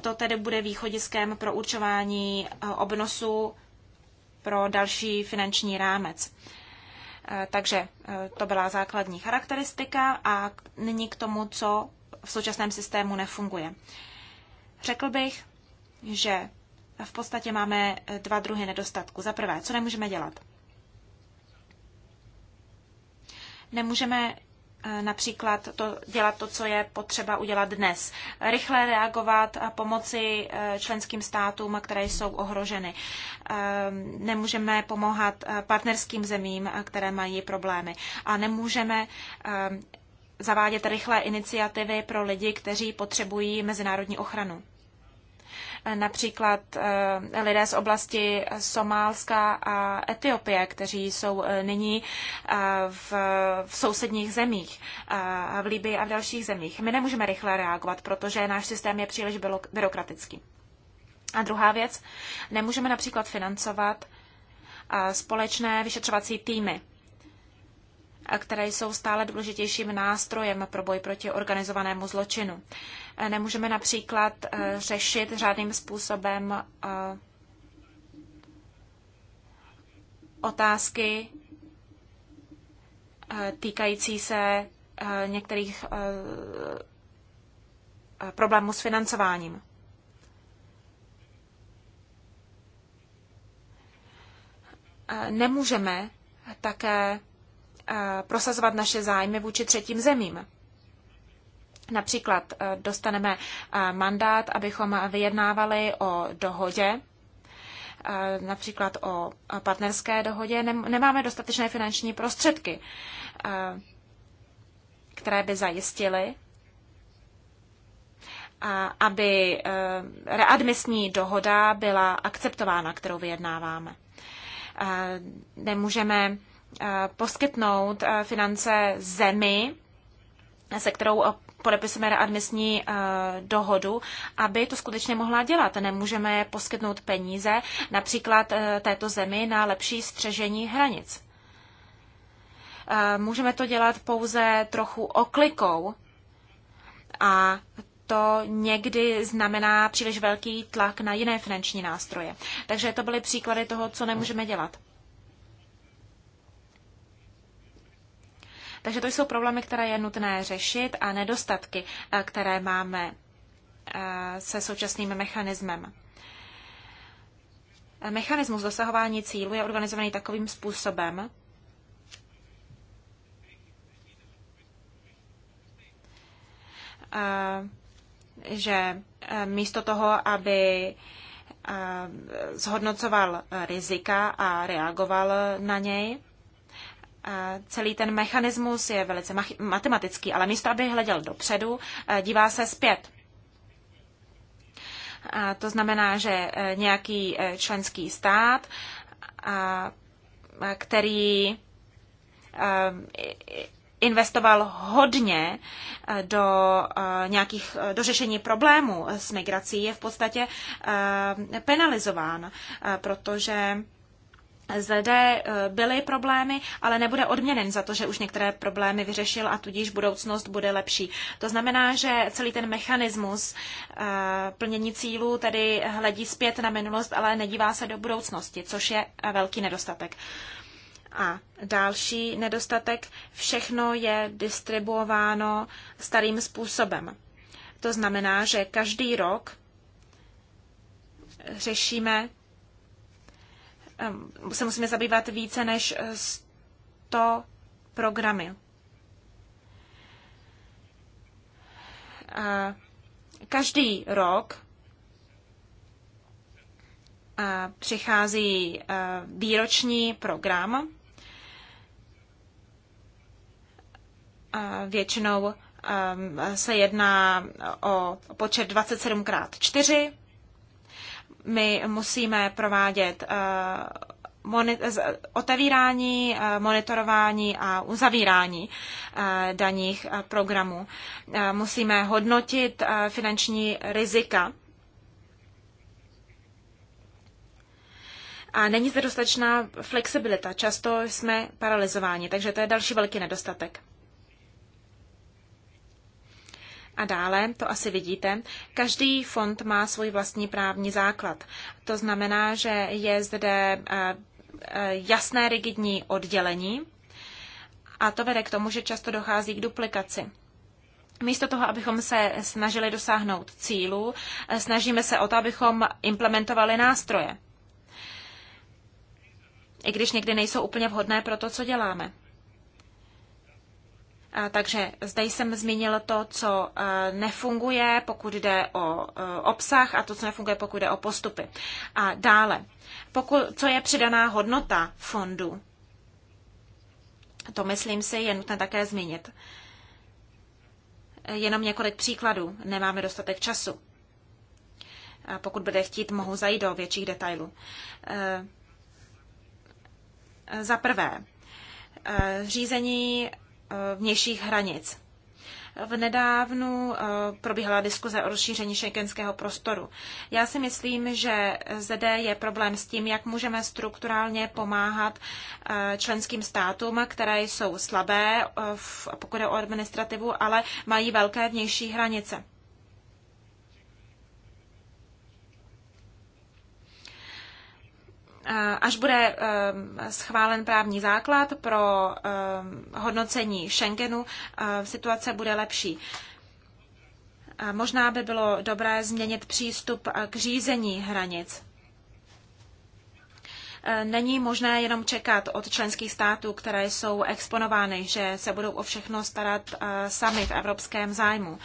to tedy bude východiskem pro určování eh, obnosu pro další finanční rámec. Takže to byla základní charakteristika a nyní k tomu, co v současném systému nefunguje. Řekl bych, že v podstatě máme eh, dva druhy nedostatku. Za prvé, co nemůžeme dělat? Nemůžeme eh, například to, dělat to, co je potřeba udělat dnes. Rychle reagovat a pomoci eh, členským státům, které jsou ohroženy. Nemůžeme pomáhat partnerským zemím, které mají problémy. A nemůžeme zavádět rychlé iniciativy pro lidi, kteří potřebují mezinárodní ochranu například eh, lidé z oblasti Somálska a Etiopie, kteří jsou eh, nyní eh, v, v sousedních zemích, v Libii a v dalších zemích. My nemůžeme rychle reagovat, protože náš systém je příliš byrokratický. A druhá věc, nemůžeme například financovat společné vyšetřovací týmy které jsou stále důležitějším nástrojem pro boj proti organizovanému zločinu. Eh, nemůžeme například eh, řešit řádným způsobem eh, otázky týkající se některých problémů s financováním. Nemůžeme také Eh, prosazovat naše zájmy vůči třetím zemím. Například eh, dostaneme eh, mandát, abychom vyjednávali o dohodě, například o partnerské dohodě. Nemáme dostatečné finanční prostředky, které by zajistily, aby readmisní dohoda byla akceptována, kterou vyjednáváme. Nemůžeme Eh, poskytnout eh, finance zemi, se kterou eh, podepisujeme readmisní dohodu, aby to skutečně mohla dělat. Nemůžeme poskytnout peníze například této zemi na lepší střežení hranic. Můžeme to dělat pouze trochu oklikou a to někdy znamená příliš velký tlak na jiné finanční nástroje. Takže to byly příklady toho, co nemůžeme dělat. Takže to jsou problémy, které je nutné řešit a nedostatky, eh, které máme eh, se současným mechanismem. Mechanismus dosahování cílu je organizovaný takovým způsobem, eh, že místo toho, aby zhodnocoval rizika a reagoval na něj, celý ten mechanismus je velice matematický, ale místo, aby hleděl dopředu, eh, dívá se zpět. A to znamená, že eh, nějaký eh, členský stát, který investoval hodně do nějakých do řešení problémů s migrací, je v podstatě penalizován, protože zde eh, byly problémy, ale nebude odměněn za to, že už některé problémy vyřešil a tudíž budoucnost bude lepší. To znamená, že celý ten mechanismus eh, plnění cílů tedy hledí zpět na minulost, ale nedívá se do budoucnosti, což je eh, velký nedostatek. A další nedostatek, všechno je distribuováno starým způsobem. To znamená, že každý rok řešíme Ehm, se musíme zabývat více než 100 eh, programy. Eh, každý rok eh, přichází výroční program, většinou ehm, se jedná o počet 27 x 4 my musíme provádět eh, otevírání, eh, monitorování a uzavírání eh, daních programů. Musíme hodnotit finanční rizika. A není zde dostatečná flexibilita. Často jsme paralizováni, takže to je další velký nedostatek. A dále, to asi vidíte, každý fond má svůj vlastní právní základ. To znamená, že je zde eh, eh, jasné rigidní oddělení a to vede k tomu, že často dochází k duplikaci. Místo toho, abychom se snažili dosáhnout cílů, eh, snažíme se o to, abychom implementovali nástroje. I když někdy nejsou úplně vhodné pro to, co děláme. Takže zde jsem zmínil to, co e, nefunguje, pokud jde o e, obsah a to, co nefunguje, pokud jde o postupy. A dále, pokud, co je přidaná hodnota fondu? To myslím si je nutné také zmínit. Jenom několik příkladů, nemáme dostatek času. A pokud bude chtít, mohu zajít do větších detailů. E, za prvé, řízení Eh, vnějších hranic. V nedávnu eh, probíhala diskuze o rozšíření šengenského prostoru. Já si myslím, že zde je problém s tím, jak můžeme strukturálně pomáhat eh, členským státům, které jsou slabé, pokud je o administrativu, ale mají velké vnější hranice. až bude ehm, schválen právní základ pro ehm, hodnocení Schengenu, ehm, situace bude lepší. Možná by bylo dobré změnit přístup k řízení hranic. E, není možné jenom čekat od členských států, které jsou exponovány, že se budou o všechno starat e, sami v evropském zájmu.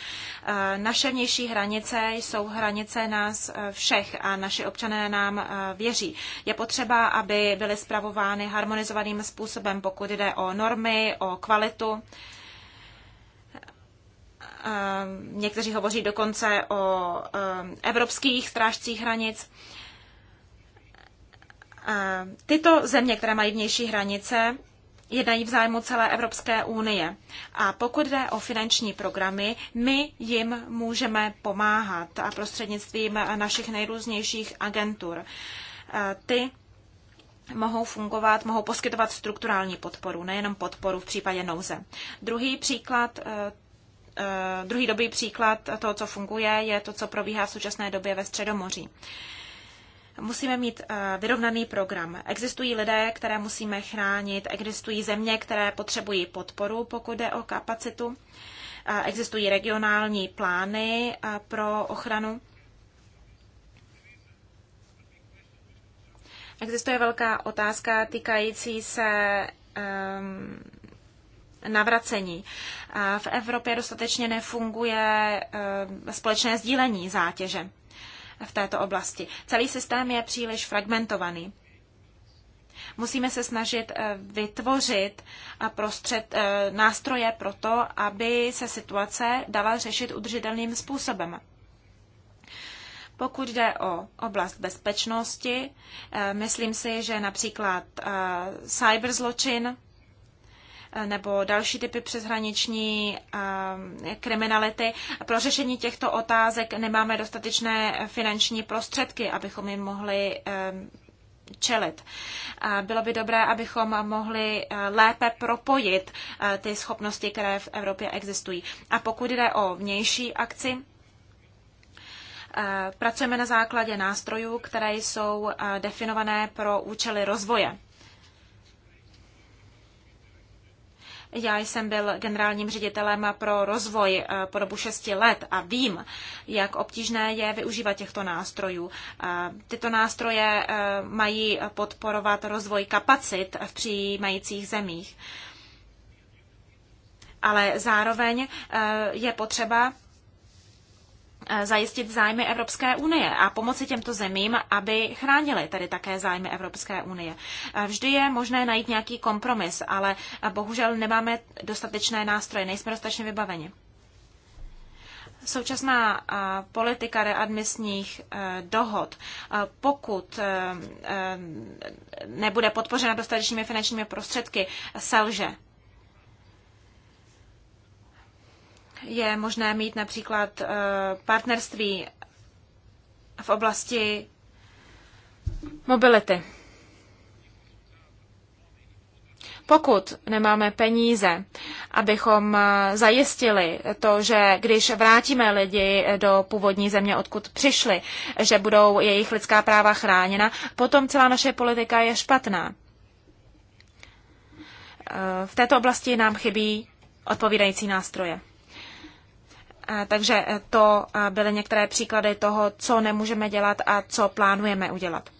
E, naše vnější hranice jsou hranice nás všech a naši občané nám věří. Je potřeba, aby byly spravovány harmonizovaným způsobem, pokud jde o normy, o kvalitu. Někteří hovoří dokonce o evropských strážcích hranic. Tyto země, které mají vnější hranice, jednají v zájmu celé Evropské unie. A pokud jde o finanční programy, my jim můžeme pomáhat a prostřednictvím našich nejrůznějších agentur. Ty mohou fungovat, mohou poskytovat strukturální podporu, nejenom podporu v případě nouze. Druhý příklad e, e, druhý dobrý příklad toho, co funguje, je to, co probíhá v současné době ve Středomoří. Musíme mít eh, vyrovnaný program. Existují lidé, které musíme chránit, existují země, které potřebují podporu, pokud jde o kapacitu, eh, existují regionální plány eh, pro ochranu. Existuje velká otázka týkající se um, navracení. V Evropě dostatečně nefunguje um, společné sdílení zátěže v této oblasti. Celý systém je příliš fragmentovaný. Musíme se snažit eh, vytvořit eh, prostřed, eh, nástroje pro to, aby se situace dala řešit udržitelným způsobem. Pokud jde o oblast bezpečnosti, myslím si, že například cyberzločin Eh, nebo další typy přeshraniční eh, kriminality. Pro řešení těchto otázek nemáme dostatečné finanční prostředky, abychom jim mohli eh, čelit. Bylo by dobré, abychom mohli lépe propojit ty schopnosti, které v Evropě existují. A pokud jde o vnější akci, pracujeme na základě nástrojů, které jsou definované pro účely rozvoje. Já jsem byl generálním ředitelem pro rozvoj eh, po dobu šesti let a vím, jak obtížné je využívat těchto nástrojů. Eh, tyto nástroje eh, mají podporovat rozvoj kapacit v přijímajících zemích. Ale zároveň je potřeba Eh, zajistit zájmy Evropské unie a pomoci těmto zemím, aby chránili tedy také zájmy Evropské unie. Eh, vždy je možné najít nějaký kompromis, ale eh, bohužel nemáme dostatečné nástroje, nejsme dostatečně vybaveni. Současná politika readmisních dohod, pokud nebude podpořena dostatečnými finančními prostředky, selže. Je možné mít například eh, partnerství v oblasti mobility. Pokud nemáme peníze, abychom eh, zajistili to, že když vrátíme lidi do původní země, odkud přišli, že budou jejich lidská práva chráněna, potom celá naše politika je špatná. Eh, v této oblasti nám chybí odpovídající nástroje. Eh, takže eh, to eh, byly některé příklady toho, co nemůžeme dělat a co plánujeme udělat.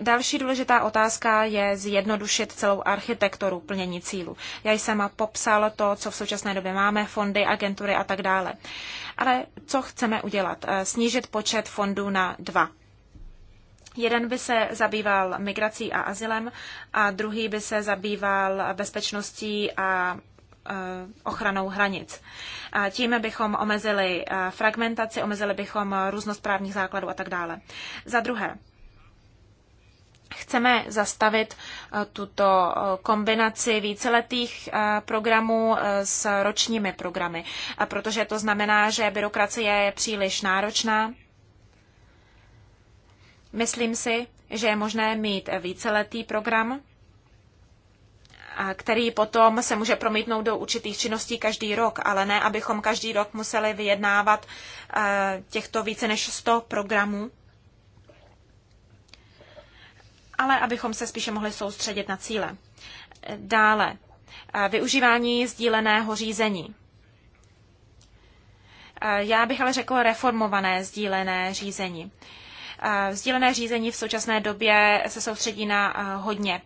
Další důležitá otázka je zjednodušit celou architekturu plnění cílu. Já jsem popsal to, co v současné době máme, fondy, agentury a tak dále. Ale co chceme udělat? Snížit počet fondů na dva. Jeden by se zabýval migrací a azylem a druhý by se zabýval bezpečností a Eh, ochranou hranic. Tím bychom omezili eh, fragmentaci, omezili bychom různost právních základů a tak dále. Za druhé, chceme zastavit eh, tuto kombinaci víceletých programů s ročními programy, protože to znamená, že byrokracie je příliš náročná. Myslím si, že je možné mít víceletý program, který potom se může promítnout do určitých činností každý rok, ale ne, abychom každý rok museli vyjednávat eh, těchto více než 100 programů, ale abychom se spíše mohli soustředit na cíle. Dále, eh, využívání sdíleného řízení. Eh, já bych ale řekla reformované sdílené řízení. Sdílené řízení v současné době se soustředí na hodně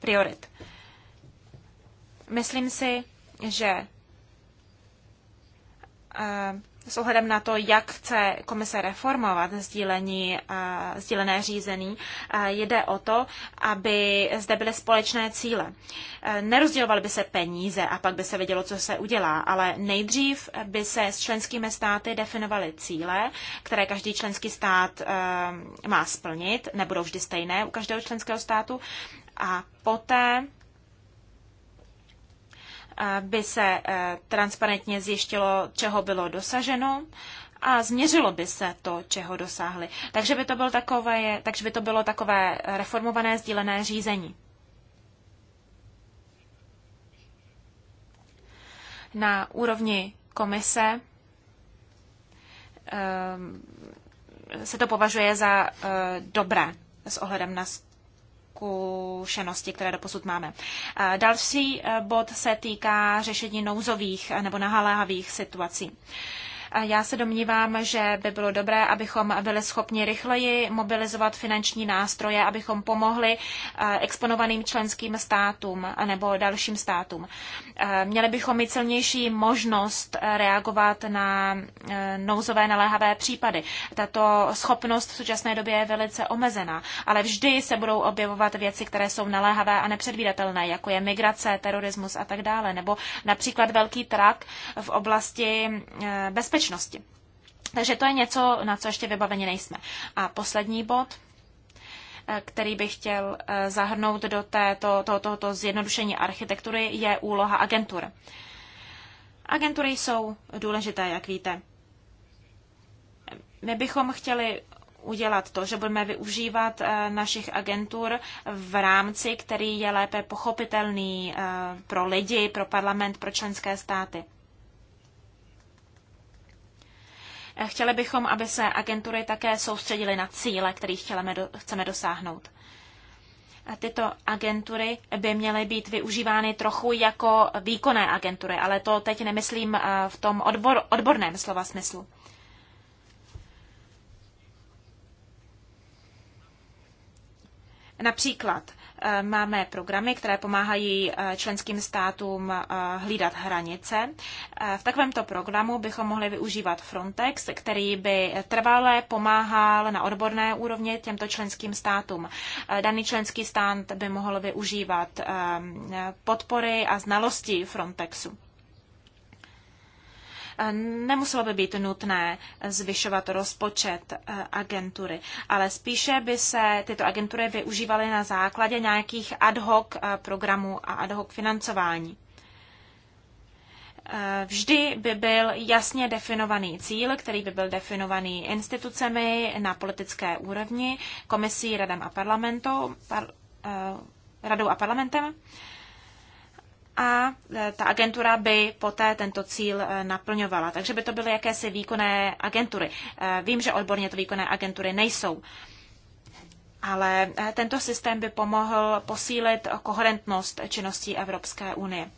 priorit. Myslím si, že eh, s ohledem na to, jak chce komise reformovat sdílení, eh, sdílené řízení, eh, jde o to, aby zde byly společné cíle. Nerozdělovaly by se peníze a pak by se vědělo, co se udělá, ale nejdřív by se s členskými státy definovaly cíle, které každý členský stát má splnit, nebudou vždy stejné u každého členského státu, a poté by se eh, transparentně zjištilo, čeho bylo dosaženo a změřilo by se to, čeho dosáhli. Takže by to, bylo takové, takže by to bylo takové eh, reformované sdílené řízení. Na úrovni komise eh, se to považuje za dobré s ohledem na zkušenosti, které doposud máme. Další eh, bod se týká řešení nouzových eh, nebo nahaléhavých situací. Já se domnívám, že by bylo dobré, abychom byli schopni rychleji mobilizovat finanční nástroje, abychom pomohli eh, exponovaným členským státům nebo dalším státům. Eh, měli bychom mít silnější možnost reagovat na eh, nouzové naléhavé případy. Tato schopnost v současné době je velice omezená, ale vždy se budou objevovat věci, které jsou naléhavé a nepředvídatelné, jako je migrace, terorismus a tak dále, nebo například velký trak v oblasti bezpečnosti bezpečnosti. Takže to je něco, na co ještě vybaveni nejsme. A poslední bod, eh, který bych chtěl eh, zahrnout do této, to, to, to zjednodušení architektury, je úloha agentur. Agentury jsou důležité, jak víte. My bychom chtěli udělat to, že budeme využívat eh, našich agentur v rámci, který je lépe pochopitelný pro lidi, pro parlament, pro členské státy. Chtěli bychom, aby se agentury také soustředily na cíle, kterých chceme dosáhnout. Tyto agentury by měly být využívány trochu jako výkonné agentury, ale to teď nemyslím eh, v tom odbor, odborném slova smyslu. Například Eh, máme programy, které pomáhají eh, členským státům eh, hlídat hranice. V takovémto programu bychom mohli využívat Frontex, který by trvale pomáhal na odborné úrovni těmto členským státům. Daný členský stát by mohl využívat podpory a znalosti Frontexu nemuselo by být nutné zvyšovat rozpočet eh, agentury, ale spíše by se tyto agentury využívaly na základě nějakých ad hoc eh, programů a ad hoc financování. Eh, vždy by byl jasně definovaný cíl, který by byl definovaný institucemi na politické úrovni, komisí, radem a parlamentu, par, radou a parlamentem a e, ta agentura by poté tento cíl e, naplňovala. Takže by to byly jakési výkonné agentury. E, vím, že odborně to výkonné agentury nejsou. Ale tento systém by pomohl posílit koherentnost činností Evropské unie.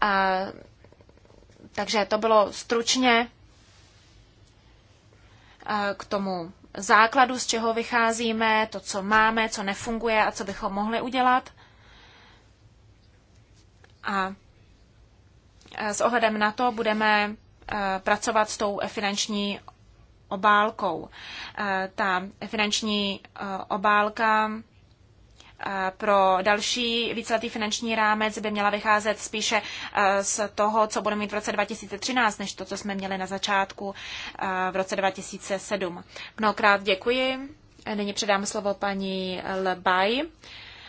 A, takže to bylo stručně k tomu základu, z čeho vycházíme, to, co máme, co nefunguje a co bychom mohli udělat. A e, s ohledem na to budeme e, pracovat s tou finanční obálkou. E, ta finanční obálka pro další víceletý finanční rámec by měla vycházet spíše z toho, co budeme mít v roce 2013, než to, co jsme měli na začátku v roce 2007. Mnohokrát děkuji. Nyní předám slovo paní Lebaj,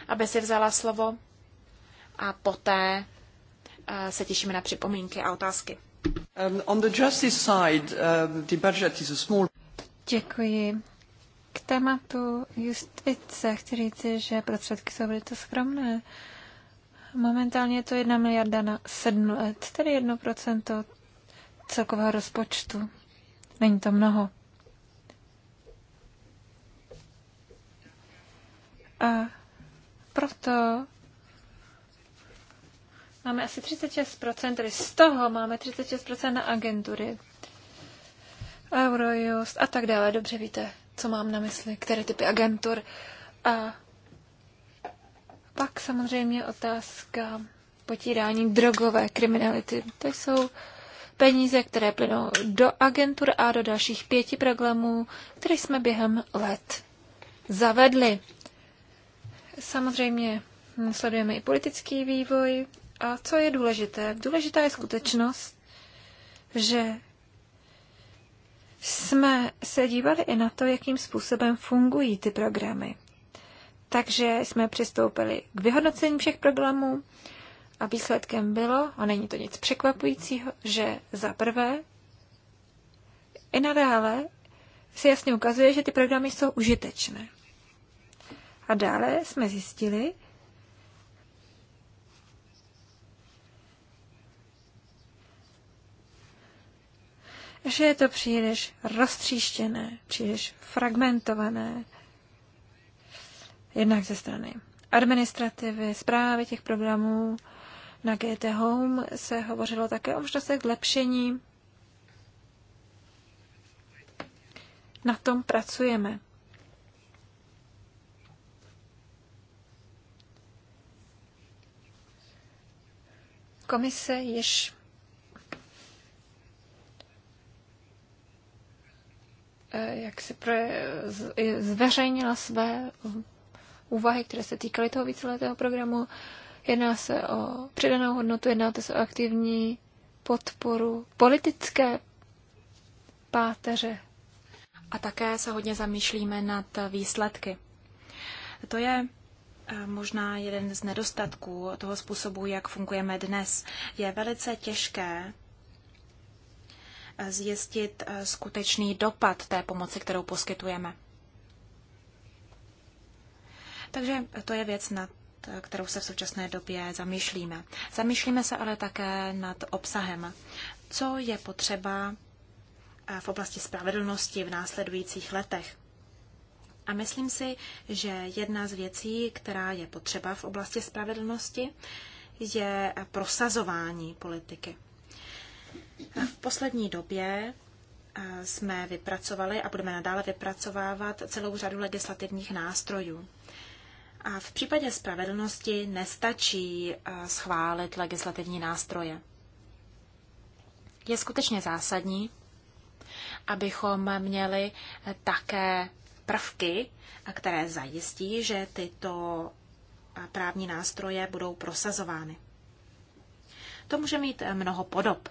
aby si vzala slovo a poté eh, se těšíme na připomínky a otázky. Um, on the justice side, um, the budget is a small... Děkuji. K tématu justice chci říci, že prostředky jsou velice skromné. Momentálně je to jedna miliarda na sedm let, tedy jedno procento celkového rozpočtu. Není to mnoho. A proto máme asi 36%, tedy z toho máme 36% na agentury. Eurojust a tak dále. Dobře víte, co mám na mysli, které typy agentur. A pak samozřejmě otázka potírání drogové kriminality. To jsou peníze, které plynou do agentur a do dalších pěti programů, které jsme během let zavedli. Samozřejmě sledujeme i politický vývoj a co je důležité? Důležitá je skutečnost, že jsme se dívali i na to, jakým způsobem fungují ty programy. Takže jsme přistoupili k vyhodnocení všech programů a výsledkem bylo, a není to nic překvapujícího, že za prvé i nadále se jasně ukazuje, že ty programy jsou užitečné. A dále jsme zjistili, že je to příliš roztříštěné, příliš fragmentované, jednak ze strany administrativy, zprávy těch programů. Na GT Home se hovořilo také o možnostech zlepšení. Na tom pracujeme. Komise již Eh, jak si pre, zveřejnila své úvahy, které se týkaly toho víceletého programu. Jedná se o přidanou hodnotu, jedná se o aktivní podporu politické páteře. A také se hodně zamýšlíme nad výsledky. To je eh, možná jeden z nedostatků toho způsobu, jak fungujeme dnes. Je velice těžké zjistit eh, skutečný dopad té pomoci, kterou poskytujeme. Takže to je věc, nad kterou se v současné době zamýšlíme. Zamýšlíme se ale také nad obsahem. Co je potřeba eh, v oblasti spravedlnosti v následujících letech? A myslím si, že jedna z věcí, která je potřeba v oblasti spravedlnosti, je prosazování politiky. V poslední době eh, jsme vypracovali a budeme nadále vypracovávat celou řadu legislativních nástrojů. A v případě spravedlnosti nestačí eh, schválit legislativní nástroje. Je skutečně zásadní, abychom měli eh, také prvky, které zajistí, že tyto právní nástroje budou prosazovány. To může mít mnoho podob.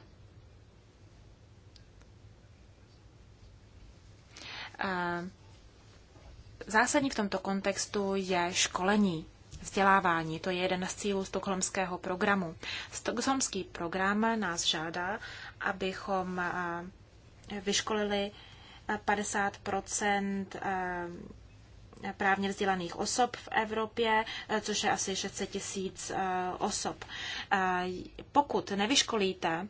Eh, zásadní v tomto kontextu je školení, vzdělávání. To je jeden z cílů stokholmského programu. Stokholmský program nás žádá, abychom eh, vyškolili 50 eh, právně vzdělaných osob v Evropě, což je asi 600 tisíc osob. Pokud nevyškolíte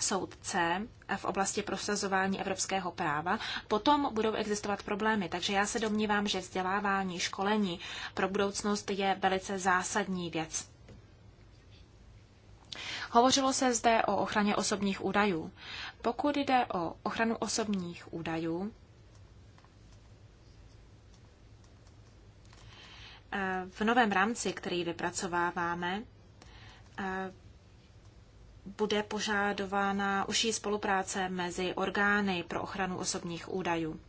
soudce v oblasti prosazování evropského práva, potom budou existovat problémy. Takže já se domnívám, že vzdělávání, školení pro budoucnost je velice zásadní věc. Hovořilo se zde o ochraně osobních údajů. Pokud jde o ochranu osobních údajů, eh, v novém rámci, který vypracováváme, eh, bude požádována užší spolupráce mezi orgány pro ochranu osobních údajů.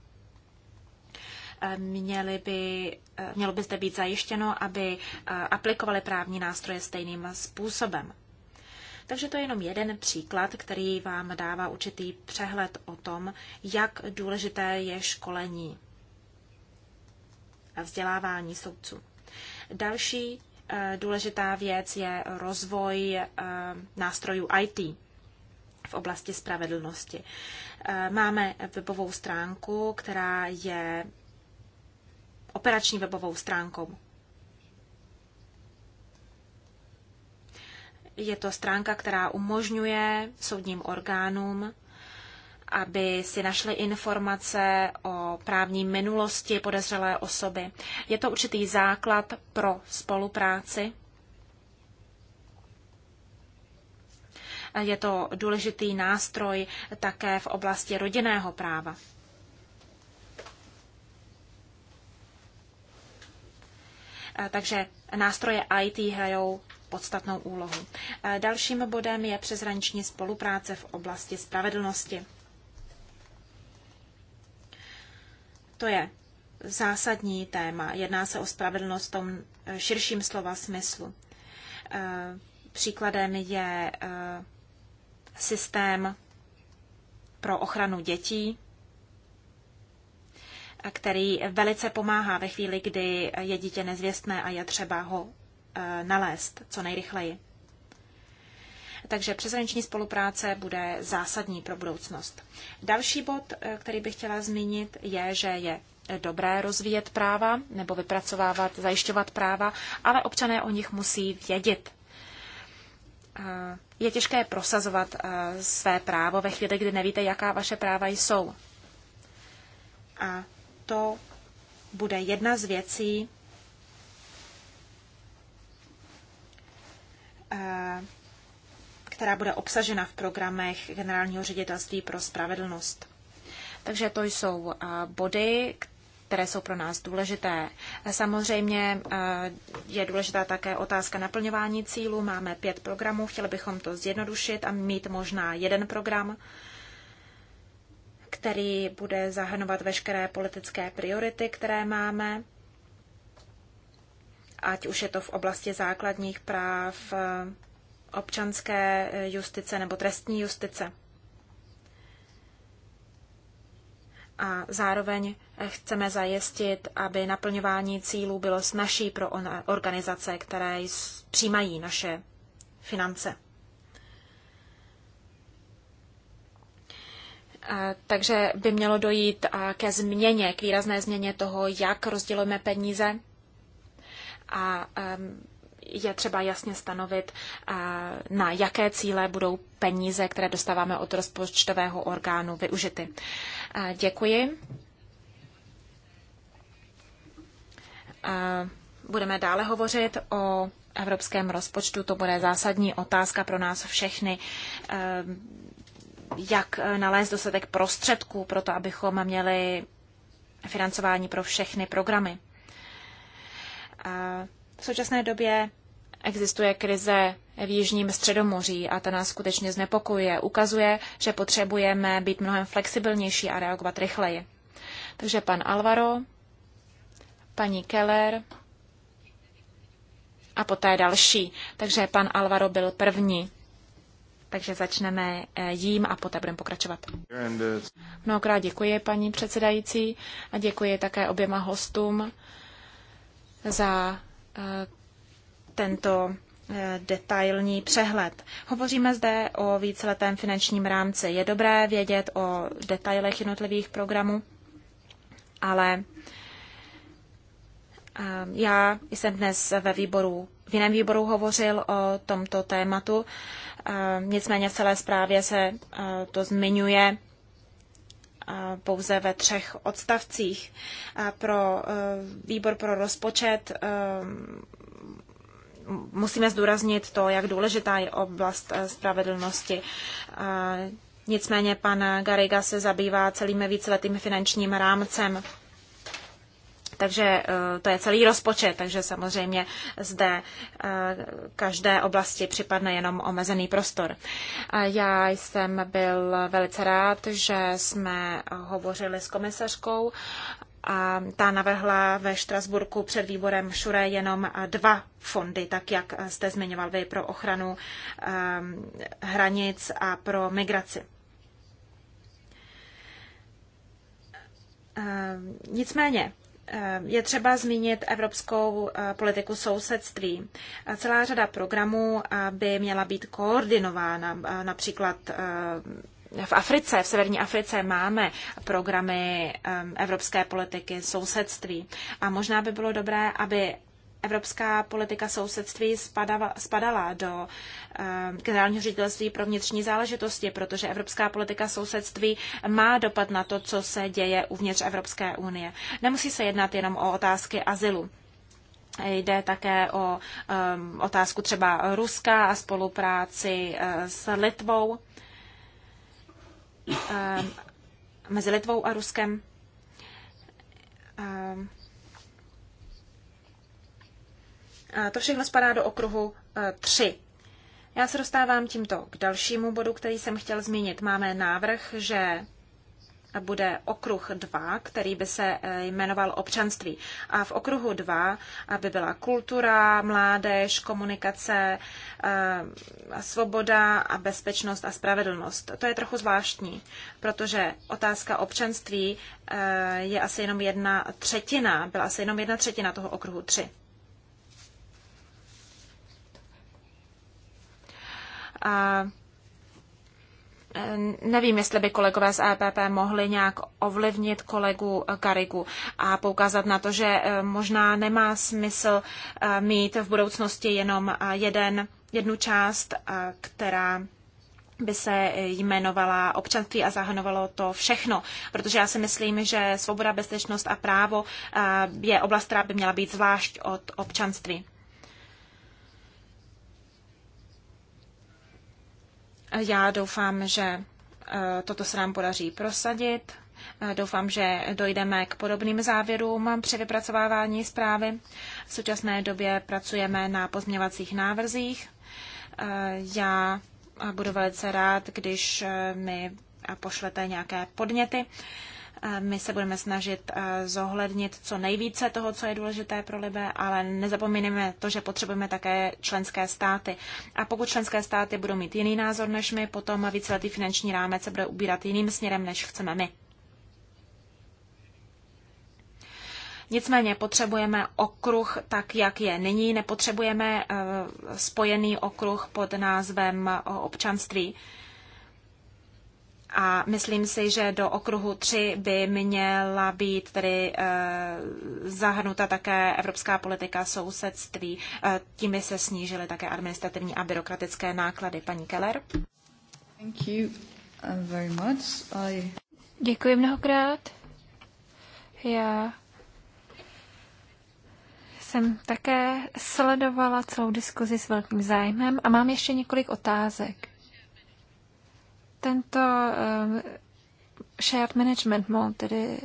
Eh, měli by, eh, mělo by zde být zajištěno, aby eh, aplikovali právní nástroje stejným způsobem. Takže to je jenom jeden příklad, který vám dává určitý přehled o tom, jak důležité je školení a vzdělávání soudců. Další Eh, důležitá věc je rozvoj eh, nástrojů IT v oblasti spravedlnosti. Eh, máme webovou stránku, která je operační webovou stránkou. Je to stránka, která umožňuje soudním orgánům aby si našli informace o právní minulosti podezřelé osoby. Je to určitý základ pro spolupráci. Je to důležitý nástroj také v oblasti rodinného práva. Takže nástroje IT hrajou podstatnou úlohu. Dalším bodem je přeshraniční spolupráce v oblasti spravedlnosti. To je zásadní téma. Jedná se o spravedlnost v tom eh, širším slova smyslu. Eh, příkladem je eh, systém pro ochranu dětí, který velice pomáhá ve chvíli, kdy je dítě nezvěstné a je třeba ho nalézt co nejrychleji takže přeshraniční spolupráce bude zásadní pro budoucnost. Další bod, eh, který bych chtěla zmínit, je, že je dobré rozvíjet práva nebo vypracovávat, zajišťovat práva, ale občané o nich musí vědět. Eh, je těžké prosazovat eh, své právo ve chvíli, kdy nevíte, jaká vaše práva jsou. A to bude jedna z věcí, která bude obsažena v programech Generálního ředitelství pro spravedlnost. Takže to jsou eh, body, které jsou pro nás důležité. Samozřejmě eh, je důležitá také otázka naplňování cílů. Máme pět programů, chtěli bychom to zjednodušit a mít možná jeden program, který bude zahrnovat veškeré politické priority, které máme, ať už je to v oblasti základních práv, občanské justice nebo trestní justice. A zároveň chceme zajistit, aby naplňování cílů bylo snažší pro organizace, které přijímají naše finance. Takže by mělo dojít ke změně, k výrazné změně toho, jak rozdělujeme peníze. A je třeba jasně stanovit, eh, na jaké cíle budou peníze, které dostáváme od rozpočtového orgánu, využity. Eh, děkuji. Eh, budeme dále hovořit o evropském rozpočtu. To bude zásadní otázka pro nás všechny jak nalézt dostatek prostředků pro to, abychom měli financování pro všechny programy. V současné době existuje krize v Jižním středomoří a ta nás skutečně znepokojuje. Ukazuje, že potřebujeme být mnohem flexibilnější a reagovat rychleji. Takže pan Alvaro, paní Keller a poté další. Takže pan Alvaro byl první. Takže začneme eh, jím a poté budeme pokračovat. Mnohokrát děkuji paní předsedající a děkuji také oběma hostům za Eh, tento eh, detailní přehled. Hovoříme zde o víceletém finančním rámci. Je dobré vědět o detailech jednotlivých programů, ale eh, já jsem dnes ve výboru, v jiném výboru hovořil o tomto tématu. Nicméně v celé zprávě se to zmiňuje pouze ve třech odstavcích. A pro e, výbor pro rozpočet e, musíme zdůraznit to, jak důležitá je oblast e, spravedlnosti. Nicméně pan Gariga se zabývá celým víceletým finančním rámcem takže eh, to je celý rozpočet, takže samozřejmě zde eh, každé oblasti připadne jenom omezený prostor. Já jsem byl velice rád, že jsme hovořili s komisařkou a ta navrhla ve Štrasburku před výborem Šure jenom dva fondy, tak jak jste zmiňoval vy, pro ochranu um, hranic a pro migraci. Um, nicméně, Eh, je třeba zmínit evropskou eh, politiku sousedství. Eh, celá řada programů by měla být koordinována, například v Africe, v severní Africe máme programy evropské politiky sousedství a možná by bylo dobré, aby evropská politika sousedství spadala, spadala do uh, generálního ředitelství pro vnitřní záležitosti, protože evropská politika sousedství má dopad na to, co se děje uvnitř Evropské unie. Nemusí se jednat jenom o otázky azylu. Jde také o um, otázku třeba Ruska a spolupráci uh, s Litvou, um, mezi Litvou a Ruskem. Um, To všechno spadá do okruhu 3. E, Já se dostávám tímto k dalšímu bodu, který jsem chtěl zmínit. Máme návrh, že bude okruh 2, který by se e, jmenoval občanství. A v okruhu 2 aby byla kultura, mládež, komunikace, e, svoboda a bezpečnost a spravedlnost. To je trochu zvláštní, protože otázka občanství je asi jenom jedna třetina, byla asi jenom jedna třetina toho okruhu 3. a e, Nevím, jestli by kolegové z EPP mohli nějak ovlivnit kolegu Karigu a poukázat na to, že e, možná nemá smysl e, mít v budoucnosti jenom jeden, jednu část, která by se jmenovala občanství a zahrnovalo to všechno. Protože já si myslím, že svoboda, bezpečnost a právo je oblast, která by měla být zvlášť od občanství. Já doufám, že e, toto se nám podaří prosadit. E, doufám, že dojdeme k podobným závěrům při vypracovávání zprávy. V současné době pracujeme na pozměvacích návrzích. E, já budu velice rád, když mi pošlete nějaké podněty my se budeme snažit eh, zohlednit co nejvíce toho, co je důležité pro Libe, ale nezapomínáme to, že potřebujeme také členské státy. A pokud členské státy budou mít jiný názor než my, potom víceletý finanční rámec se bude ubírat jiným směrem, než chceme my. Nicméně potřebujeme okruh tak, jak je nyní, nepotřebujeme eh, spojený okruh pod názvem eh, občanství. A myslím si, že do okruhu 3 by měla být tedy eh, zahrnuta také evropská politika sousedství. Eh, tím by se snížily také administrativní a byrokratické náklady. Paní Keller? Thank you uh, very much. I... Děkuji mnohokrát. Já jsem také sledovala celou diskuzi s velkým zájmem a mám ještě několik otázek. Tento ehm, shared management mode, tedy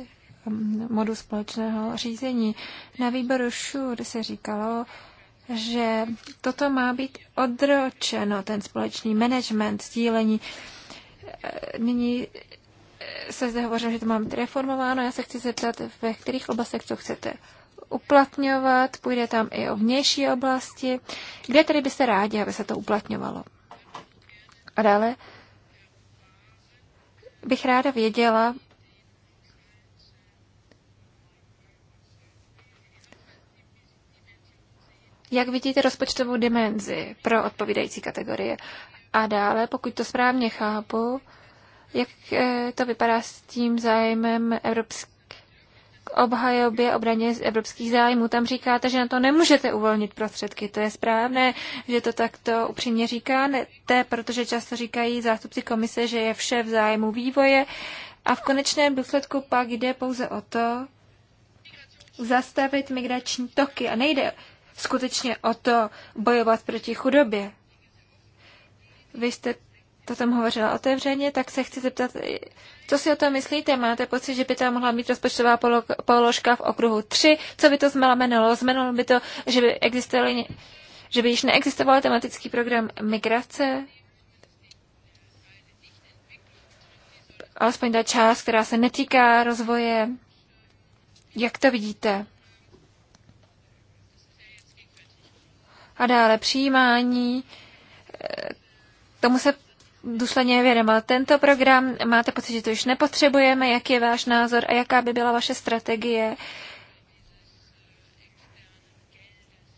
ehm, modu společného řízení. Na výboru ŠUR se říkalo, že toto má být odročeno, ten společný management, sdílení. Eh, nyní eh, se zde hovořilo, že to mám reformováno. Já se chci zeptat, ve kterých oblastech to chcete uplatňovat. Půjde tam i o vnější oblasti. Kde tedy byste rádi, aby se to uplatňovalo? A dále bych ráda věděla, jak vidíte rozpočtovou dimenzi pro odpovídající kategorie. A dále, pokud to správně chápu, jak eh, to vypadá s tím zájmem Evropské obhajobě obraně evropských zájmů. Tam říkáte, že na to nemůžete uvolnit prostředky. To je správné, že to takto upřímně říkáte, protože často říkají zástupci komise, že je vše v zájmu vývoje a v konečném důsledku pak jde pouze o to, zastavit migrační toky a nejde skutečně o to bojovat proti chudobě. Vy jste to tam hovořila otevřeně, tak se chci zeptat, co si o tom myslíte? Máte pocit, že by tam mohla být rozpočtová položka v okruhu 3? Co by to znamenalo? Znamenalo by to, že by, existovaly, že by již neexistoval tematický program migrace? Alespoň ta část, která se netýká rozvoje. Jak to vidíte? A dále přijímání. Tomu se důsledně věnoval tento program. Máte pocit, že to už nepotřebujeme? Jaký je váš názor a jaká by byla vaše strategie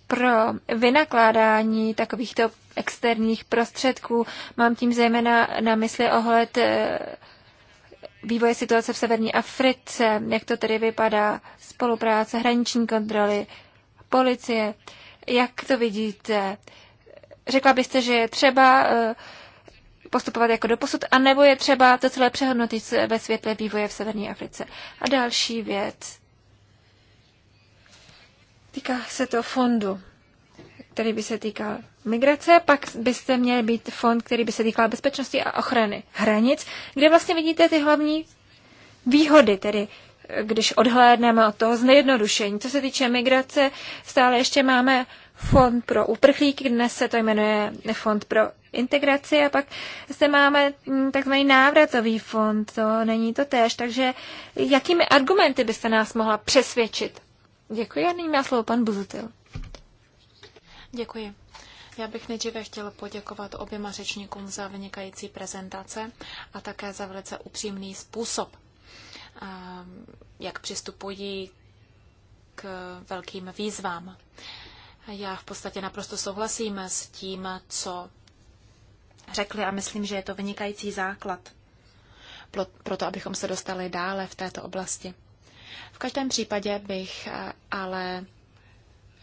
pro vynakládání takovýchto externích prostředků? Mám tím zejména na mysli ohled eh, vývoje situace v severní Africe, jak to tedy vypadá, spolupráce, hraniční kontroly, policie, jak to vidíte? Řekla byste, že je třeba uh, postupovat jako doposud, anebo je třeba to celé přehodnotit ve světle vývoje v Severní Africe. A další věc. Týká se to fondu, který by se týkal migrace, pak byste měl být fond, který by se týkal bezpečnosti a ochrany hranic, kde vlastně vidíte ty hlavní výhody, tedy když odhlédneme od toho znejednodušení. Co se týče migrace, stále ještě máme fond pro uprchlíky, dnes se to jmenuje Fond pro integraci a pak se máme mm, takzvaný návratový fond, to není to též, takže jakými argumenty byste nás mohla přesvědčit? Děkuji a nyní má slovo pan Buzutil. Děkuji. Já bych nejdříve chtěla poděkovat oběma řečníkům za vynikající prezentace a také za velice upřímný způsob, jak přistupují k velkým výzvám. Já v podstatě naprosto souhlasím s tím, co řekli a myslím, že je to vynikající základ pro to, abychom se dostali dále v této oblasti. V každém případě bych eh, ale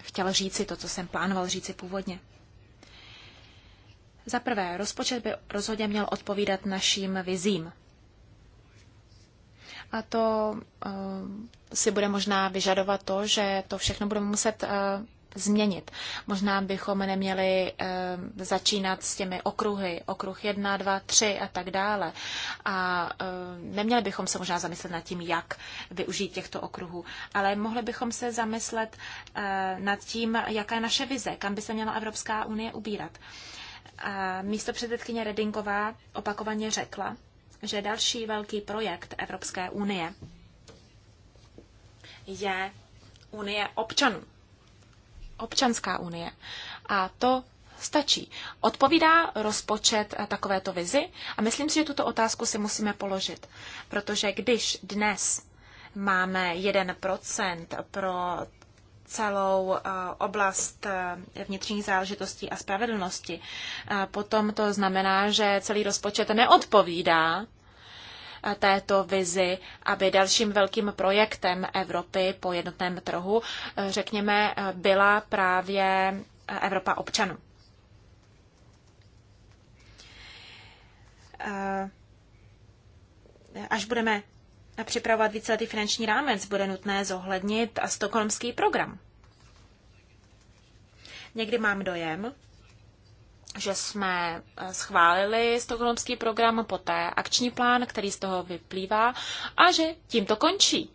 chtěl říci to, co jsem plánoval říci původně. Za prvé, rozpočet by rozhodně měl odpovídat našim vizím. A to uh, si bude možná vyžadovat to, že to všechno budeme muset uh, změnit. Možná bychom neměli eh, začínat s těmi okruhy, okruh 1, 2, 3 a tak dále. A eh, neměli bychom se možná zamyslet nad tím, jak využít těchto okruhů, ale mohli bychom se zamyslet eh, nad tím, jaká je naše vize, kam by se měla Evropská unie ubírat. A místo předsedkyně Redingová opakovaně řekla, že další velký projekt Evropské unie je Unie občanů občanská unie. A to stačí. Odpovídá rozpočet eh, takovéto vizi? A myslím si, že tuto otázku si musíme položit, protože když dnes máme 1% pro celou eh, oblast eh, vnitřních záležitostí a spravedlnosti, potom to znamená, že celý rozpočet neodpovídá Eh, této vizi, aby dalším velkým projektem Evropy po jednotném trhu, eh, řekněme, eh, byla právě Evropa občanů. Až budeme připravovat víceletý finanční rámec, bude nutné zohlednit stokholmský program. Někdy mám dojem, že jsme eh, schválili stokholmský program, poté akční plán, který z toho vyplývá a že tím to končí.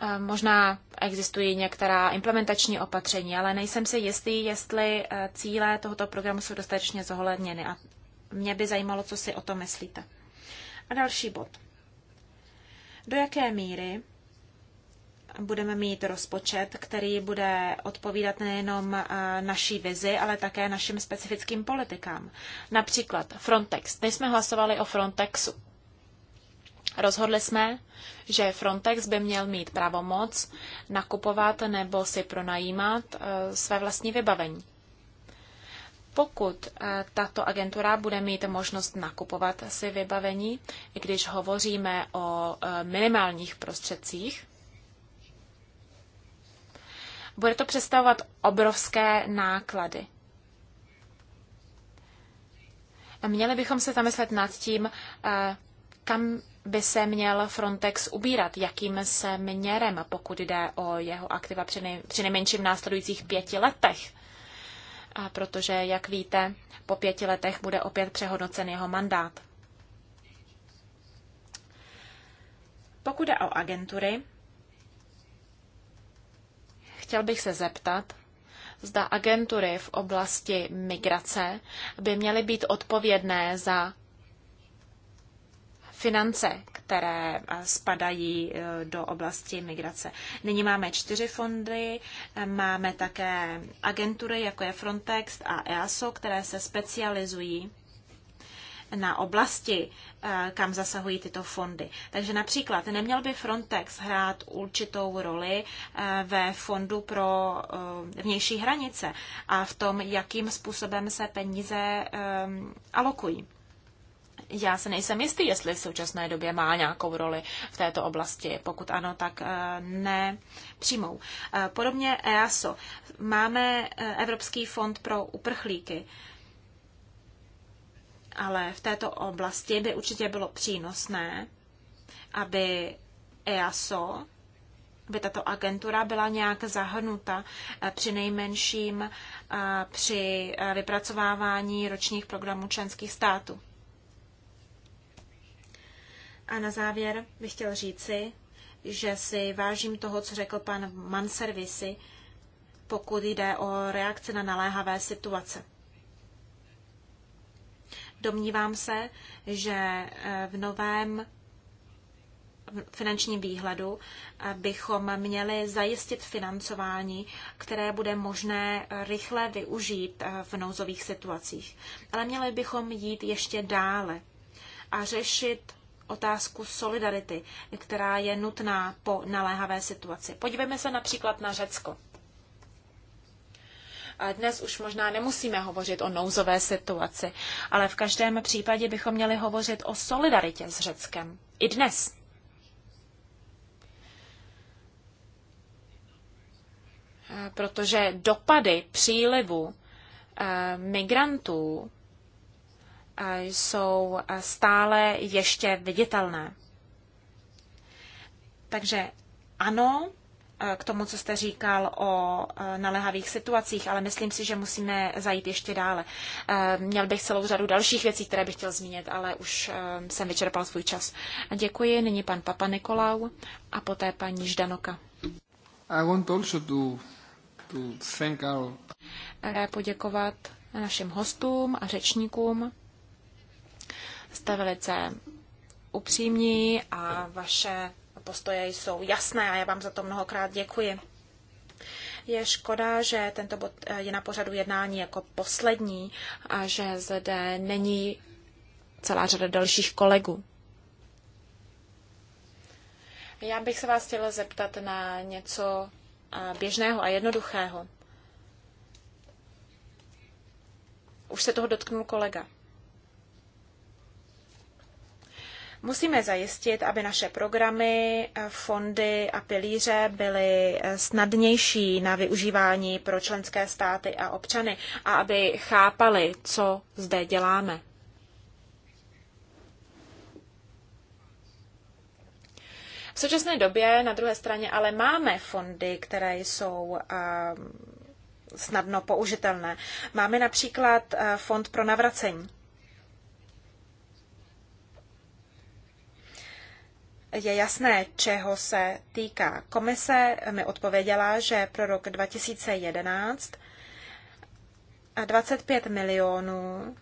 Eh, možná existují některá implementační opatření, ale nejsem si jistý, jestli eh, cíle tohoto programu jsou dostatečně zohledněny. A mě by zajímalo, co si o to myslíte. A další bod. Do jaké míry budeme mít rozpočet, který bude odpovídat nejenom eh, naší vizi, ale také našim specifickým politikám. Například Frontex. Než jsme hlasovali o Frontexu, rozhodli jsme, že Frontex by měl mít pravomoc nakupovat nebo si pronajímat eh, své vlastní vybavení. Pokud eh, tato agentura bude mít možnost nakupovat si vybavení, když hovoříme o minimálních prostředcích, bude to představovat obrovské náklady. Měli bychom se zamyslet nad tím, eh, kam by se měl Frontex ubírat, jakým se měrem, pokud jde o jeho aktiva při v následujících pěti letech. A protože, jak víte, po pěti letech bude opět přehodnocen jeho mandát. Pokud jde o agentury, Chtěl bych se zeptat, zda agentury v oblasti migrace by měly být odpovědné za finance, které eh, spadají eh, do oblasti migrace. Nyní máme čtyři fondy, eh, máme také agentury, jako je Frontex a EASO, které se specializují na oblasti, eh, kam zasahují tyto fondy. Takže například neměl by Frontex hrát určitou roli eh, ve fondu pro eh, vnější hranice a v tom, jakým způsobem se peníze alokují. Já se nejsem jistý, jestli v současné době má nějakou roli v této oblasti. Pokud ano, tak ne přijmou. Podobně EASO. Máme Evropský fond pro uprchlíky ale v této oblasti by určitě bylo přínosné, aby EASO, aby tato agentura byla nějak zahrnuta eh, při nejmenším eh, při eh, vypracovávání ročních programů členských států. A na závěr bych chtěl říci, že si vážím toho, co řekl pan Manservisi, pokud jde o reakce na naléhavé situace. Domnívám se, že eh, v novém finančním výhledu eh, bychom měli zajistit financování, které bude možné eh, rychle využít v nouzových situacích. Ale měli bychom jít ještě dále a řešit otázku solidarity, která je nutná po naléhavé situaci. Podívejme se například na Řecko. Dnes už možná nemusíme hovořit o nouzové situaci, ale v každém případě bychom měli hovořit o solidaritě s Řeckem. I dnes. Eh, protože dopady přílivu eh, migrantů eh, jsou stále ještě viditelné. Takže ano, Eh, k tomu, co jste říkal o eh, naléhavých situacích, ale myslím si, že musíme zajít ještě dále. Eh, měl bych celou řadu dalších věcí, které bych chtěl zmínit, ale už jsem vyčerpal svůj čas. Děkuji. Nyní pan Papa Nikolau a poté paní Ždanoka. I want also to, to thank our... poděkovat našim hostům a řečníkům. Jste velice upřímní a vaše postoje jsou jasné a já vám za to mnohokrát děkuji. Je škoda, že tento bod eh, je na pořadu jednání jako poslední a že zde není celá řada dalších kolegů. Já bych se vás chtěla zeptat na něco eh, běžného a jednoduchého. Už se toho dotknul kolega. Musíme zajistit, aby naše programy, eh, fondy a pilíře byly eh, snadnější na využívání pro členské státy a občany a aby chápali, co zde děláme. V současné době na druhé straně ale máme fondy, které jsou ehm, snadno použitelné. Máme například eh, fond pro navracení. je jasné, čeho se týká. Komise mi odpověděla, že pro rok 2011 25 milionů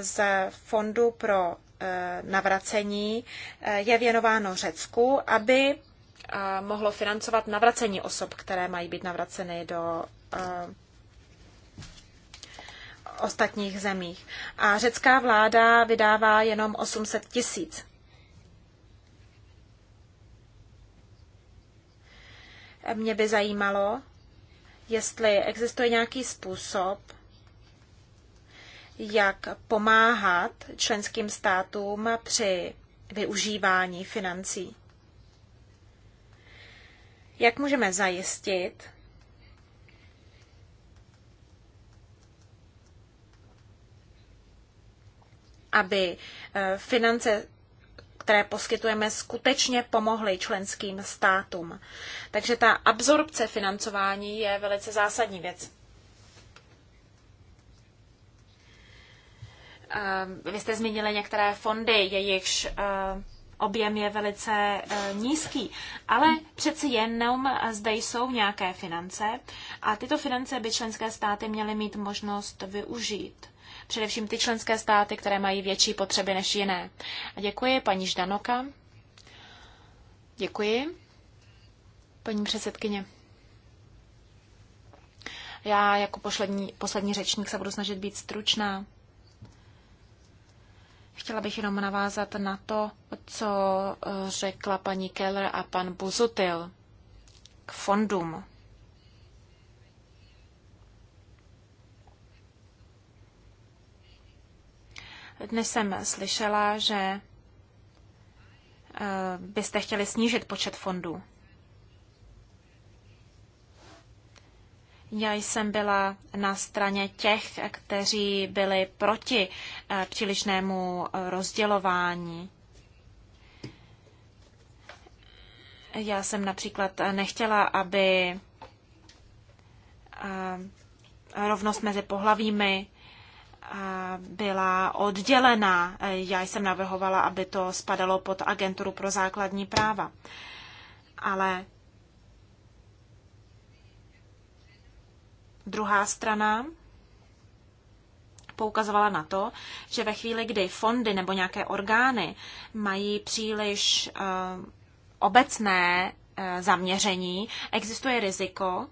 z Fondu pro eh, navracení eh, je věnováno Řecku, aby eh, mohlo financovat navracení osob, které mají být navraceny do ostatních zemích. A řecká vláda vydává jenom 800 tisíc Mě by zajímalo, jestli existuje nějaký způsob, jak pomáhat členským státům při využívání financí. Jak můžeme zajistit, aby eh, finance které poskytujeme, skutečně pomohly členským státům. Takže ta absorpce financování je velice zásadní věc. Eh, vy jste zmínili některé fondy, jejichž eh, objem je velice eh, nízký, ale přeci jenom zde jsou nějaké finance a tyto finance by členské státy měly mít možnost využít především ty členské státy, které mají větší potřeby než jiné. A děkuji paní Ždanoka. Děkuji. Paní předsedkyně. Já jako poslední, poslední řečník se budu snažit být stručná. Chtěla bych jenom navázat na to, co eh, řekla paní Keller a pan Buzutil k fondům. Dnes jsem slyšela, že eh, byste chtěli snížit počet fondů. Já jsem byla na straně těch, kteří byli proti eh, přílišnému rozdělování. Já jsem například nechtěla, aby eh, rovnost mezi pohlavími byla oddělená. Já jsem navrhovala, aby to spadalo pod agenturu pro základní práva. Ale druhá strana poukazovala na to, že ve chvíli, kdy fondy nebo nějaké orgány mají příliš eh, obecné eh, zaměření, existuje riziko,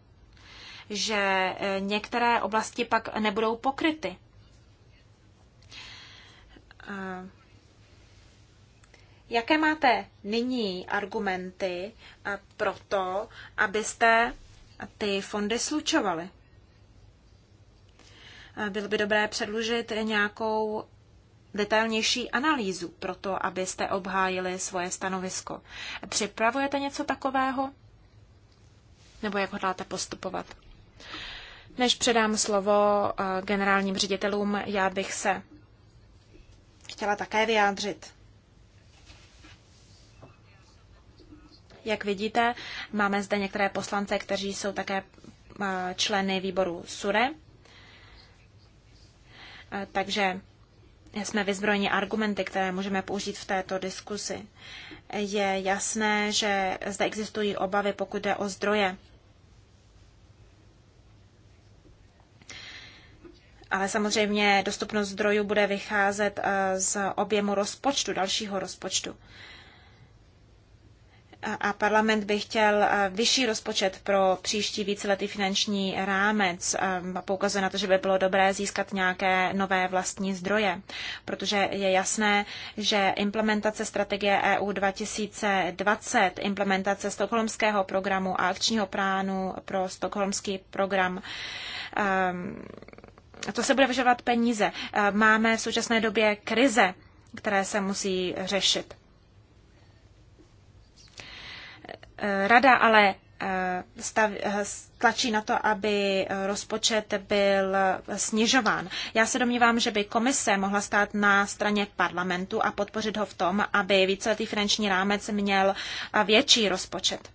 že eh, některé oblasti pak nebudou pokryty. Jaké máte nyní argumenty pro to, abyste ty fondy slučovali? Bylo by dobré předložit nějakou detailnější analýzu pro to, abyste obhájili svoje stanovisko. Připravujete něco takového? Nebo jak hodláte postupovat? Než předám slovo eh, generálním ředitelům, já bych se chtěla také vyjádřit. Jak vidíte, máme zde některé poslance, kteří jsou také eh, členy výboru SURE. Eh, takže jsme vyzbrojeni argumenty, které můžeme použít v této diskusi. Je jasné, že zde existují obavy, pokud jde o zdroje Ale samozřejmě dostupnost zdrojů bude vycházet eh, z objemu rozpočtu, dalšího rozpočtu. A parlament by chtěl eh, vyšší rozpočet pro příští víceletý finanční rámec. Eh, a Poukazuje na to, že by bylo dobré získat nějaké nové vlastní zdroje, protože je jasné, že implementace strategie EU 2020, implementace stokholmského programu a akčního plánu pro stokholmský program um, to se bude vyžadovat peníze. Eh, máme v současné době krize, které se musí řešit. Eh, rada ale eh, stav, tlačí na to, aby rozpočet byl snižován. Já se domnívám, že by komise mohla stát na straně parlamentu a podpořit ho v tom, aby víceletý finanční rámec měl větší rozpočet.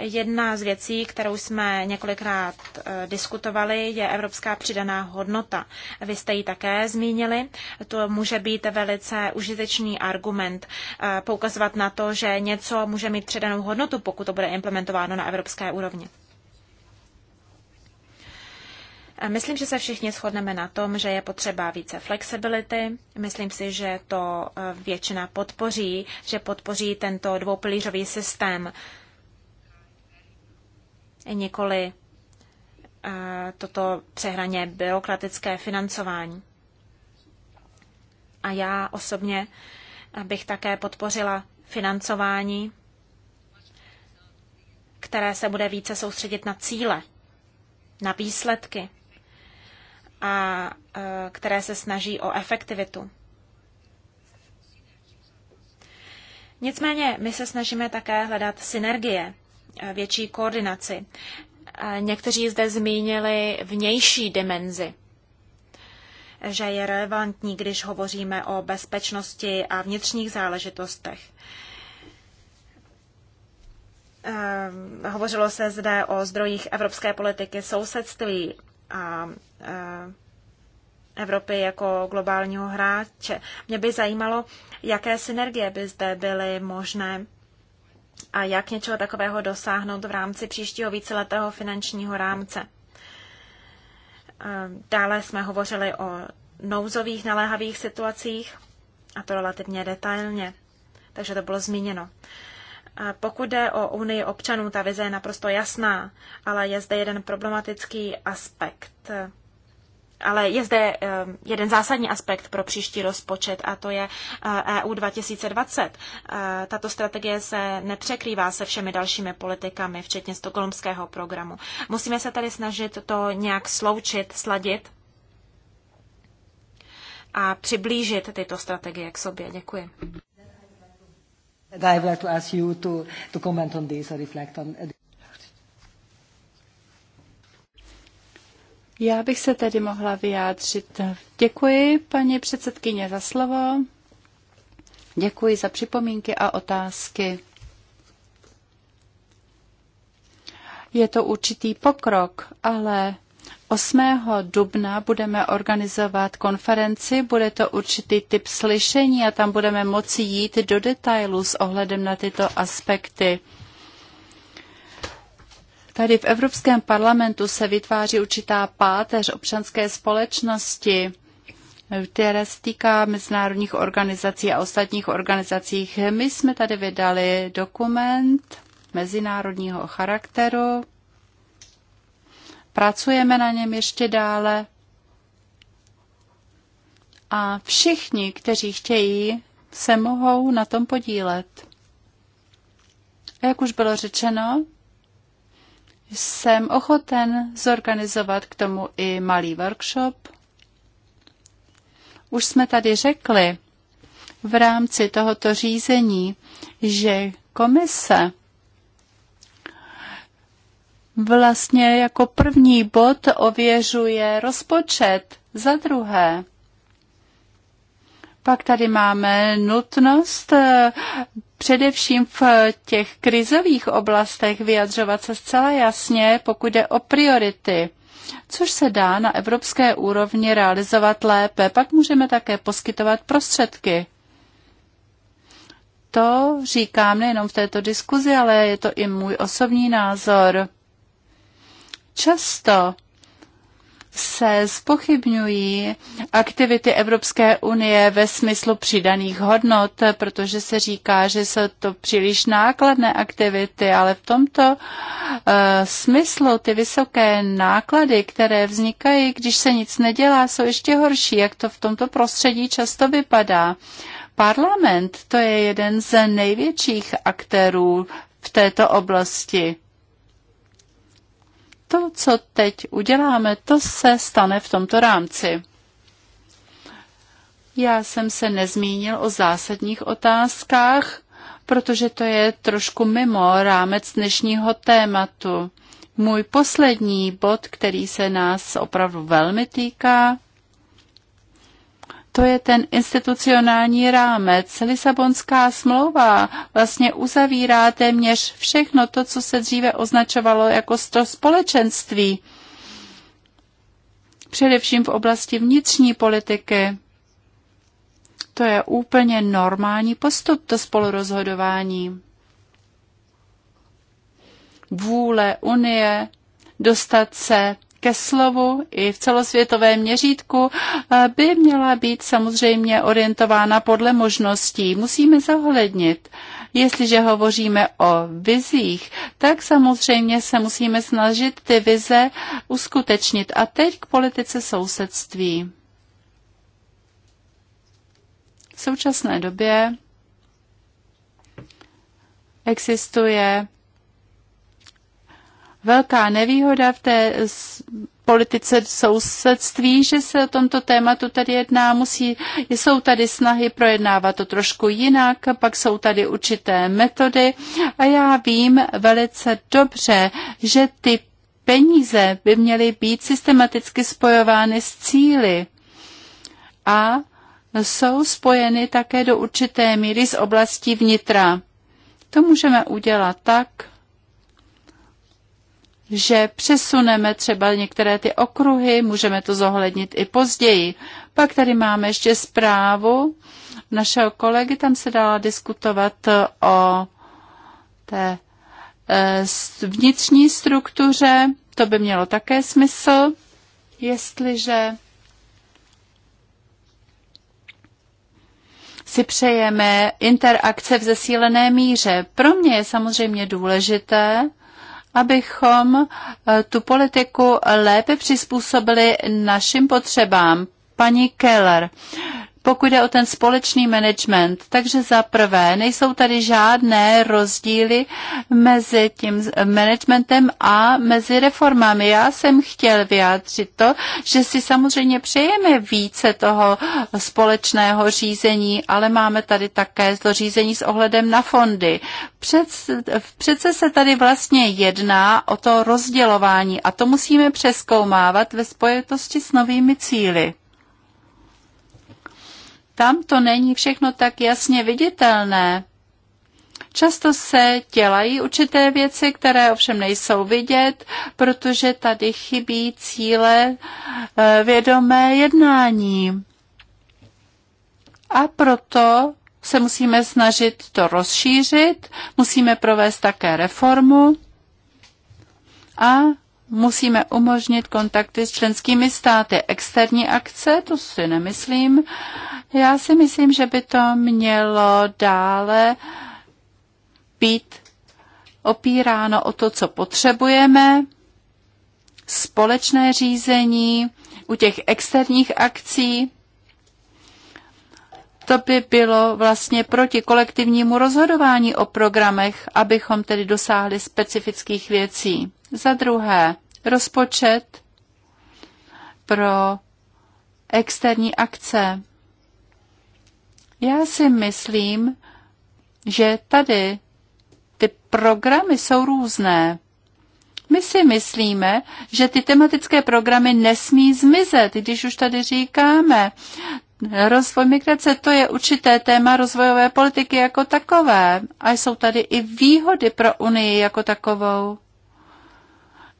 Jedna z věcí, kterou jsme několikrát eh, diskutovali, je evropská přidaná hodnota. Vy jste ji také zmínili. To může být velice užitečný argument eh, poukazovat na to, že něco může mít přidanou hodnotu, pokud to bude implementováno na evropské úrovni. Myslím, že se všichni shodneme na tom, že je potřeba více flexibility. Myslím si, že to eh, většina podpoří, že podpoří tento dvoupilířový systém nikoli eh, toto přehraně byrokratické financování. A já osobně eh, bych také podpořila financování, které se bude více soustředit na cíle, na výsledky a eh, které se snaží o efektivitu. Nicméně my se snažíme také hledat synergie Eh, větší koordinaci. Eh, někteří zde zmínili vnější dimenzi že je relevantní, když hovoříme o bezpečnosti a vnitřních záležitostech. Eh, hovořilo se zde o zdrojích evropské politiky sousedství a Evropy jako globálního hráče. Mě by zajímalo, jaké synergie by zde byly možné a jak něčeho takového dosáhnout v rámci příštího víceletého finančního rámce. Ehm, dále jsme hovořili o nouzových naléhavých situacích, a to relativně detailně, takže to bylo zmíněno. Ehm, pokud jde o Unii občanů, ta vize je naprosto jasná, ale je zde jeden problematický aspekt ale je zde eh, jeden zásadní aspekt pro příští rozpočet a to je EU eh, e 2020. Eh, tato strategie se nepřekrývá se všemi dalšími politikami, včetně stokholmského programu. Musíme se tady snažit to nějak sloučit, sladit a přiblížit tyto strategie k sobě. Děkuji. I would like to ask you to, to comment on this or reflect on Já bych se tedy mohla vyjádřit. Děkuji, paní předsedkyně, za slovo. Děkuji za připomínky a otázky. Je to určitý pokrok, ale 8. dubna budeme organizovat konferenci, bude to určitý typ slyšení a tam budeme moci jít do detailu s ohledem na tyto aspekty. Tady v Evropském parlamentu se vytváří určitá páteř občanské společnosti, které se týká mezinárodních organizací a ostatních organizacích. My jsme tady vydali dokument mezinárodního charakteru. Pracujeme na něm ještě dále. A všichni, kteří chtějí, se mohou na tom podílet. Jak už bylo řečeno, jsem ochoten zorganizovat k tomu i malý workshop. Už jsme tady řekli v rámci tohoto řízení, že komise vlastně jako první bod ověřuje rozpočet, za druhé. Pak tady máme nutnost eh, především v těch krizových oblastech vyjadřovat se zcela jasně, pokud jde o priority což se dá na evropské úrovni realizovat lépe. Pak můžeme také poskytovat prostředky. To říkám nejenom v této diskuzi, ale je to i můj osobní názor. Často se spochybňují aktivity Evropské unie ve smyslu přidaných hodnot, protože se říká, že jsou to příliš nákladné aktivity, ale v tomto uh, smyslu ty vysoké náklady, které vznikají, když se nic nedělá, jsou ještě horší, jak to v tomto prostředí často vypadá. Parlament to je jeden z největších aktérů v této oblasti to, co teď uděláme, to se stane v tomto rámci. Já jsem se nezmínil o zásadních otázkách, protože to je trošku mimo rámec dnešního tématu. Můj poslední bod, který se nás opravdu velmi týká, to je ten institucionální rámec. Lisabonská smlouva vlastně uzavírá téměř všechno to, co se dříve označovalo jako to společenství, především v oblasti vnitřní politiky. To je úplně normální postup, to spolurozhodování. Vůle Unie dostat se ke slovu i v celosvětovém měřítku eh, by měla být samozřejmě orientována podle možností. Musíme zohlednit, Jestliže hovoříme o vizích, tak samozřejmě se musíme snažit ty vize uskutečnit. A teď k politice sousedství. V současné době existuje Velká nevýhoda v té politice sousedství, že se o tomto tématu tady jedná, musí, jsou tady snahy projednávat to trošku jinak, pak jsou tady určité metody a já vím velice dobře, že ty peníze by měly být systematicky spojovány s cíly a jsou spojeny také do určité míry s oblastí vnitra. To můžeme udělat tak, že přesuneme třeba některé ty okruhy, můžeme to zohlednit i později. Pak tady máme ještě zprávu našeho kolegy, tam se dala diskutovat o té e, vnitřní struktuře, to by mělo také smysl, jestliže si přejeme interakce v zesílené míře. Pro mě je samozřejmě důležité, abychom eh, tu politiku lépe přizpůsobili našim potřebám. Paní Keller, pokud jde o ten společný management. Takže za prvé, nejsou tady žádné rozdíly mezi tím managementem a mezi reformami. Já jsem chtěl vyjádřit to, že si samozřejmě přejeme více toho společného řízení, ale máme tady také to řízení s ohledem na fondy. Před, přece se tady vlastně jedná o to rozdělování a to musíme přeskoumávat ve spojitosti s novými cíly tam to není všechno tak jasně viditelné. Často se dělají určité věci, které ovšem nejsou vidět, protože tady chybí cíle eh, vědomé jednání. A proto se musíme snažit to rozšířit, musíme provést také reformu a musíme umožnit kontakty s členskými státy. Externí akce, to si nemyslím. Já si myslím, že by to mělo dále být opíráno o to, co potřebujeme, společné řízení u těch externích akcí. To by bylo vlastně proti kolektivnímu rozhodování o programech, abychom tedy dosáhli specifických věcí. Za druhé, rozpočet pro externí akce. Já si myslím, že tady ty programy jsou různé. My si myslíme, že ty tematické programy nesmí zmizet, když už tady říkáme. Rozvoj migrace to je určité téma rozvojové politiky jako takové a jsou tady i výhody pro Unii jako takovou.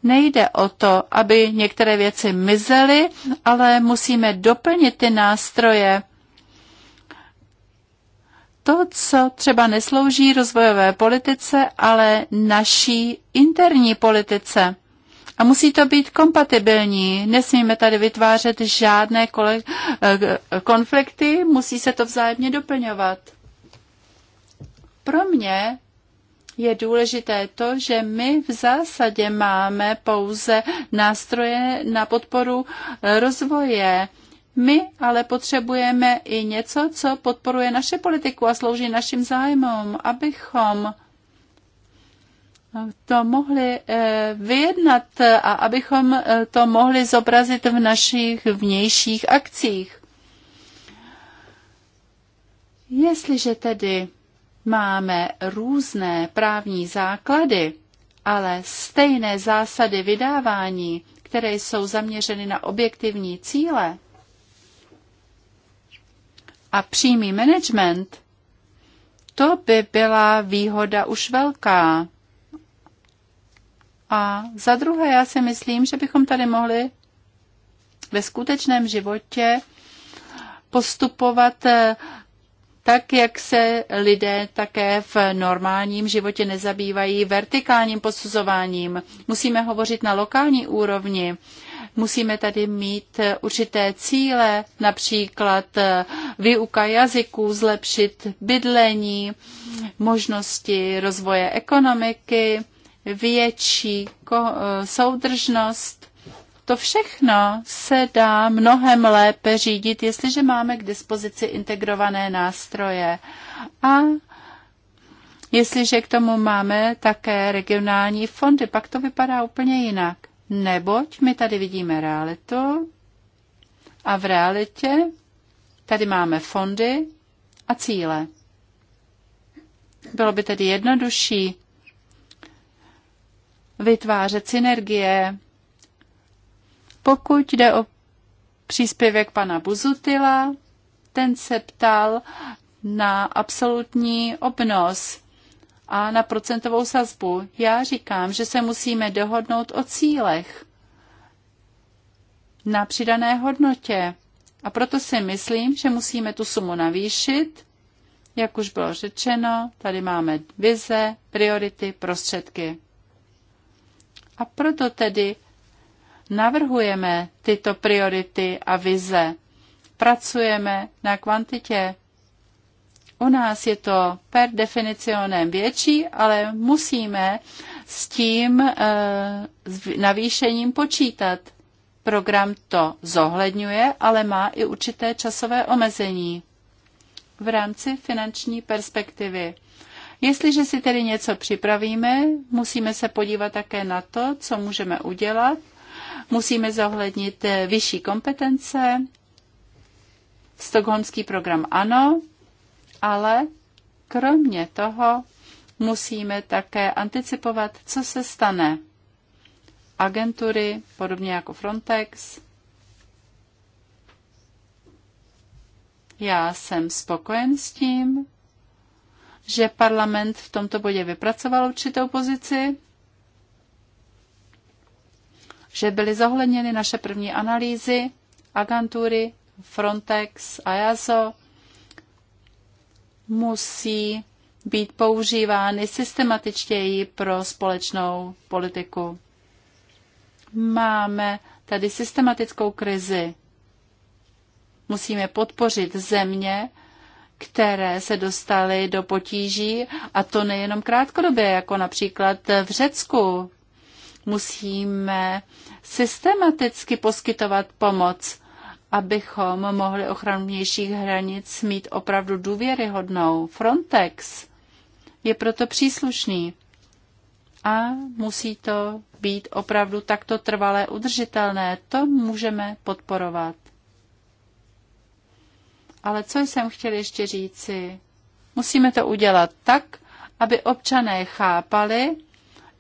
Nejde o to, aby některé věci mizely, ale musíme doplnit ty nástroje. To, co třeba neslouží rozvojové politice, ale naší interní politice. A musí to být kompatibilní. Nesmíme tady vytvářet žádné kole- eh, konflikty, musí se to vzájemně doplňovat. Pro mě je důležité to, že my v zásadě máme pouze nástroje na podporu eh, rozvoje. My ale potřebujeme i něco, co podporuje naše politiku a slouží našim zájmům, abychom to mohli eh, vyjednat a abychom eh, to mohli zobrazit v našich vnějších akcích. Jestliže tedy máme různé právní základy, ale stejné zásady vydávání, které jsou zaměřeny na objektivní cíle a přímý management, to by byla výhoda už velká. A za druhé, já si myslím, že bychom tady mohli ve skutečném životě postupovat eh, tak jak se lidé také v normálním životě nezabývají vertikálním posuzováním. Musíme hovořit na lokální úrovni. Musíme tady mít určité cíle, například výuka jazyků, zlepšit bydlení, možnosti rozvoje ekonomiky, větší soudržnost to všechno se dá mnohem lépe řídit, jestliže máme k dispozici integrované nástroje. A jestliže k tomu máme také regionální fondy, pak to vypadá úplně jinak. Neboť my tady vidíme realitu a v realitě tady máme fondy a cíle. Bylo by tedy jednodušší vytvářet synergie pokud jde o příspěvek pana Buzutila, ten se ptal na absolutní obnos a na procentovou sazbu. Já říkám, že se musíme dohodnout o cílech na přidané hodnotě. A proto si myslím, že musíme tu sumu navýšit. Jak už bylo řečeno, tady máme vize, priority, prostředky. A proto tedy navrhujeme tyto priority a vize. Pracujeme na kvantitě. U nás je to per definicionem větší, ale musíme s tím e, navýšením počítat. Program to zohledňuje, ale má i určité časové omezení v rámci finanční perspektivy. Jestliže si tedy něco připravíme, musíme se podívat také na to, co můžeme udělat Musíme zohlednit eh, vyšší kompetence. Stokholmský program ano, ale kromě toho musíme také anticipovat, co se stane. Agentury, podobně jako Frontex. Já jsem spokojen s tím, že parlament v tomto bodě vypracoval určitou pozici že byly zohledněny naše první analýzy, agentury, Frontex a JASO musí být používány systematičtěji pro společnou politiku. Máme tady systematickou krizi. Musíme podpořit země, které se dostaly do potíží, a to nejenom krátkodobě, jako například v Řecku Musíme systematicky poskytovat pomoc, abychom mohli ochranu vnějších hranic mít opravdu důvěryhodnou. Frontex je proto příslušný a musí to být opravdu takto trvalé udržitelné. To můžeme podporovat. Ale co jsem chtěl ještě říci? Musíme to udělat tak, aby občané chápali,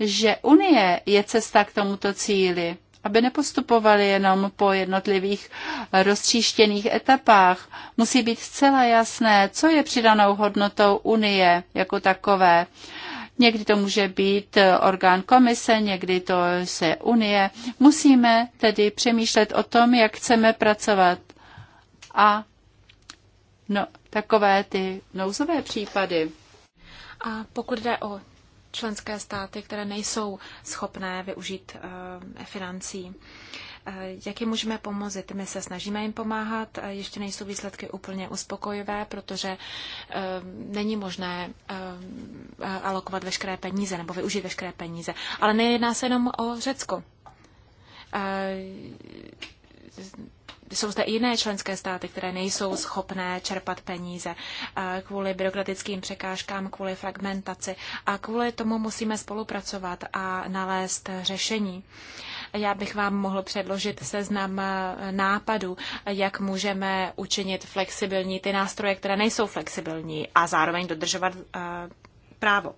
že Unie je cesta k tomuto cíli, aby nepostupovali jenom po jednotlivých roztříštěných etapách. Musí být zcela jasné, co je přidanou hodnotou Unie jako takové. Někdy to může být orgán komise, někdy to se unie. Musíme tedy přemýšlet o tom, jak chceme pracovat. A no, takové ty nouzové případy. A pokud jde o členské státy, které nejsou schopné využít eh, financí. Eh, jak jim můžeme pomoci? My se snažíme jim pomáhat, eh, ještě nejsou výsledky úplně uspokojivé, protože není možné alokovat veškeré peníze nebo využít veškeré peníze. Ale nejedná se jenom o Řecko jsou zde i jiné členské státy, které nejsou schopné čerpat peníze kvůli byrokratickým překážkám, kvůli fragmentaci a kvůli tomu musíme spolupracovat a nalézt řešení. Já bych vám mohl předložit seznam e, nápadů, jak můžeme učinit flexibilní ty nástroje, které nejsou flexibilní a zároveň dodržovat e, právo.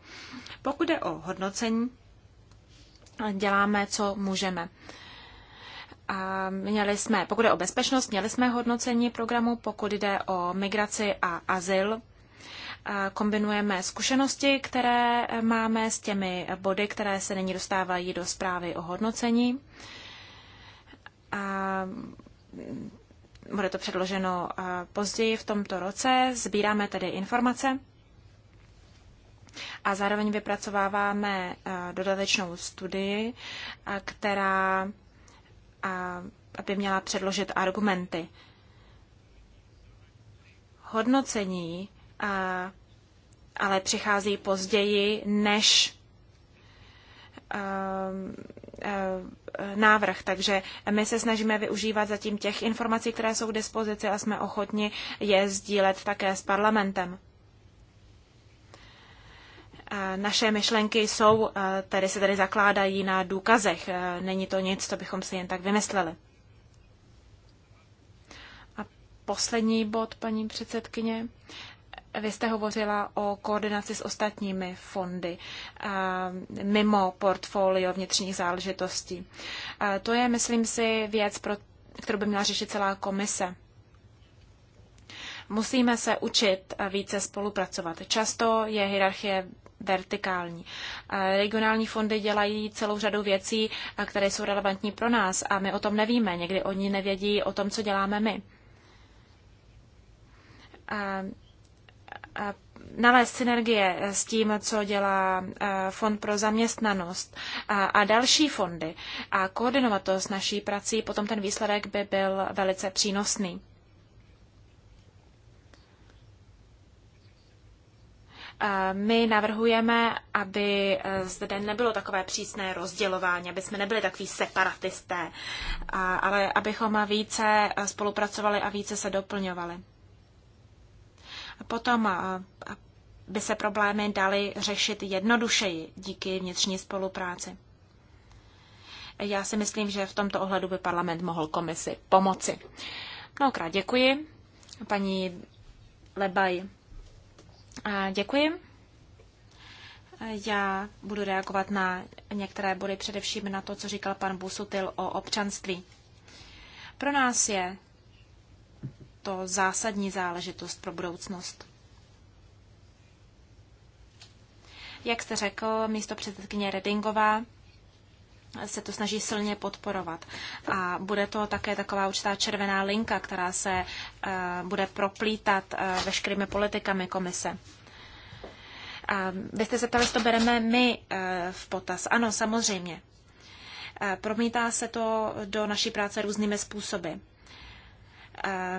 Pokud je o hodnocení, děláme, co můžeme. A měli jsme, pokud jde o bezpečnost, měli jsme hodnocení programu, pokud jde o migraci a azyl, kombinujeme zkušenosti, které máme s těmi body, které se nyní dostávají do zprávy o hodnocení. A bude to předloženo později v tomto roce. Sbíráme tedy informace a zároveň vypracováváme dodatečnou studii, která aby měla předložit argumenty. Hodnocení a ale přichází později než um, uh, návrh. Takže my se snažíme využívat zatím těch informací, které jsou k dispozici a jsme ochotni je sdílet také s parlamentem. Naše myšlenky jsou, eh, tady se tady zakládají na důkazech. Eh, není to nic, co bychom si jen tak vymysleli. A poslední bod, paní předsedkyně. Vy jste hovořila o koordinaci s ostatními fondy eh, mimo portfolio vnitřních záležitostí. To je, myslím si, věc, pro kterou by měla řešit celá komise. Musíme se učit více spolupracovat. Často je hierarchie vertikální. Regionální fondy dělají celou řadu věcí, které jsou relevantní pro nás a my o tom nevíme. Někdy oni nevědí o tom, co děláme my. A, a nalézt synergie s tím, co dělá Fond pro zaměstnanost a další fondy a koordinovat to s naší prací, potom ten výsledek by byl velice přínosný. My navrhujeme, aby e, zde nebylo takové přísné rozdělování, aby jsme nebyli takový separatisté, ale abychom více spolupracovali a více se doplňovali. Potom e, by se problémy daly řešit jednodušeji díky vnitřní spolupráci. Já si myslím, že v tomto ohledu by parlament mohl komisi pomoci. Mnohokrát děkuji. Paní Lebaj Děkuji. Já budu reagovat na některé body, především na to, co říkal pan Busutil o občanství. Pro nás je to zásadní záležitost pro budoucnost. Jak jste řekl, místo předsedkyně Redingová se to snaží silně podporovat. A bude to také taková určitá červená linka, která se eh, bude proplítat eh, veškerými politikami komise. A vy jste se ptali, to bereme my eh, v potaz. Ano, samozřejmě. promítá se to do naší práce různými způsoby.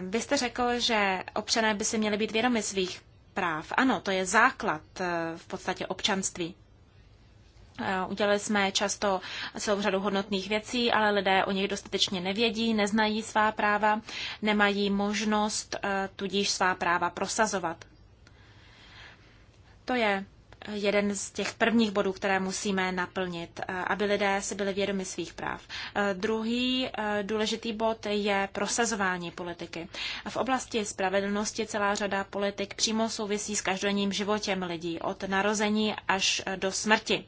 vy jste řekl, že občané by si měli být vědomi svých práv. Ano, to je základ v podstatě občanství. Eh, udělali jsme často celou řadu hodnotných věcí, ale lidé o nich dostatečně nevědí, neznají svá práva, nemají možnost eh, tudíž svá práva prosazovat. To je jeden z těch prvních bodů, které musíme naplnit, eh, aby lidé si byli vědomi svých práv. Druhý důležitý bod je prosazování politiky. V oblasti spravedlnosti celá řada politik přímo souvisí s každodenním životem lidí, od narození až do smrti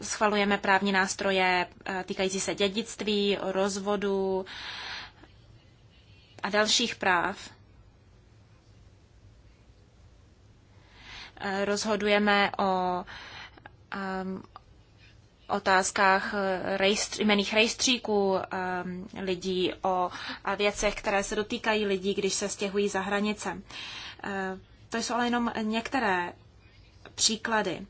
schvalujeme právní nástroje týkající se dědictví, rozvodu a dalších práv. Rozhodujeme o otázkách rejstř, jmených rejstříků lidí, o a věcech, které se dotýkají lidí, když se stěhují za hranice. To jsou ale jenom některé příklady.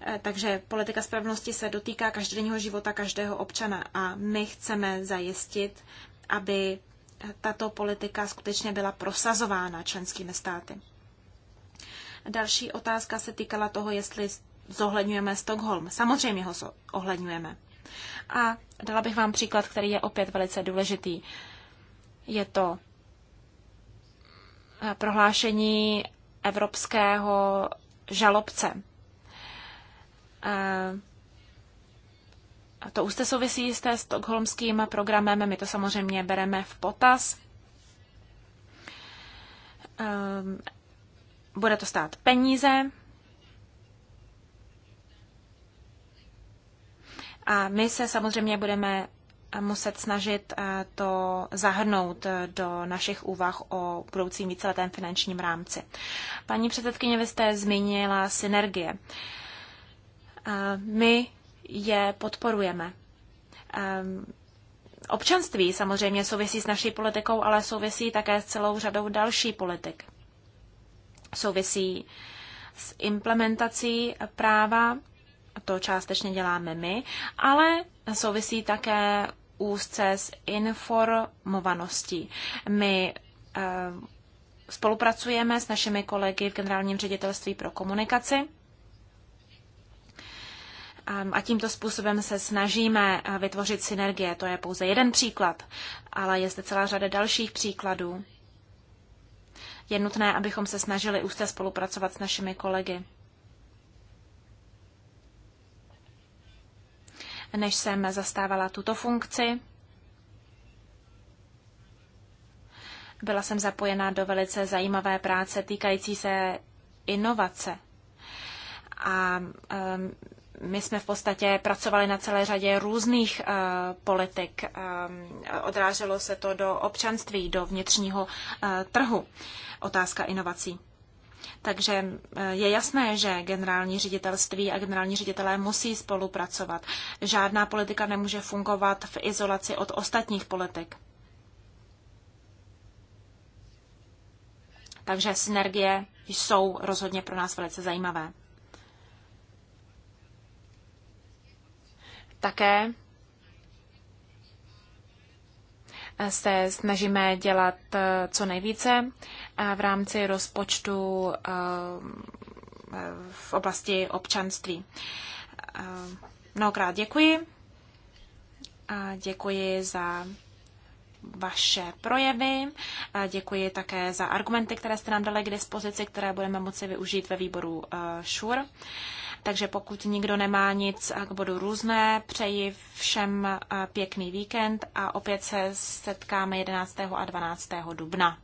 Eh, takže politika spravedlnosti se dotýká každodenního života každého občana a my chceme zajistit, aby tato politika skutečně byla prosazována členskými státy. Další otázka se týkala toho, jestli zohledňujeme Stockholm. Samozřejmě ho ohledňujeme. A dala bych vám příklad, který je opět velice důležitý. Je to eh, prohlášení evropského žalobce a to už se souvisí s té stokholmským programem, my to samozřejmě bereme v potaz. Ehm, bude to stát peníze. A my se samozřejmě budeme muset snažit eh, to zahrnout eh, do našich úvah o budoucím víceletém finančním rámci. Paní předsedkyně, vy jste zmínila synergie my je podporujeme. Ehm, občanství samozřejmě souvisí s naší politikou, ale souvisí také s celou řadou další politik. Souvisí s implementací práva, to částečně děláme my, ale souvisí také úzce s informovaností. My ehm, spolupracujeme s našimi kolegy v Generálním ředitelství pro komunikaci Ehm, a tímto způsobem se snažíme eh, vytvořit synergie. To je pouze jeden příklad, ale je zde celá řada dalších příkladů. Je nutné, abychom se snažili úzce spolupracovat s našimi kolegy. Než jsem zastávala tuto funkci, byla jsem zapojená do velice zajímavé práce týkající se inovace. A um, my jsme v podstatě pracovali na celé řadě různých uh, politik. Um, odráželo se to do občanství, do vnitřního uh, trhu. Otázka inovací. Takže eh, je jasné, že generální ředitelství a generální ředitelé musí spolupracovat. Žádná politika nemůže fungovat v izolaci od ostatních politik. Takže synergie jsou rozhodně pro nás velice zajímavé. Také se snažíme dělat eh, co nejvíce eh, v rámci rozpočtu eh, v oblasti občanství. Mnohokrát děkuji. A děkuji za vaše projevy. A děkuji také za argumenty, které jste nám dali k dispozici, které budeme moci využít ve výboru ŠUR. Sure. Takže pokud nikdo nemá nic k bodu různé, přeji všem eh, pěkný víkend a opět se setkáme 11. a 12. dubna.